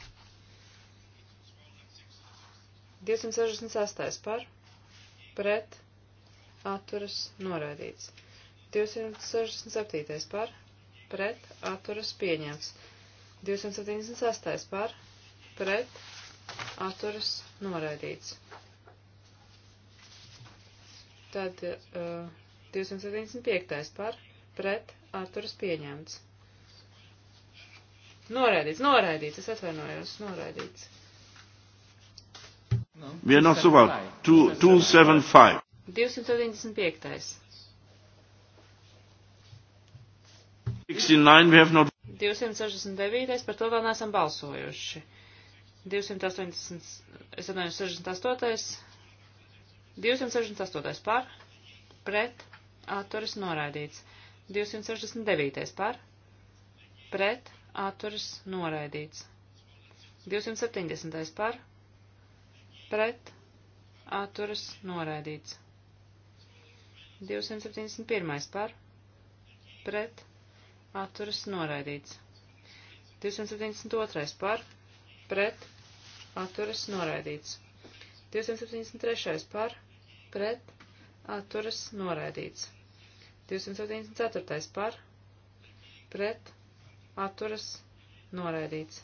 268. par pret atturas noraidīts. 267. par pret atturas pieņemts. 278. par pret atturas noraidīts. Tad uh, 275. par pret atturas pieņemts. Noraidīts, noraidīts, es atvainojos, noraidīts.
Vienā suvā,
275.
275.
269,
269, par to vēl neesam balsojuši. 280, es atvainojos 68, 268 par, pret, atturas noraidīts. 269 par, pret, atturas noraidīts. 270 par, pret, atturas noraidīts. 271 par, pret, atturas noraidīts. 272. par, pret, atturas noraidīts. 273. par, pret, atturas noraidīts. 274. par, pret, atturas noraidīts.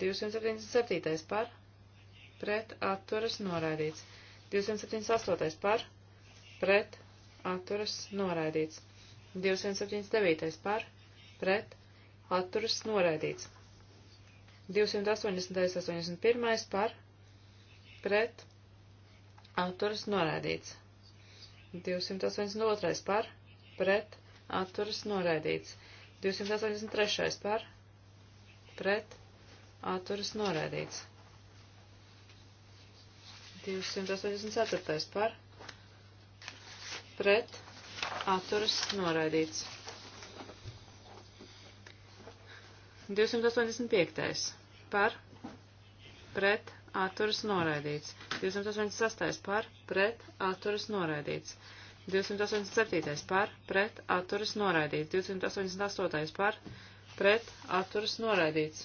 277. par, pret, atturas noraidīts. 278. par, pret, atturas noraidīts. 279. par, pret, atturas noraidīts. 280. 81. par, pret, atturas noraidīts. 282. par, pret, atturas noraidīts. 283. par, pret, atturas noraidīts. 284. par, pret, atturas noraidīts. 285. par pret atturas noraidīts. 286. par pret atturas noraidīts. 287. par pret atturas noraidīts. 288. par pret atturas noraidīts.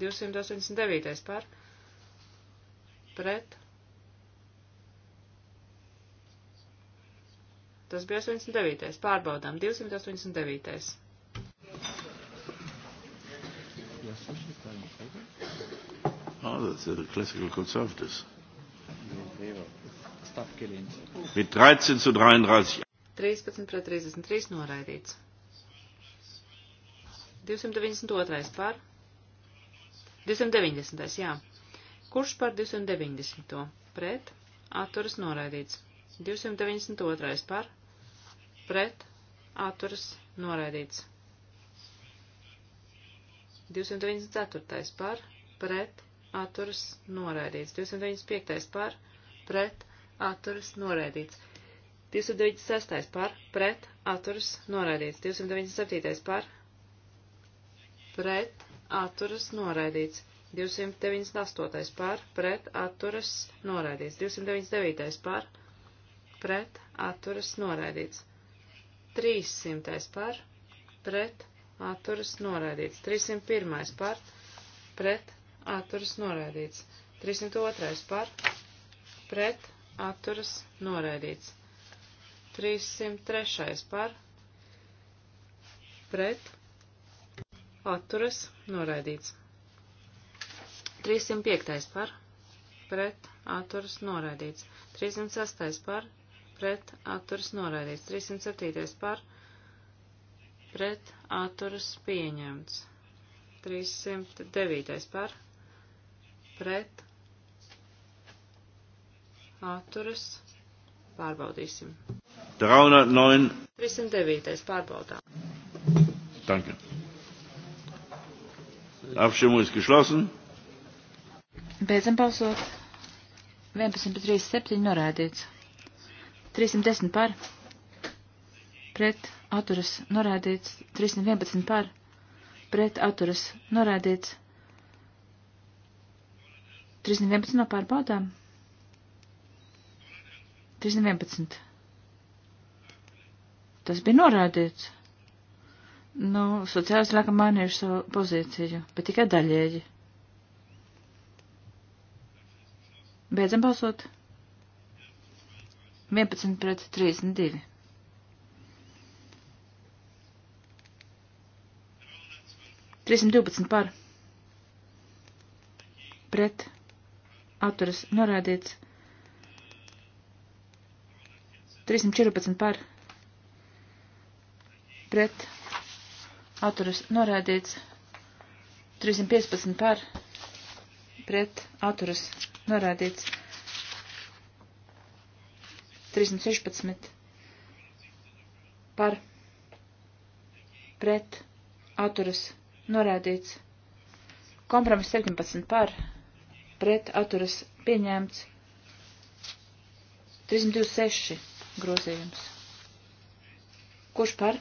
289. par pret Tas bija 89. Pārbaudām. 289.
Ah, oh, that's the classical conservatives.
Mit 13
zu 33.
13 pret 33 noraidīts. 292. par. 290. jā. Kurš par 290. pret? Atturas noraidīts. 292. par pret atturas noraidīts. 294. par pret atturas noraidīts. 295. par pret atturas noraidīts. 296. par pret atturas noraidīts. 297. par pret atturas noraidīts. 298. par, pret, atturas, noraidīts. 299. par, pret, atturas, noraidīts. 300. par, pret, atturas noraidīts. 301. par, pret, atturas noraidīts. 302. par, pret, atturas noraidīts. 303. par, pret, atturas noraidīts. 305. par, pret, atturas noraidīts. 306. par, pret atturas noraidīts. 307. par pret atturas pieņemts. 309. par pret atturas pārbaudīsim.
309.
309. pārbaudām.
Danke. Abstimmung ist geschlossen.
Beidzam balsot. 11 pēc 37 norādīts. 310 par, pret atturas norādīts 311 par, pret atturas norādīts 311 no pārbaudām. 311. Tas bija norādīts. Nu, sociālisti laikam mainījuši savu pozīciju, bet tikai daļēji. Beidzam balsot. 11 pret 32. Trīsim divpadsmit par. Pret. Atturas norādīts. Trīsim četrpadsmit par. Pret. Atturas norādīts. 315 par pret atturas norādīts 316 par pret atturas norādīts. Kompromiss 17 par pret atturas pieņemts. 326 grozījums. Kurš par?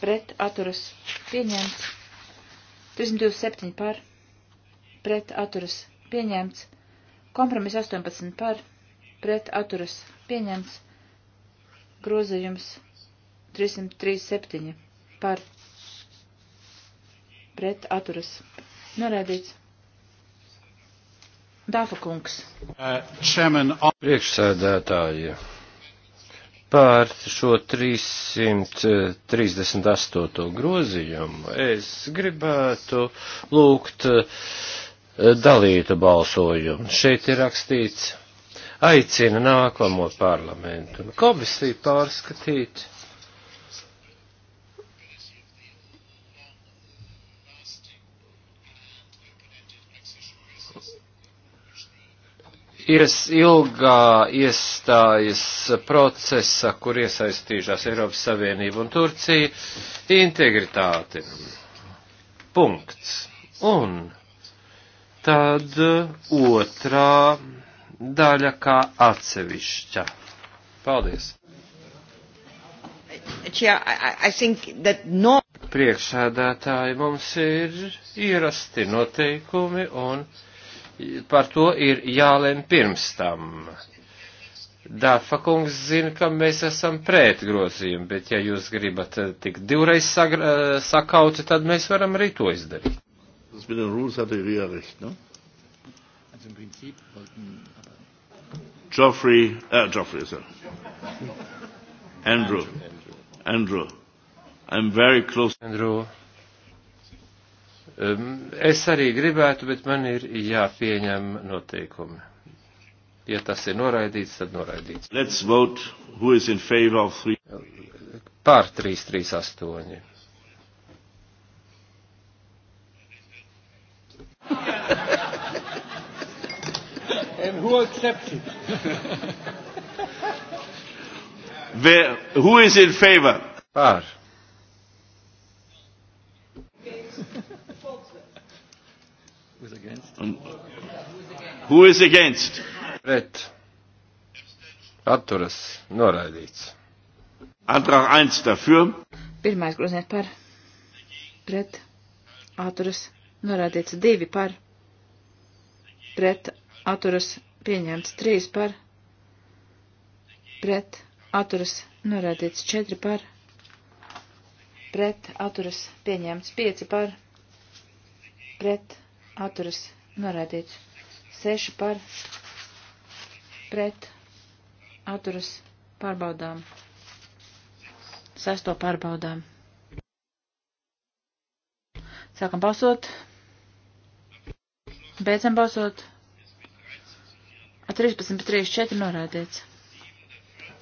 Pret atturas pieņemts. 327 par. Pret atturas pieņemts. Kompromiss 18 par pret atturas pieņemts grozījums 337 par pret atturas norēdīts. Dāfa kungs.
Uh, Priekšsēdētāji, pār šo 338. grozījumu es gribētu lūgt uh, dalītu balsojumu. Šeit ir rakstīts aicina nākamo parlamentu un komisiju pārskatīt. ies ilgā iestājas procesa, kur iesaistīšās Eiropas Savienība un Turcija, integritāte. Punkts. Un tad otrā daļa kā atsevišķa. Paldies! Priekšsēdētāji mums ir ierasti noteikumi un par to ir jālem pirms tam. Dāfa kungs zina, ka mēs esam pret grozījumu, bet ja jūs gribat tik divreiz sagra, sakauti, tad mēs varam arī to
izdarīt. Tas bija rūs arī jārecht, ne? No?
Also im Prinzip wollten aber.
Geoffrey, äh, Geoffrey, sir. Andrew. Andrew. I'm very close. Andrew.
Um, es arī gribētu, bet man ir jāpieņem noteikumi. Ja tas ir noraidīts, tad noraidīts. Let's vote who is in favor of 3. Pār 338.
who accepts it?
Where, who is in favor? Par. Who's against? Um, who is against? Pret. Atturas. Noraidīts. Antrag 1 dafür.
Pirmais grozījums par. Pret. Atturas. Noraidīts. Divi par. Pret. Atturas pieņemts 3 par pret atturas norādīts 4 par pret atturas pieņemts 5 par pret atturas norādīts 6 par pret atturas pārbaudām. Sesto pārbaudām. Sākam balsot. Beidzam balsot. 13 pret 34 norādīts.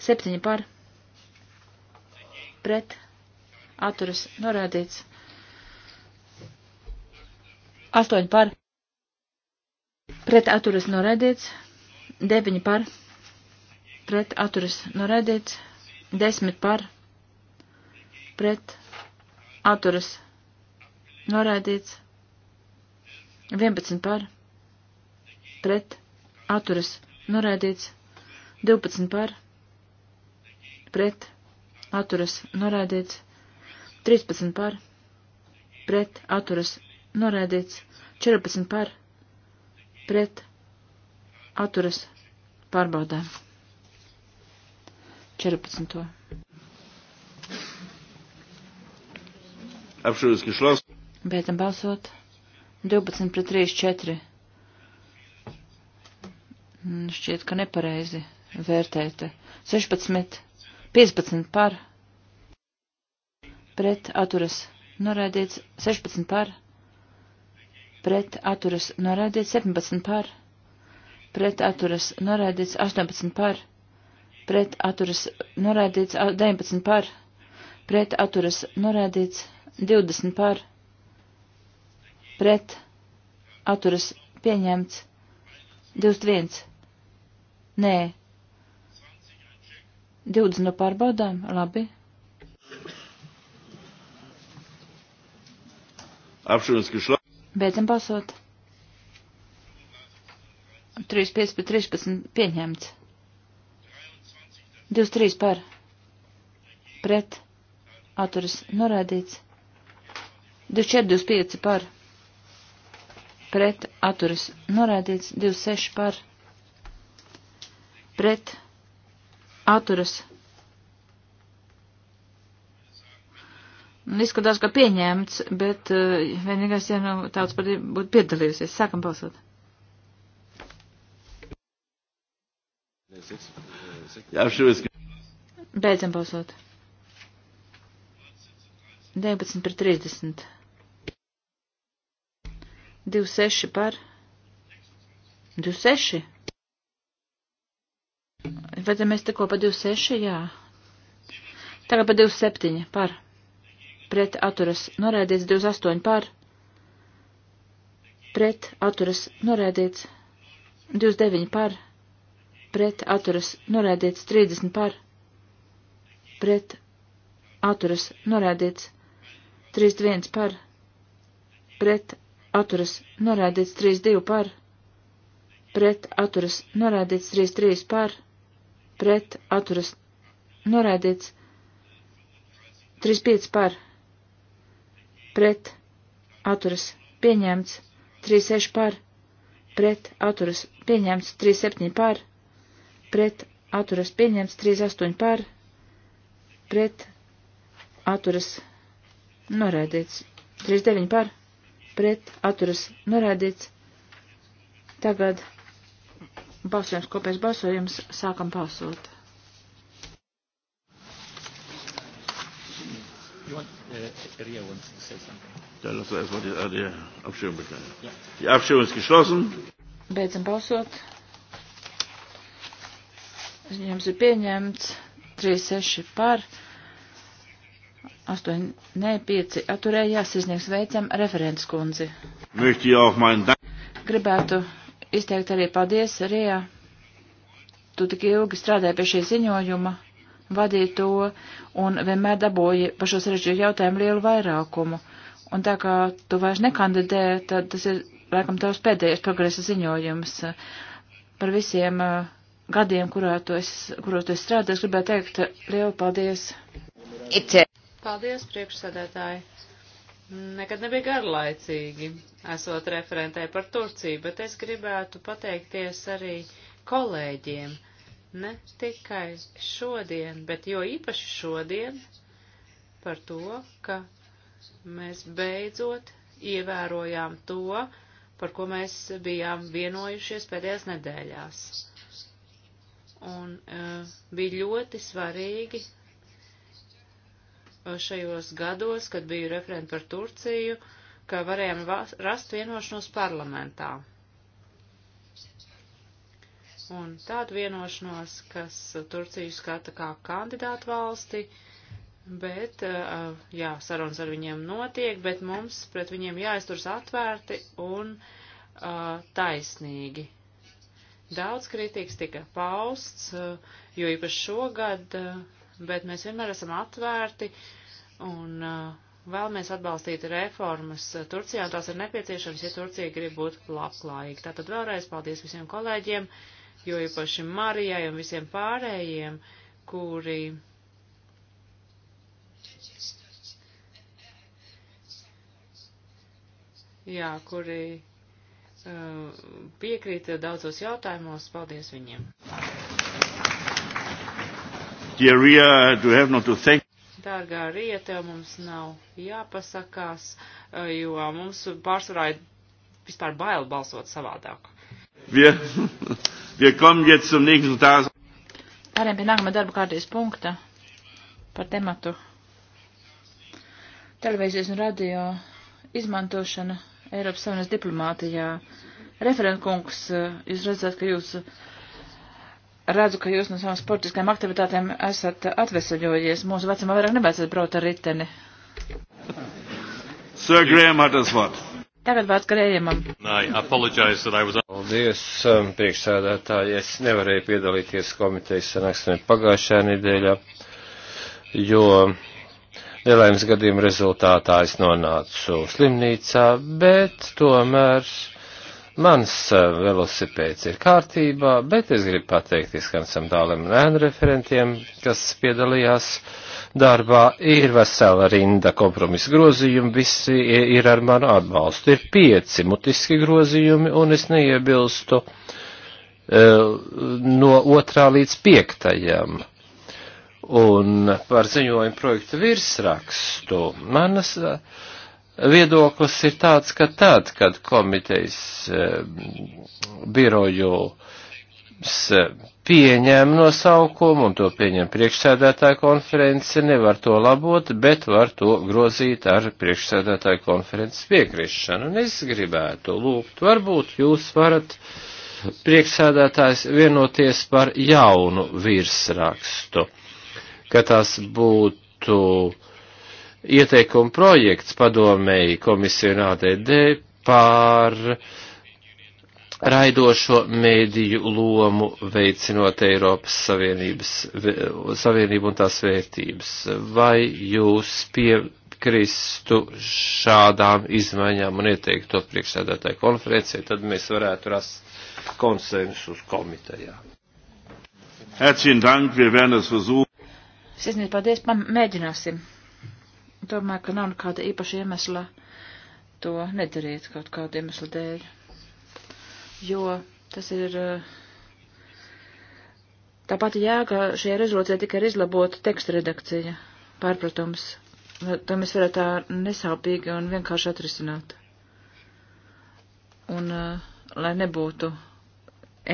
7 par pret atturas norādīts. 8 par pret atturas norādīts. 9 par pret atturas norādīts. 10 par pret atturas norādīts. 11 par pret atturas norādīts 12 par pret atturas norādīts 13 par pret atturas norādīts 14 par pret atturas pārbaudēm. 14.
Apšūdas geslost.
Beidzam balsot. 12 pret 3, 4. Šķiet, ka nepareizi vērtēt. 16, 15 par, pret atturas norādīts, 16 par, pret atturas norādīts, 17 par, pret atturas norādīts, 18 par, pret atturas norādīts, 19 par, pret atturas norādīts, 20 par, pret atturas pieņemts, 21 Nē. 20 no pārbaudām, labi.
Apšanas kišlā.
Beidzam balsot. 35 pret 13 pieņemts. 23 par. Pret. Atturis norādīts. 24, 25 par. Pret. Atturis norādīts. 26 par pret atturas. Un nu, izskatās, ka pieņemts, bet uh, vienīgais, ja nu, tāds pat būtu piedalījusies. Sākam balsot. Beidzam balsot. 19 par 30. 26 par 26. Vai te mēs tikko pa 26, jā. Tagad pa 27 par. Pret atturas norēdīts 28 par. Pret atturas norēdīts 29 par. Pret atturas norēdīts 30 par. Pret atturas norēdīts 31 par. Pret atturas norēdīts 32 par. Pret atturas norēdīts 33 par pret atturas norādīts 35 par pret atturas pieņemts 36 par pret atturas pieņemts 37 par pret atturas pieņemts 38 par pret atturas norādīts 39 par pret atturas norādīts tagad Balsojums kopējs balsojums. Sākam balsot.
Want, uh,
äh,
Beidzam balsot. Ziņojums ir pieņemts. 36 par. 8, ne 5 atturējās izniegs veicam referents kundzi. Gribētu izteikt arī paldies, Rija. Tu tik ilgi strādāji pie šī ziņojuma, vadīji to un vienmēr dabūji par šo sarežģītu jautājumu lielu vairākumu. Un tā kā tu vairs nekandidē, tad tas ir, laikam, tavs pēdējais progresa ziņojums par visiem uh, gadiem, kurā tu esi, kuros tu esi strādājis. Gribētu teikt lielu paldies.
Paldies, priekšsēdētāji nekad nebija garlaicīgi, esot referentē par Turciju, bet es gribētu pateikties arī kolēģiem, ne tikai šodien, bet jo īpaši šodien par to, ka mēs beidzot ievērojām to, par ko mēs bijām vienojušies pēdējās nedēļās. Un uh, bija ļoti svarīgi, Eh, šajos gados, kad biju referenti par Turciju, ka varējām rast vienošanos parlamentā. Un tādu vienošanos, kas Turciju skata kā kandidātu valsti, bet, eh, jā, sarunas ar viņiem notiek, bet mums pret viņiem jāizturas atvērti un eh, taisnīgi. Daudz kritikas tika pausts, jo īpaši šogad bet mēs vienmēr esam atvērti un uh, vēlamies atbalstīt reformas Turcijā, un tās ir nepieciešams, ja Turcija grib būt labklājīga. Tātad vēlreiz paldies visiem kolēģiem, jo īpaši Marijai un visiem pārējiem, kuri jā, kuri uh, piekrīt daudzos jautājumos. Paldies viņiem!
Dear Ria, do you have not to thank?
Dārgā Rija, tev mums nav jāpasakās, eh, jo mums pārsvarā ir vispār bail balsot savādāk.
Wir, wir kommen jetzt zum nächsten Tag.
Pārējiem pie nākamā darba kārtības punkta par tematu televīzijas un radio izmantošana Eiropas Savienības diplomātijā. Referentkungs, eh, jūs redzat, ka jūs redzu, ka jūs no savām sportiskajām aktivitātēm esat atvesaļojies. Mūsu vecumā vairāk nebeidzat braukt ar riteni.
Sir Graham had his what?
Tagad vārds Grējamam.
Paldies, um, priekšsēdētāji. Es nevarēju piedalīties komitejas sanāksmē pagājušajā nedēļā, jo nelaimes gadījuma rezultātā es nonācu slimnīcā, bet tomēr. Mans eh, velosipēds ir kārtībā, bet es gribu pateikties Hansam Dālem un ēnu referentiem, kas piedalījās darbā. Ir vesela rinda kompromisa grozījumu, visi ir ar manu atbalstu. Ir pieci mutiski grozījumi, un es neiebilstu eh, no otrā līdz piektajam. Un par ziņojumu projektu virsrakstu manas eh, viedoklis ir tāds, ka tad, kad komitejas eh, birojos pieņem nosaukumu un to pieņem priekšsēdētāja konference, nevar to labot, bet var to grozīt ar priekšsēdētāja konferences piekrišanu. Un es gribētu lūgt, varbūt jūs varat priekšsēdētājs vienoties par jaunu virsrakstu, ka tas būtu uh, ieteikuma projekts padomēji komisiju un ADD par raidošo mēdīju lomu veicinot Eiropas Savienības, Savienību un tās vērtības. Vai jūs piekristu šādām izmaiņām un ieteiktu to priekšsēdētāju konferencē, tad mēs varētu rast konsensus komitejā.
Herzlichen Dank, wir werden es versuchen.
Sirsnīgi paldies, mēģināsim Domāju, ka nav nekāda īpaša iemesla to nedarīt kaut kādu iemeslu dēļ. Jo tas ir. Eh, tāpat jēga šajā rezolūcijā tikai ir izlabota teksta redakcija. Pārpratums. To mēs varētu tā nesaupīgi un vienkārši atrisināt. Un uh, lai nebūtu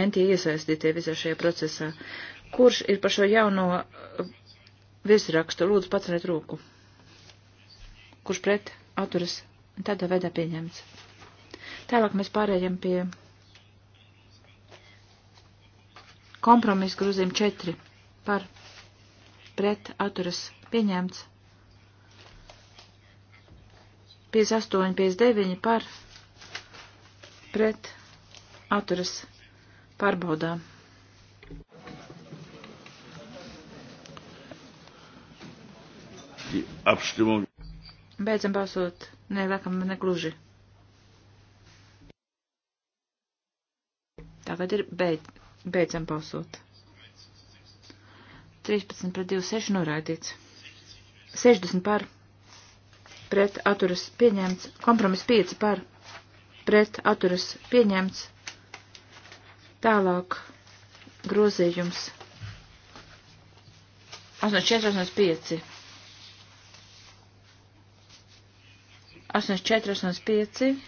enti iesaistītie visā šajā procesā. Kurš ir par šo jauno eh, virsrakstu? Lūdzu, paceliet rūku kurš pret atturas tādā veidā pieņemts. Tālāk mēs pārējām pie kompromisa grūzīm 4 par pret atturas pieņemts. 58, 59 par pret atturas pārbaudām.
Die Abstimmung
Beidzam balsot. Nē, laikam negluži. Tagad ir beid, beidzam balsot. 13 pret 26 noraidīts. 60 par. Pret atturas pieņemts. Kompromis 5 par. Pret atturas pieņemts. Tālāk grozījums. 84, 85. 84, 85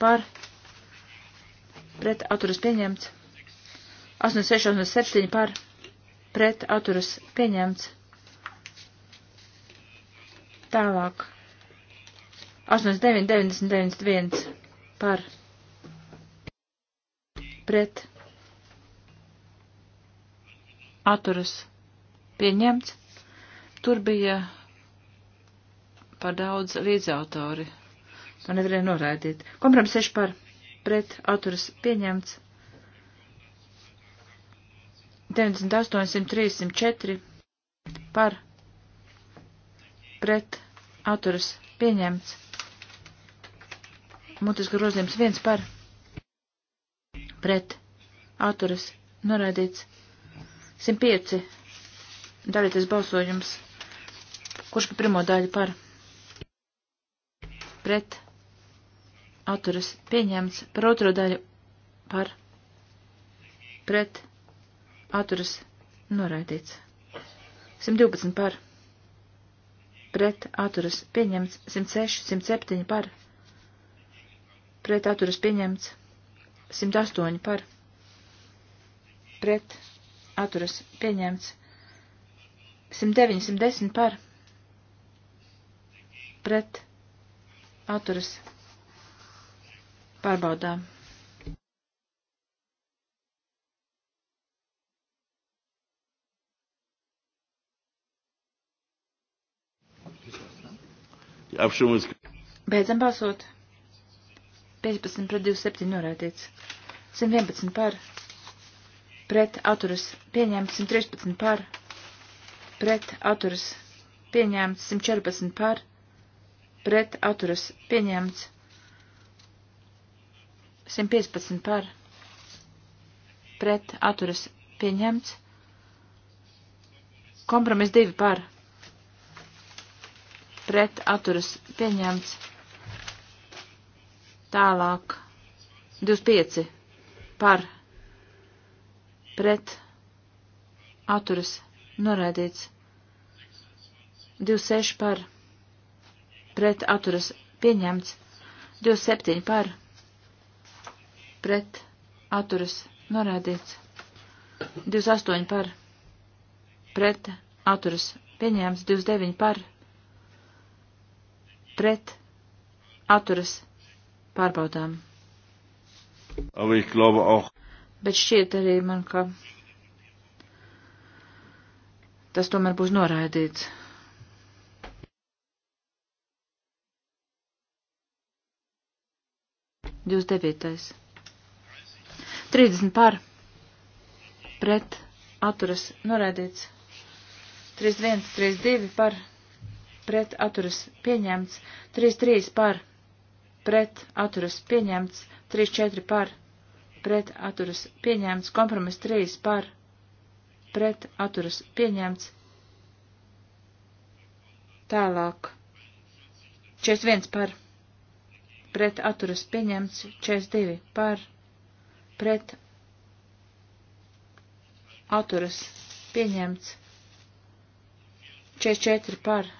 par pret atturas pieņemts. 86, 87 par pret atturas pieņemts. Tālāk. 89, 99, 1 par pret atturas pieņemts. Tur bija par daudz līdzautori. To nevarēja noraidīt. Kompromiss 6 par pret atturas pieņemts. 98, 304 par pret atturas pieņemts. Mutiski grozījums 1 par pret atturas noraidīts. 105 dalīties balsojums. Kurš pa pirmo daļu par? pret atturas pieņemts par otro daļu par pret atturas noraidīts. 112 par pret atturas pieņemts 106, 107 par pret atturas pieņemts 108 par pret atturas pieņemts 109, 110 par pret atturas pārbaudām. Apšumus. Beidzam balsot. 15 pret 27 norādīts. 111 par. Pret atturas pieņemts 113 par. Pret atturas pieņemts 114 par pret atturas pieņemts 115 par pret atturas pieņemts kompromis 2 par pret atturas pieņemts tālāk 25 par pret atturas noraidīts 26 par pret pret atturas pieņemts, 27 par pret atturas norādīts, 28 par pret atturas pieņemts, 29 par pret atturas pārbaudām. Bet šķiet arī man, ka tas tomēr būs noraidīts. 29. 30 par pret atturas norādīts. 31, 32 par pret atturas pieņemts. 33 par pret atturas pieņemts. 34 par pret atturas pieņemts. Kompromis 3 par pret atturas pieņemts. Tālāk. 41 par pret pret atturas pieņemts 42 par pret atturas pieņemts 44 par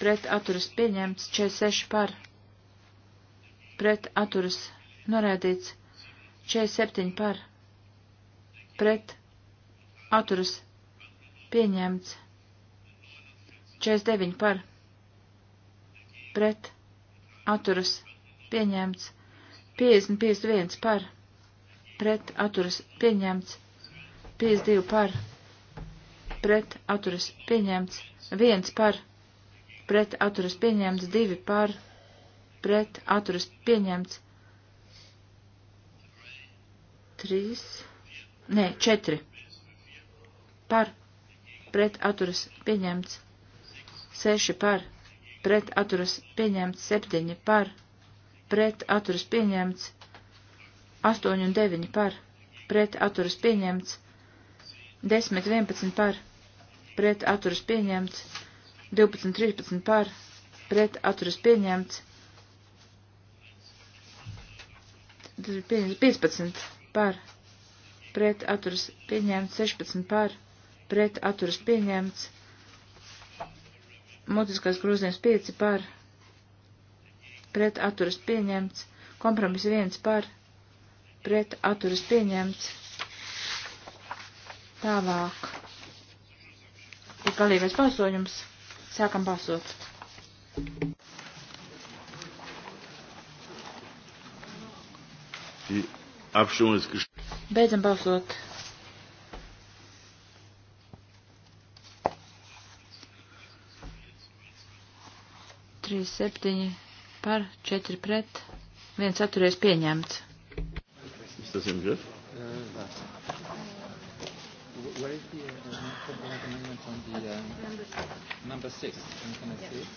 pret atturas pieņemts 46 par pret atturas norēdīts 47 par pret atturas pieņemts 49 par pret atturas atturas pieņemts 55.1 par pret atturas pieņemts 52 par pret atturas pieņemts 1 par pret atturas pieņemts 2 par pret atturas pieņemts 3 nē 4 par pret atturas pieņemts 6 par pret pret atturas pieņemts 7 par, pret atturas pieņemts 8 un 9 par, pret atturas pieņemts 10, 11 par, pret atturas pieņemts 12, 13 par, pret atturas pieņemts 15 par, pret atturas pieņemts 16 par, pret atturas pieņemts 16 par mutiskais grūzījums 5 par pret atturas pieņemts, kompromis 1 par pret atturas pieņemts. Tālāk. Ir galīgais balsojums. Sākam balsot. Beidzam balsot. 2, 7 par, 4 pret, 1 atturies pieņemts.
Tas ir gribi?
Where is the uh, amendment on the uh, number six? Can I see it?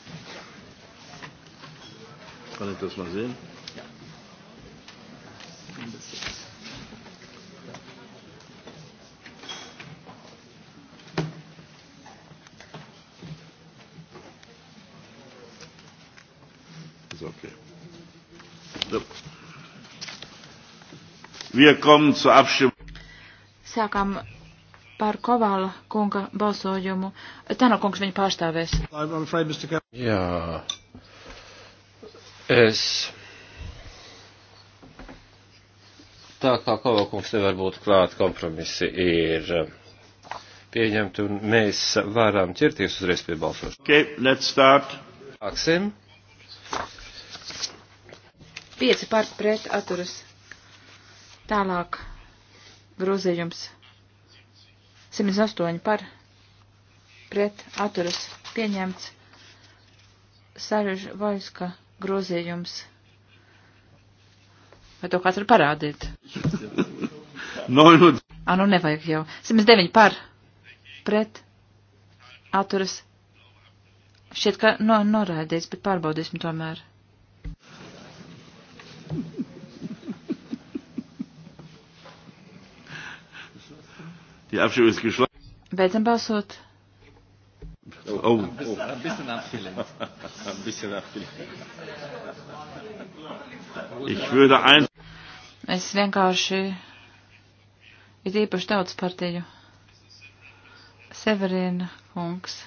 Kann ich das mal sehen? Wir kommen zur Abstimmung.
Sākam par Kovala kunga balsojumu. Tano kungs viņu pārstāvēs.
Jā.
Es. Tā kā Kovala kungs nevar būt klāt, kompromisi ir um, pieņemti un mēs varam ķerties uzreiz pie balsošanas. Okay, let's start. Sāksim.
Pieci par pret atturas Tālāk grozījums 108 par pret atturas pieņemts Sāraža Vaiska grozījums. Vai to kāds var parādīt? no, nu, nu. Ā, nu nevajag jau. 109 par pret atturas. Šķiet, ka no, norādīts, bet pārbaudīsim tomēr.
Die Abstimmung ist geschlossen.
Beidzam balsot.
Oh, oh.
Ein
bisschen
abgelenkt. Ein bisschen abgelenkt.
Ich würde ein.
Es vienkārši ir īpaši tautas partiju. Severina kungs.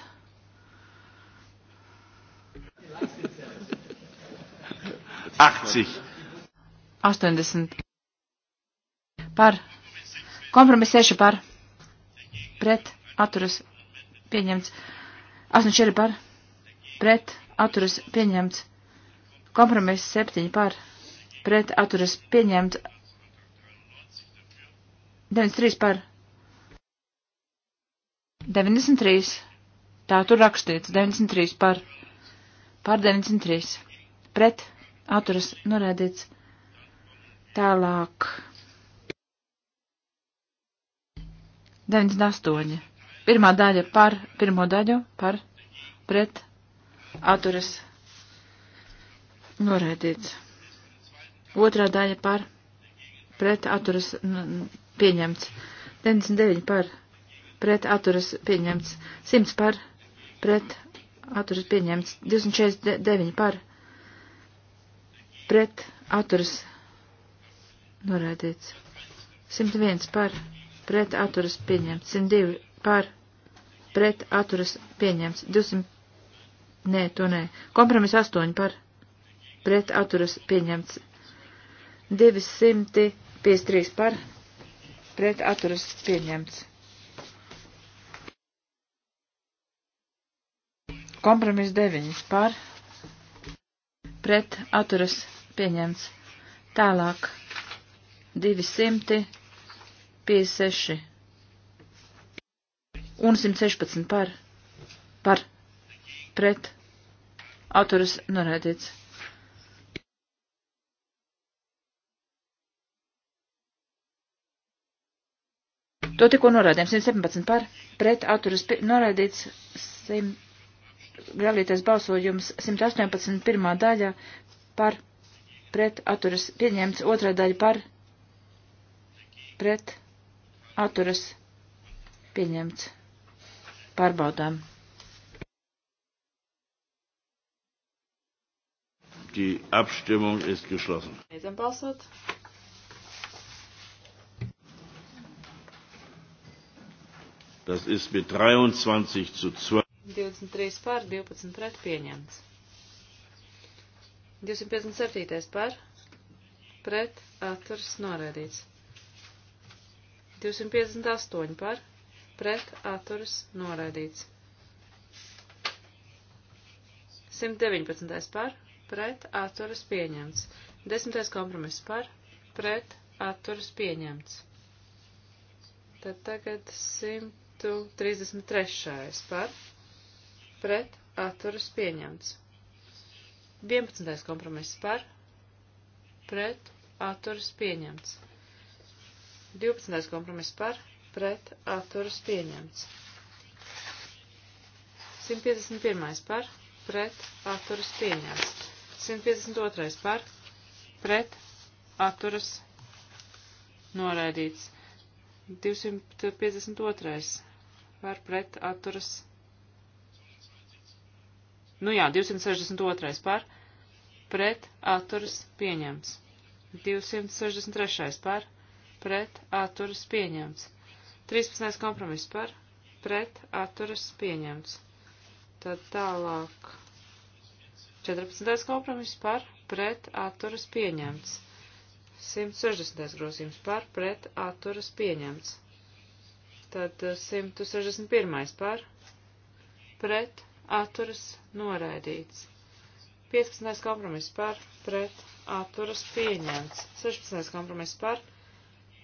Achtzig. Astoņdesmit. Par. Kompromiss seši par pret atturas pieņemts. 84 par pret atturas pieņemts. Kompromiss 7 par pret atturas pieņemts. 93 par 93. Tā tur rakstīts 93 par par 93. Pret atturas norādīts. Tālāk. 98. Pirmā daļa par pirmo daļu, par pret atturas norēdīts. Otrā daļa par pret atturas pieņemts. 99 par pret atturas pieņemts. 100 par pret atturas pieņemts. 249 par pret atturas norēdīts. 101 par pret pret atturas pieņemts, 102 par pret atturas pieņemts, 200, nē, to nē, kompromis 8 par pret atturas pieņemts, 253 par pret atturas pieņemts. Kompromis 9 par pret atturas pieņemts. Tālāk 200. 56 un 116 par, par, pret, autors norēdīts. To tikko norādījām 117 par, pret atturas norādīts sim, gravītais balsojums 118 pirmā daļa par, pret atturas pieņemts otrā daļa par, pret atturas pieņemts. Pārbaudām.
Die Abstimmung ist geschlossen.
Beidzam balsot.
Das ist mit 23 zu 12.
23 pār, 12 pret pieņemts. 257 pār, pret atturs norādīts. 258 par pret atturas noraidīts. 119 par pret atturas pieņemts. 10. kompromiss par pret atturas pieņemts. Tad tagad 133 par pret atturas pieņemts. 11. kompromiss par pret atturas pieņemts. 12. kompromiss par pret atturas pieņemts. 151. par pret atturas pieņemts. 152. par pret atturas noraidīts. 252. par pret atturas. Nu jā, 262. par pret atturas pieņemts. 263. par pret pret atturas pieņemts. 13. kompromiss par pret atturas pieņemts. Tad tālāk 14. kompromiss par pret atturas pieņemts. 160. grozījums par pret atturas pieņemts. Tad 161. Eh, par pret atturas noraidīts. 15. kompromiss par pret atturas pieņemts. 16. kompromiss par pret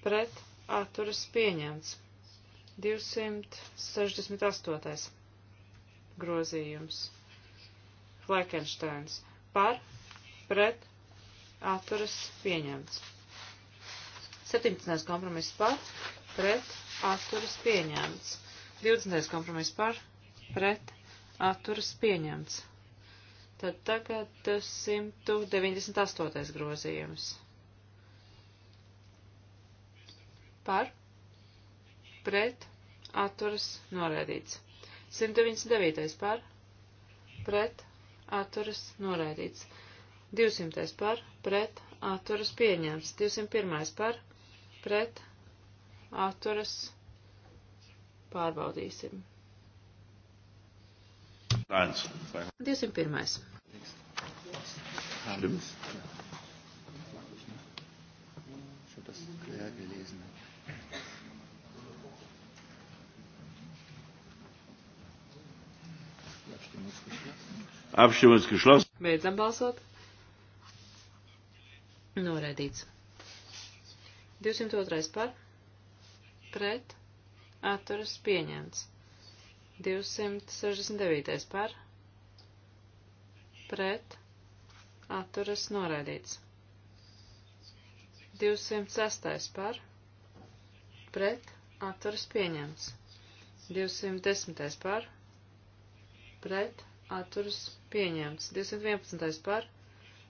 pret atturas pieņemts. 268. grozījums. Fleckensteins par pret atturas pieņemts. 17. kompromiss par pret atturas pieņemts. 20. kompromiss par pret atturas pieņemts. Tad tagad 198. Eh, grozījums par, pret, atturas, noraidīts. 199. par, pret, atturas, noraidīts. 200. par, pret, atturas, pieņemts. 201. par, pret, atturas, pārbaudīsim.
201. Stimmt. Abstimmung ist geschlossen.
Beidzam balsot. Noraidīts. 202 par. Pret. Atturas pieņemts. 269 par. Pret. Atturas noraidīts. 206 par. Pret. Atturas pieņemts. 210 par. Pret atturas pieņemts. 211. par,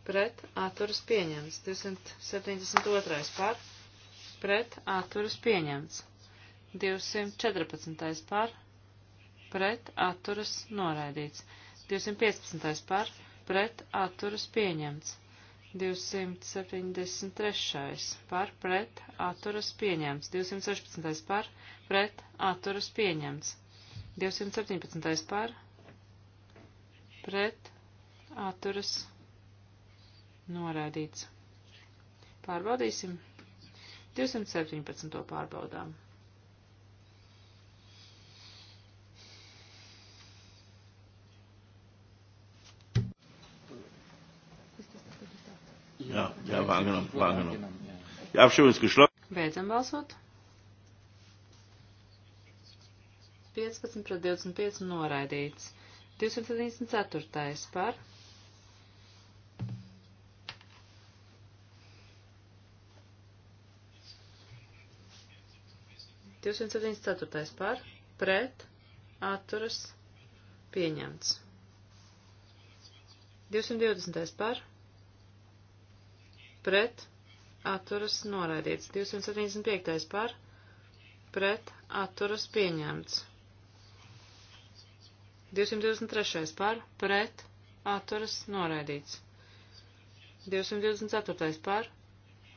pret, atturas pieņemts. 272. par, pret, atturas pieņemts. 214. par, pret, atturas noraidīts. 215. par, pret, atturas pieņemts. 273. par pret atturas pieņemts. 216. par pret atturas pieņemts. 217. par pret atturas noraidīts. Pārbaudīsim. 217. pārbaudām.
Jā, jā, vāganam, vāganam. Jā, apšūvis, ka šlāk.
Beidzam balsot. 15 pret 25 noraidīts. 274. par Divsimt septiņdesmit ceturtais par, pret, atturas, pieņemts. 220. par, pret, atturas, noraidīts. 275. par, pret, atturas, pieņemts. 223. par, pret, atturas, noraidīts. 224. par,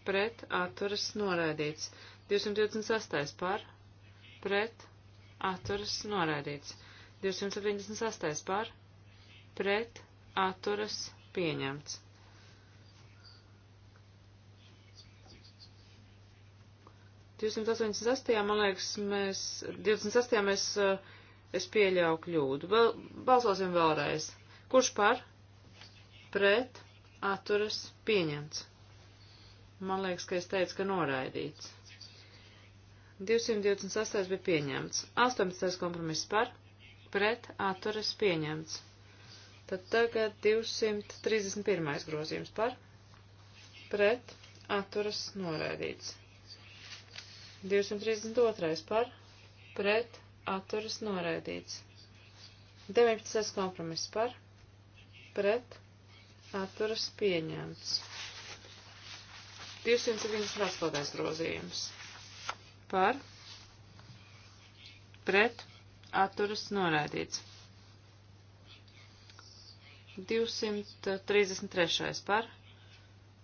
pret, atturas, noraidīts. 228. par, pret, atturas, noraidīts. 278. par, pret, atturas, pieņemts. 288. man liekas, mēs, 28. mēs uh, Es pieļauju kļūdu. Vēl, balsosim vēlreiz. Kurš par? Pret? Atturas? Pieņemts. Man liekas, ka es teicu, ka noraidīts. 228 bija pieņemts. 18. kompromiss par? Pret? Atturas? Pieņemts. Tad tagad 231. grozījums par? Pret? Atturas? Noraidīts. 232. par? Pret? atturas noraidīts. 19. kompromiss par, pret, atturas pieņemts. 278. grozījums par, pret, atturas noraidīts. 233. par.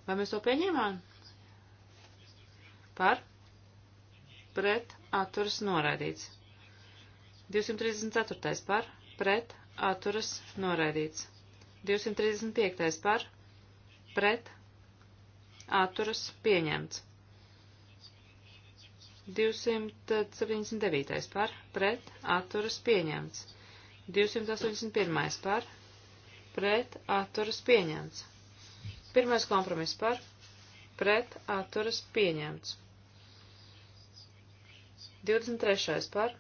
Vai mēs to pieņēmām? Par. Pret atturas noraidīts. 234. par, pret, atturas, noraidīts. 235. par, pret, atturas, pieņemts. 279. par, pret, atturas, pieņemts. 281. par, pret, atturas, pieņemts. Pirmais kompromiss par, pret, atturas, pieņemts. 23. par,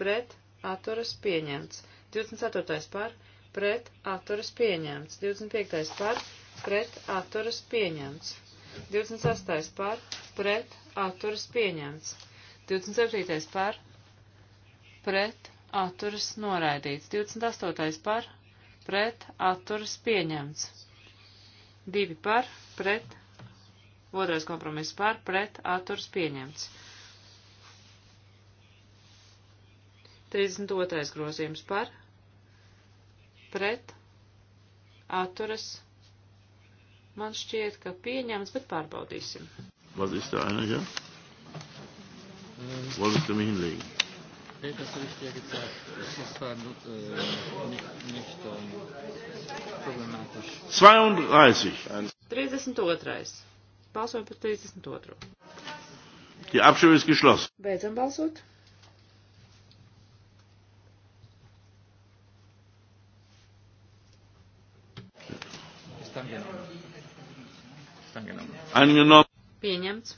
pret atturas pieņemts. 24. par pret atturas pieņemts. 25. par pret atturas pieņemts. 26. par pret atturas pieņemts. 27. par pret atturas noraidīts. 28. par pret atturas pieņemts. 2 par pret, otrais kompromiss par pret atturas pieņemts. 32. grozījums par, pret, atturas. Man šķiet, ka pieņemts, bet pārbaudīsim.
Was ist der eine hier? Wolltest du mich hinlegen?
Nee, das habe ich dir gezeigt. Das ist zwar äh, nicht, nicht ähm, problematisch.
32.
32. Balsojam par 32. Die Abstimmung ist geschlossen. Beidzam balsot.
Angenommen.
Pieņemts.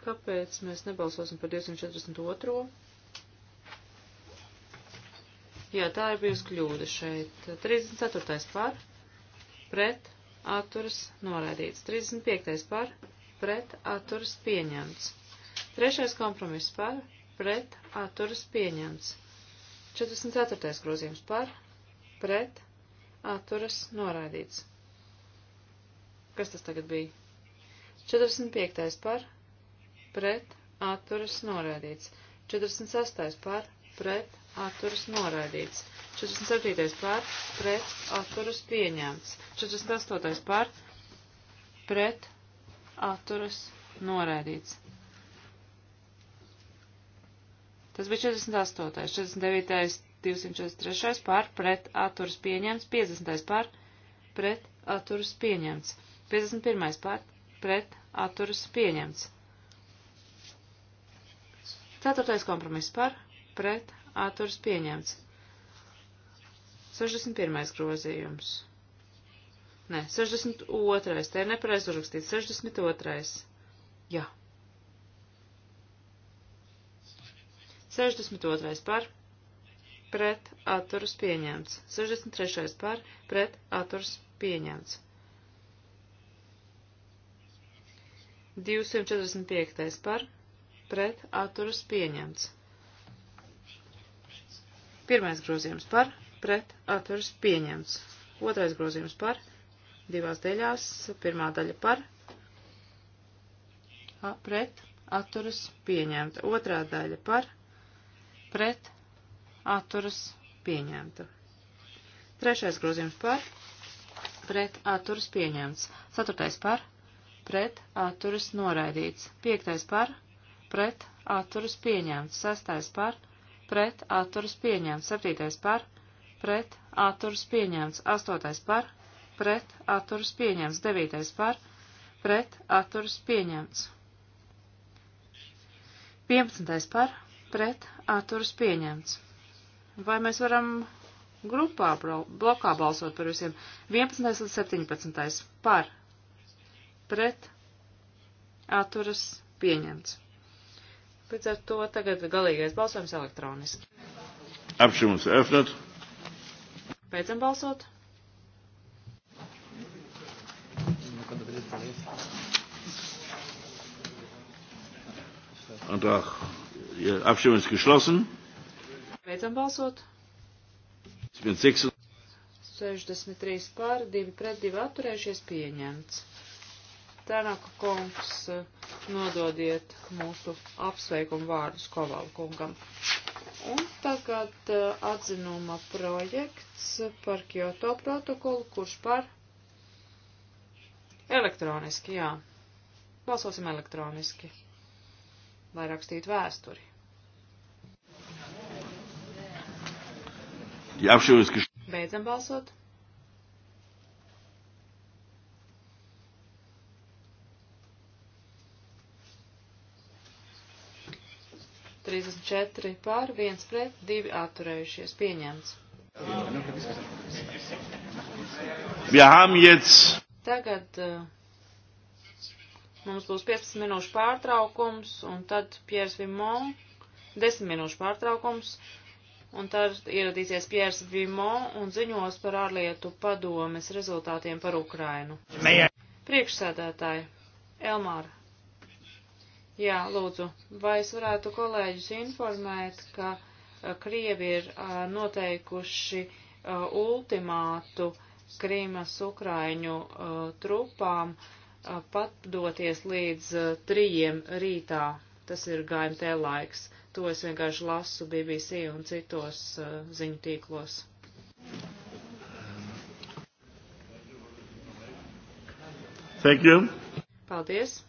Kāpēc mēs nebalsosim par 242? Jā, tā ir bijusi kļūda šeit. 34. par, pret, atturas, noraidīts. 35. par, pret, atturas, pieņemts. Trešais kompromiss par, pret, atturas pieņemts. 44. grozījums par, pret, atturas noraidīts. Kas tas tagad bija? 45. par, pret, atturas noraidīts. 46. par, pret, atturas noraidīts. 47. par, pret, atturas pieņemts. 48. par, pret, atturas noraidīts. Tas bija 48. 49. 243. pār pret atturas pieņemts. 50. pār pret atturas pieņemts. 51. pār pret atturas pieņemts. 4. kompromiss par pret atturas pieņemts. 61. grozījums. Nē, 62. Te ir nepareiz uzrakstīts. 62. Jā. Ja. 62. par pret atturas pieņemts. 63. par pret atturas pieņemts. 245. par pret atturas pieņemts. Pirmais grozījums par pret atturas pieņemts. Otrais grozījums par divās daļās. Pirmā daļa par a, pret atturas pieņemta. Otrā daļa par pret pret atturas pieņemta. Trešais grozījums par pret atturas pieņemts. Ceturtais par pret atturas noraidīts. Piektais par pret atturas pieņemts. Sestais par pret atturas pieņemts. Septītais par pret atturas pieņemts. Astotais par pret atturas pieņemts. Devītais par pret atturas pieņemts. 11. par pret atturas pieņemts. Vai mēs varam grupā, blokā balsot par visiem? 11. līdz 17. par, pret, atturas pieņemts. Līdz ar to tagad galīgais balsojums elektroniski.
Apšķirums öffnet.
Beidzam balsot.
Antrāk Die äh, Abstimmung ist geschlossen.
Beidzam balsot. 63 pār, 2 pret, 2 atturējušies pieņemts. Tēnāka kungs äh, nododiet mūsu apsveikumu vārdus Kovalu kungam. Un tagad äh, atzinuma projekts par Kyoto protokolu, kurš par elektroniski, jā. Balsosim elektroniski, lai rakstītu vēsturi.
Die Abstimmung ist geschlossen.
Beidzam balsot. Trīsdesmit četri pār, viens pret, divi atturējušies. Pieņemts. Wir haben jetzt. Tagad uh, mums būs 15 minūšu pārtraukums, un tad Piers Vimon 10 minūšu pārtraukums. Uh, un tad ieradīsies Piers Vimon un ziņos par ārlietu padomes rezultātiem par Ukrainu. Priekšsēdētāji, Elmāra. Jā, lūdzu, vai es varētu kolēģus informēt, ka eh, Krievi ir eh, noteikuši eh, ultimātu Krīmas Ukraiņu trupām pat doties līdz trijiem rītā. Tas ir GMT laiks. To es vienkārši lasu BBC un citos uh, ziņu tīklos. Thank you. Paldies.